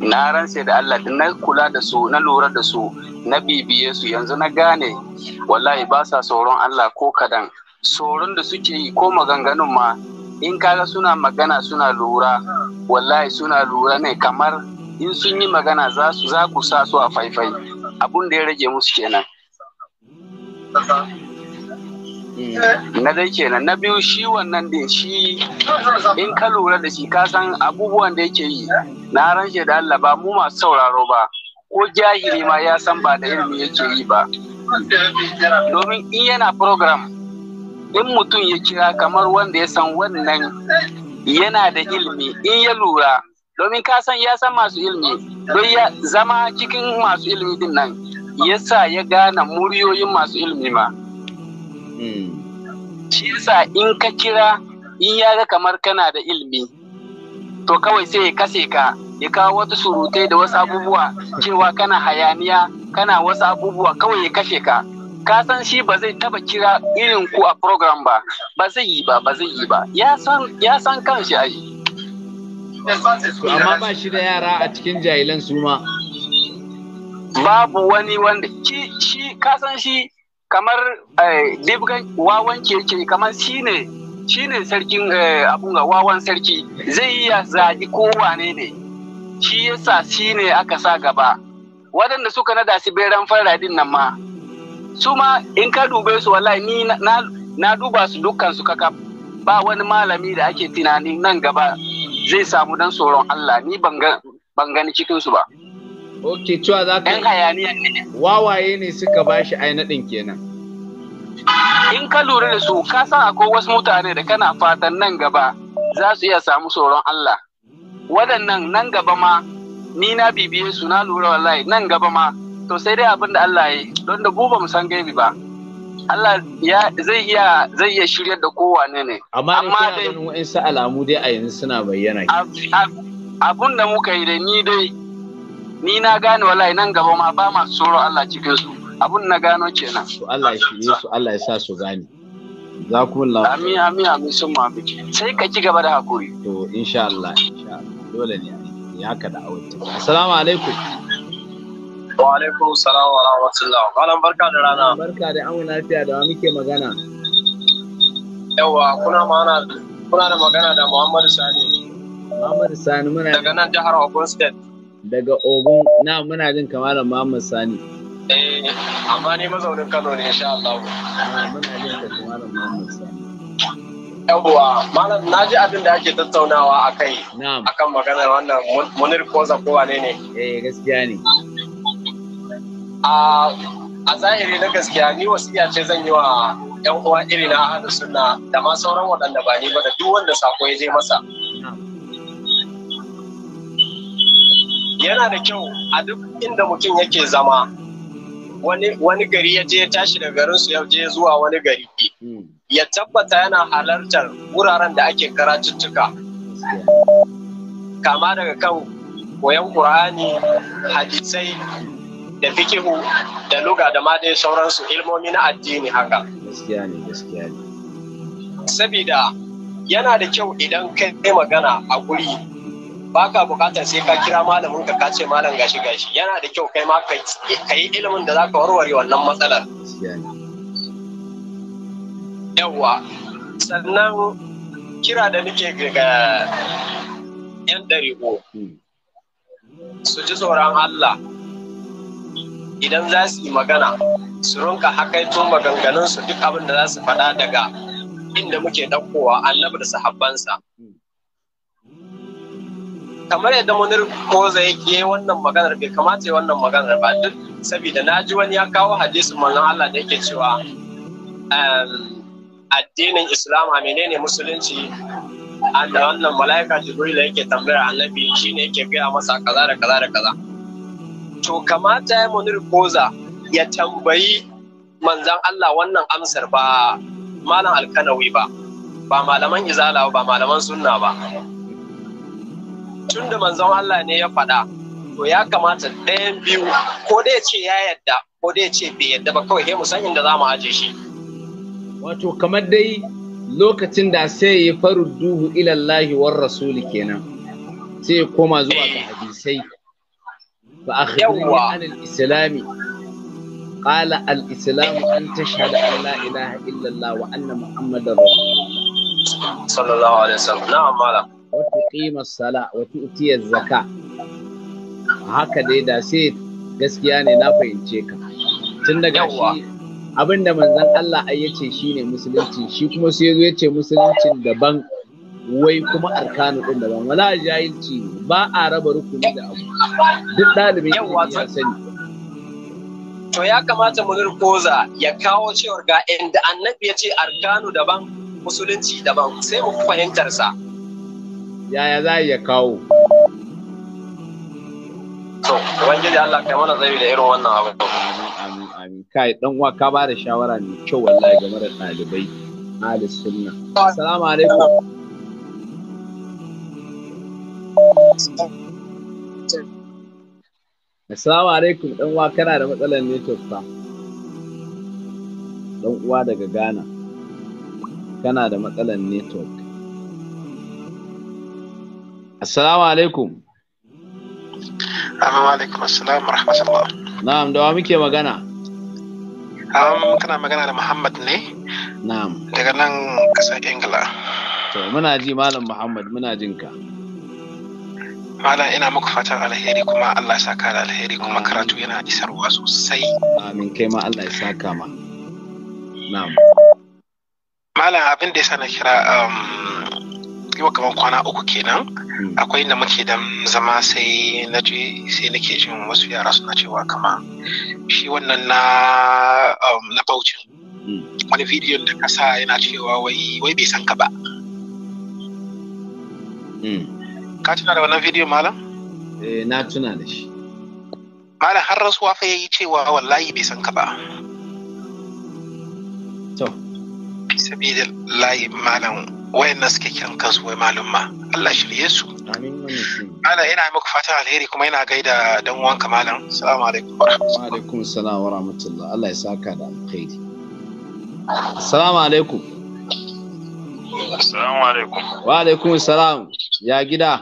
na rance da Allah na kula da su na lura da su na bibiye su yanzu na gane wallahi ba sa tsoron Allah ko kadan tsoron da suke yi ko maganganun ma in kaga suna magana suna lura wallahi suna lura ne kamar in sun yi magana za su za ku sa su a faifai abun da ya rage musu kenan hmm. na dai kenan na biyu shi wannan din shi in ka lura da shi ka san abubuwan da yake yi na ranshe da Allah ba mu masu sauraro ba ko jahili ma ya san ba da ilimi yake yi ba domin in yana program in mutum ya kira kamar wanda ya san wannan yana da ilimi in ya lura domin ka san ya san masu ilimi don ya zama cikin masu ilimi din nan sa ya gane muryoyin masu ilimi ma hmm. shi yasa in ka kira in ya ga kamar kana da ilimi to kawai sai ya kase ka ya kawo wata surutai da wasu abubuwa cewa kana hayaniya kana wasu abubuwa kawai ya kashe ka ka san shi ba zai taba kira irin ku a program ba ba zai yi ba ba zai yi ba ya san ya san kanshi ai amma ba shi da yara a cikin jahilan su ma babu wani wanda shi shi ka san shi kamar eh, dibgan wawan keke kamar shi ne shi ne sarkin eh, abun ga wawan sarki zai yi iya zagi wane ne shi yasa shi ne aka sa gaba waɗanda suka nada su beran faradin nan ma su ma in ka dube su wallahi ni na duba su dukkan su kaka ba wani malami da ake tunanin nan gaba zai samu dan tsoron Allah ni ban gani cikin su ba ok cewa za ka hayaniya ne wawaye ne suka bashi shi ainihin kenan in ka lura da su ka san akwai wasu mutane da kana fatan nan gaba za su iya samu tsoron Allah waɗannan nan gaba ma ni na bibiye su na lura wallahi nan gaba ma to sai dai abin da Allah ya yi don da gobe mu san gaibi ba Allah ya zai iya zai iya shiryar da kowane ne amma dai ganin wa'ansu alamu dai a yanzu suna bayyana abun da muka yi da ni dai ni na gane wallahi nan gaba ma ba masu tsoro Allah cikin su abun na gano kenan to Allah ya shirye su Allah ya sa su gane za ku la amin amin amin sun ma sai ka ci gaba da hakuri to insha Allah insha Allah dole ne ya haka da awanta assalamu alaikum Wa alaikum salam wa rahmatullah. Malam barka da rana. Barka da amu lafiya da muke magana. Yawwa kuna magana kuna da magana da Muhammadu Sani. Muhammadu Sani muna daga nan jihar Ogun State. Daga Ogun na muna jin kamar Muhammadu Sani. Eh amma ni mazaunin Kano ne insha Allah. Ah, muna jin kamar Muhammad Sani. yawwa malam na ji abin da ake tattaunawa a kai akan maganar wannan munir ko zakowa ne ne eh gaskiya ne a zahiri na gaskiya ni wasiya ce zan yi wa yan uwa iri na ahlus suna, da ma sauran waɗanda ba ni ba da duk wanda sako ya je masa yana da kyau a duk inda mutum yake zama wani wani gari ya je tashi da garin su ya je zuwa wani gari ya tabbata yana halartar wuraren da ake karatuttuka kama daga kan koyon ƙur'ani hadisai da fikihu da luga da ma dai sauransu ilmomi na addini haka gaskiya ne gaskiya ne sabida yana da kyau idan kai kai magana a guri baka bukatar sai ka kira malamin ka kace malam gashi gashi yana da kyau kai ma ka yi ilimin da zaka warware wannan matsalar yawwa sannan kira da nake ga yan ɗariƙo hmm. su ji tsoron Allah idan za su yi magana su rinka hakaito maganganun su duk abin da za su faɗa daga inda muke ɗaukowa annabi da sahabbansa kamar yadda munir zai ke wannan maganar bai kamata wannan maganar ba duk saboda na ji wani ya kawo hadisin manzon Allah da yake cewa ehm, addinin islam a menene musulunci da wannan mala'ika jibril yake tambayar annabi shine yake gaya masa kaza da kaza da kaza to kamata ya munir koza ya tambayi manzan Allah wannan amsar ba malam alkanawi ba ba malaman izala ba malaman sunna ba tunda manzan Allah ne ya faɗa to ya kamata ɗayan biyu ko dai ce ya yadda ko dai ce bai yadda ba kawai mu san inda za mu aje shi wato kamar dai lokacin da sai ya faru duhu ilallahi war rasuli kenan sai ya koma zuwa ga hadisai فأخبرني عن الإسلام قال الإسلام أن تشهد أن لا إله إلا الله وأن محمد رسول الله صلى الله عليه وسلم نعم مالا وتقيم الصلاة وتؤتي الزكاة هكذا إذا سيد gaskiya ne na fahimce ka tun daga shi abinda manzon Allah ayyace shine musulunci shi kuma sai yazo yace musuluncin daban wai kuma arkanu din daban wala jahilci ba a raba rukuni da abu duk dalibi ya sani to ya kamata munir koza ya kawo cewar ga inda annabi ya ce arkanu daban musulunci daban sai mu fahimtar sa yaya za ya kawo to ubangiji Allah kai mana zai da irin wannan abu amin amin kai dan uwa ka ba da shawara ne kyau wallahi ga da ɗalibai ahli sunna assalamu alaikum Assalamu alaikum ɗan uwa kana da matsalar network fa. Ɗan uwa daga Ghana. Kana da matsalar network. Assalamu alaikum. Assalamu alaikum assalamu rahmatullah. Na'am da wa muke magana? Am kana magana da Muhammad ne? Na'am. Daga nan ƙasar Ingila. To muna ji Malam Muhammad muna jinka. ka. Malam ina muku fatan alheri kuma Allah ya ka da alheri kuma karatu yana isarwa sosai. Amin kai ma Allah ya saka ma. Na'am. mala abin da yasa na kira um, yau kamar kwana uku kenan hmm. akwai inda muke dan zama sai na je sai nake jin wasu yara suna cewa kama shi wannan na um, na baucin hmm. wani bidiyon da kasa yana cewa wai bai san ka ba. Hmm. Ka tuna da wannan bidiyon malam? Eh na tuna da shi. Malam har rasuwa fa yayi cewa wallahi bai san ka ba. To. Sabida layi malam na suke kiran kansu wai malum ma Allah shirye su. Amin Malam ina muku fatan alheri kuma ina gaida dan uwanka malam. Assalamu alaikum wa alaikum assalam wa rahmatullah. Allah ya saka da alkhairi. Assalamu alaikum. Assalamu alaikum. Wa alaikum assalam. Ya gida.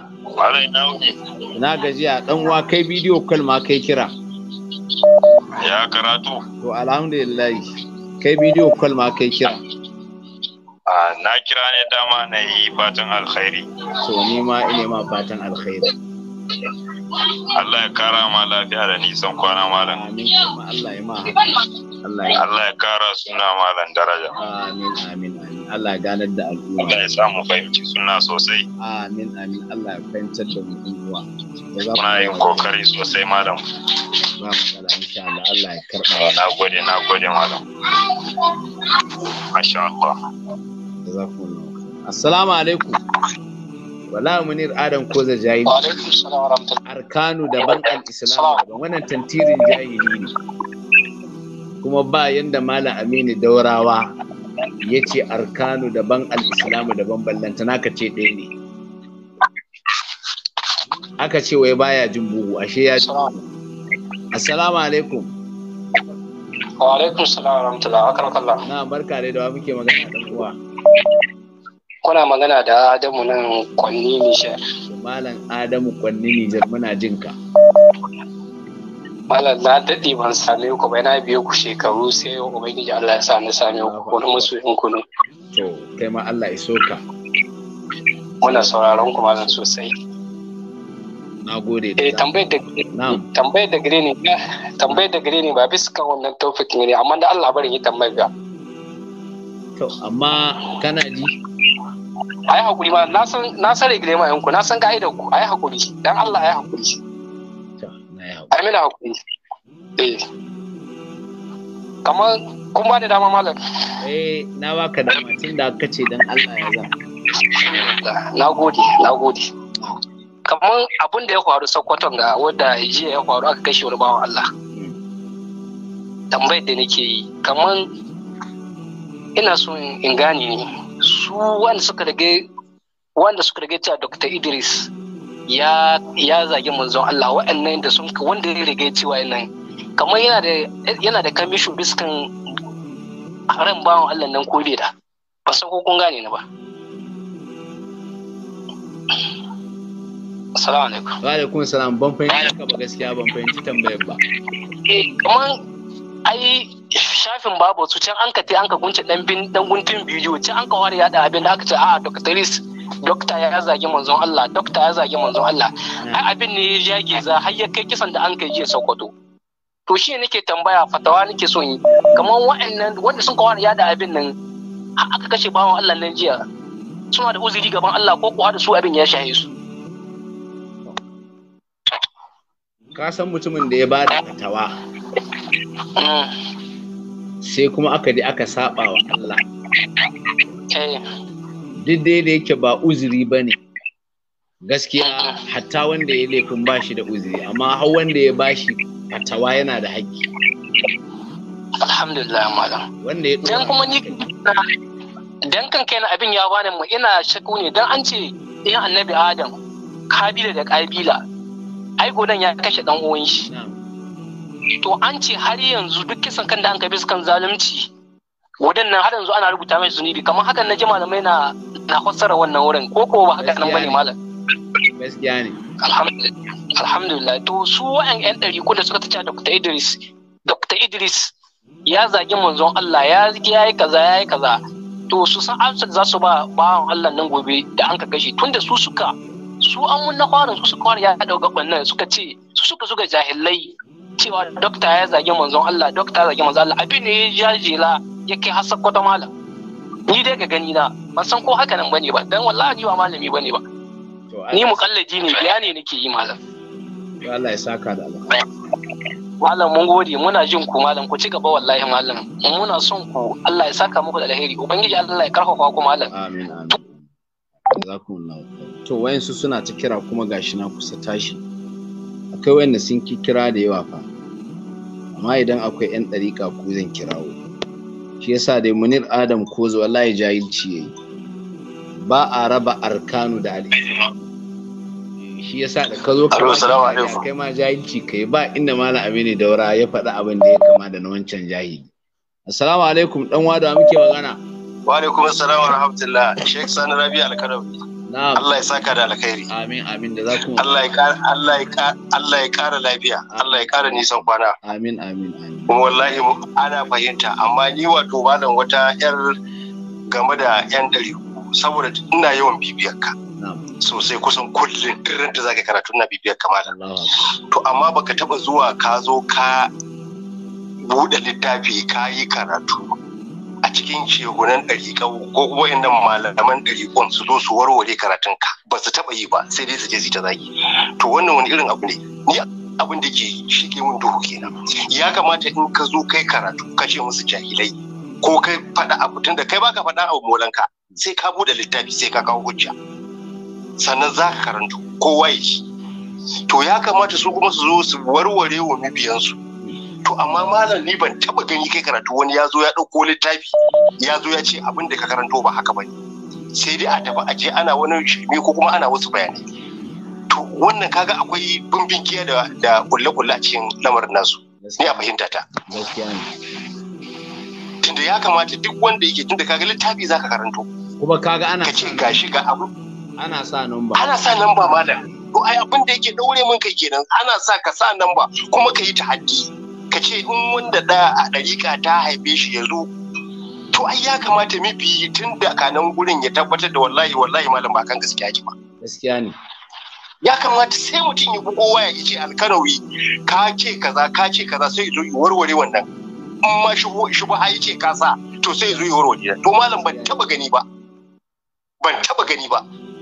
Na gajiya dan uwa kai bidiyo kal ma kai kira. Ya karatu. To alhamdulillah. Kai bidiyo kal ma kai kira. Ah, na kira ne dama na yi fatan alkhairi. To ni ma ina ma fatan alkhairi. Allah ya kara ma lafiya da nisan kwana malam. Amin Allah ya ma. Allah ya kara suna malam daraja. Amin amin amin. Allah ya ganar da al'umma. Allah ya samu fahimci suna sosai. Amin amin. Allah ya fahimtar da mu uwa. Muna yin kokari sosai malam. Ba matsala insha Allah Allah ya karɓa. Na gode na gode malam. Masha Allah. Assalamu alaikum. wala munir adam ko za jahili arkanu daban al-islam daban wannan tantirin jahili ne kuma ba yanda malam aminu daurawa ya ce arkanu daban al'islamu daban ballanta naka ce ɗaya ne aka ce wai baya jin bugu ashe ya ce. assalamu alaikum wa alaikum salam wa rahmatullah akan kallah na barka dai da wa muke magana dan uwa kuna magana da adamu nan kwanni nishar malam adamu kwanni nijar muna jinka malam na daɗe ban same ku ba na biyo ku shekaru sai ubangiji Allah ya sa na same ku wani musu in kunu. to kai ma Allah ya ka. muna sauraron ku malam sosai na gode da eh tambayar da gire ne gare tambayar da gire ne ba bisa kan wannan topic ne amma da Allah bari yi tambayar ga to amma kana ji ai hakuri ma na san na san rigire ma yanku na san ka'idar ku ai hakuri dan Allah ai hakuri ai mina hakuri eh kamar kun ba ni dama malam eh na baka dama tun da aka ce dan Allah ya zama na gode na gode kamar abin da ya faru sakkwaton ga wadda jiya ya faru aka kashe wani bawan Allah tambayar da nake yi kamar ina so in gane ne su wanda suka rage wanda suka rage ta Dr. Idris ya ya zagi manzon Allah waɗannan da sun wanda ya riga cewa yana kamar yana da yana da kamishu biskan haram bawan Allah nan ko bai da ba san ko kun gane ni ba Assalamu alaikum. Wa alaikum salam ban fahimci ka ba gaskiya ban fahimci tambayar ba. Eh kaman ai shafin babu su can an ka te an ka gunce dan bin dan guntun bidiyo can an ka ware yada abin da aka ce a Dr. Taris dokta ya zagi manzon Allah dokta ya zagi manzon Allah ai hmm. abin ne ya jage za har ya kai kisan da an kai jiya Sokoto to shi nake tambaya fatawa nake so yi kamar wa'annan wanda sun kawo da abin nan aka kashe bawan Allah nan jiya suna da uzuri gaban Allah ko kuwa da su abin ya shahe su ka san mutumin da ya ba da fatawa hmm. sai kuma aka je aka saba wa Allah eh. duk dai da yake ba uzuri ba ne gaskiya hatta wanda ya laifin ba shi da uzuri amma har wanda ya ba shi fatawa yana da haƙƙi alhamdulillah malam wanda ya dan kuma ni dan kan kai na abin ya bani mu ina shakku ne dan an ce in annabi adam kabila da kabila ai godan ya kashe dan uwan shi to an ce har yanzu duk kisan kan da an kabi kan zalunci wadannan har yanzu ana rubuta mai zunubi kamar hakan na ji malamai na na fassara wannan wurin ko ko ba haka nan bane malam gaskiya ne alhamdulillah to su wa'an yan ɗari da suka tace Dr. Idris Dr. Idris ya zagi manzon Allah ya yi kaza ya yi kaza to su san amsar za su ba bawan Allah nan gobe da an ka gashi tunda su suka su an na kwarin su suka ya dauka wannan suka ce su suka suka jahilai cewa dokta ya zage manzon Allah dokta ya zage manzon Allah abin ne ya jajila ya kai har kwata malam ni dai ga gani na ban san ko haka nan bane ba dan wallahi ni ba malami bane ba ni mukallaji ne bayani nake yi malam Allah ya saka da alheri malam mun gode muna jin ku malam ku ci gaba wallahi malam muna son ku Allah ya saka muku da alheri ubangiji Allah ya karfafa ku malam amin amin Allah to wayansu suna ta kira kuma gashi na kusa tashi akwai wanda sun ki kira da yawa fa amma idan akwai 'yan ɗariƙa ku zan kirawo shi yasa dai munir adam ko zuwa, wallahi jahilci yayi ba a raba arkanu da al'ijma shi yasa da ka zo kai ma jahilci kai ba inda malam aminu daura ya faɗi abin da ya kama da na wancan jahili assalamu alaikum dan wada muke magana wa alaikum assalam wa rahmatullah sheikh sani rabi alkarabi Allah ya saka da alkhairi amin amin da za ku Allah ya kara Allah ya Allah ya kara lafiya Allah ya kara nisan kwana amin amin amin wallahi ana fahimta amma ni wato malam wata yar game da yan dari saboda ina yawan bibiyar ka sosai kusan kullum irin da zaka karatu na bibiyar ka malam to amma baka taba zuwa ka zo ka buɗe littafi ka yi karatu a cikin ɗari ɗariƙa ko kuma inda malaman ɗariƙon su zo su warware karatunka ba su taɓa yi ba sai dai su je su ta zagi to wannan wani irin abu ne ni abin da ke shige mun duhu kenan ya kamata in ka zo kai karatu ka ce musu jahilai ko kai faɗa abu da kai baka faɗa abu molanka sai ka bude littafi sai ka kawo hujja sannan za ka karanto kowa ya ci to ya kamata su kuma su zo su warware wa mabiyansu to amma malam ni ban taba gani kai karatu wani ya zo ya ɗauko littafi ya zo ya ce abin da ka karanto ba haka bane sai dai a taba a je ana wani shirme ko kuma ana wasu bayanai to wannan kaga akwai bumbin kiya da da kulle-kulle a cikin lamarin nasu ni a fahimta ta tunda ya kamata duk wanda yake tunda kaga littafi zaka karanto kuma kaga ana kace gashi ga abu ana sa namba ana sa namba malam to ai abin da yake daure min kai kenan ana sa ka sa namba kuma ka yi haddi. ka ce in wanda da a ɗariƙa ta haife shi ya zo to ai ya kamata mafi tun da kanan gurin ya tabbatar da wallahi wallahi malam ba kan gaskiya ki ba gaskiya ne ya kamata sai mutum ya waya ya ce alkanawi ka ce kaza ka ce kaza sai zo yi warware wannan in ma shubu ha ce ka sa to sai zo yi warware to malam ban taba gani ba ban taba gani ba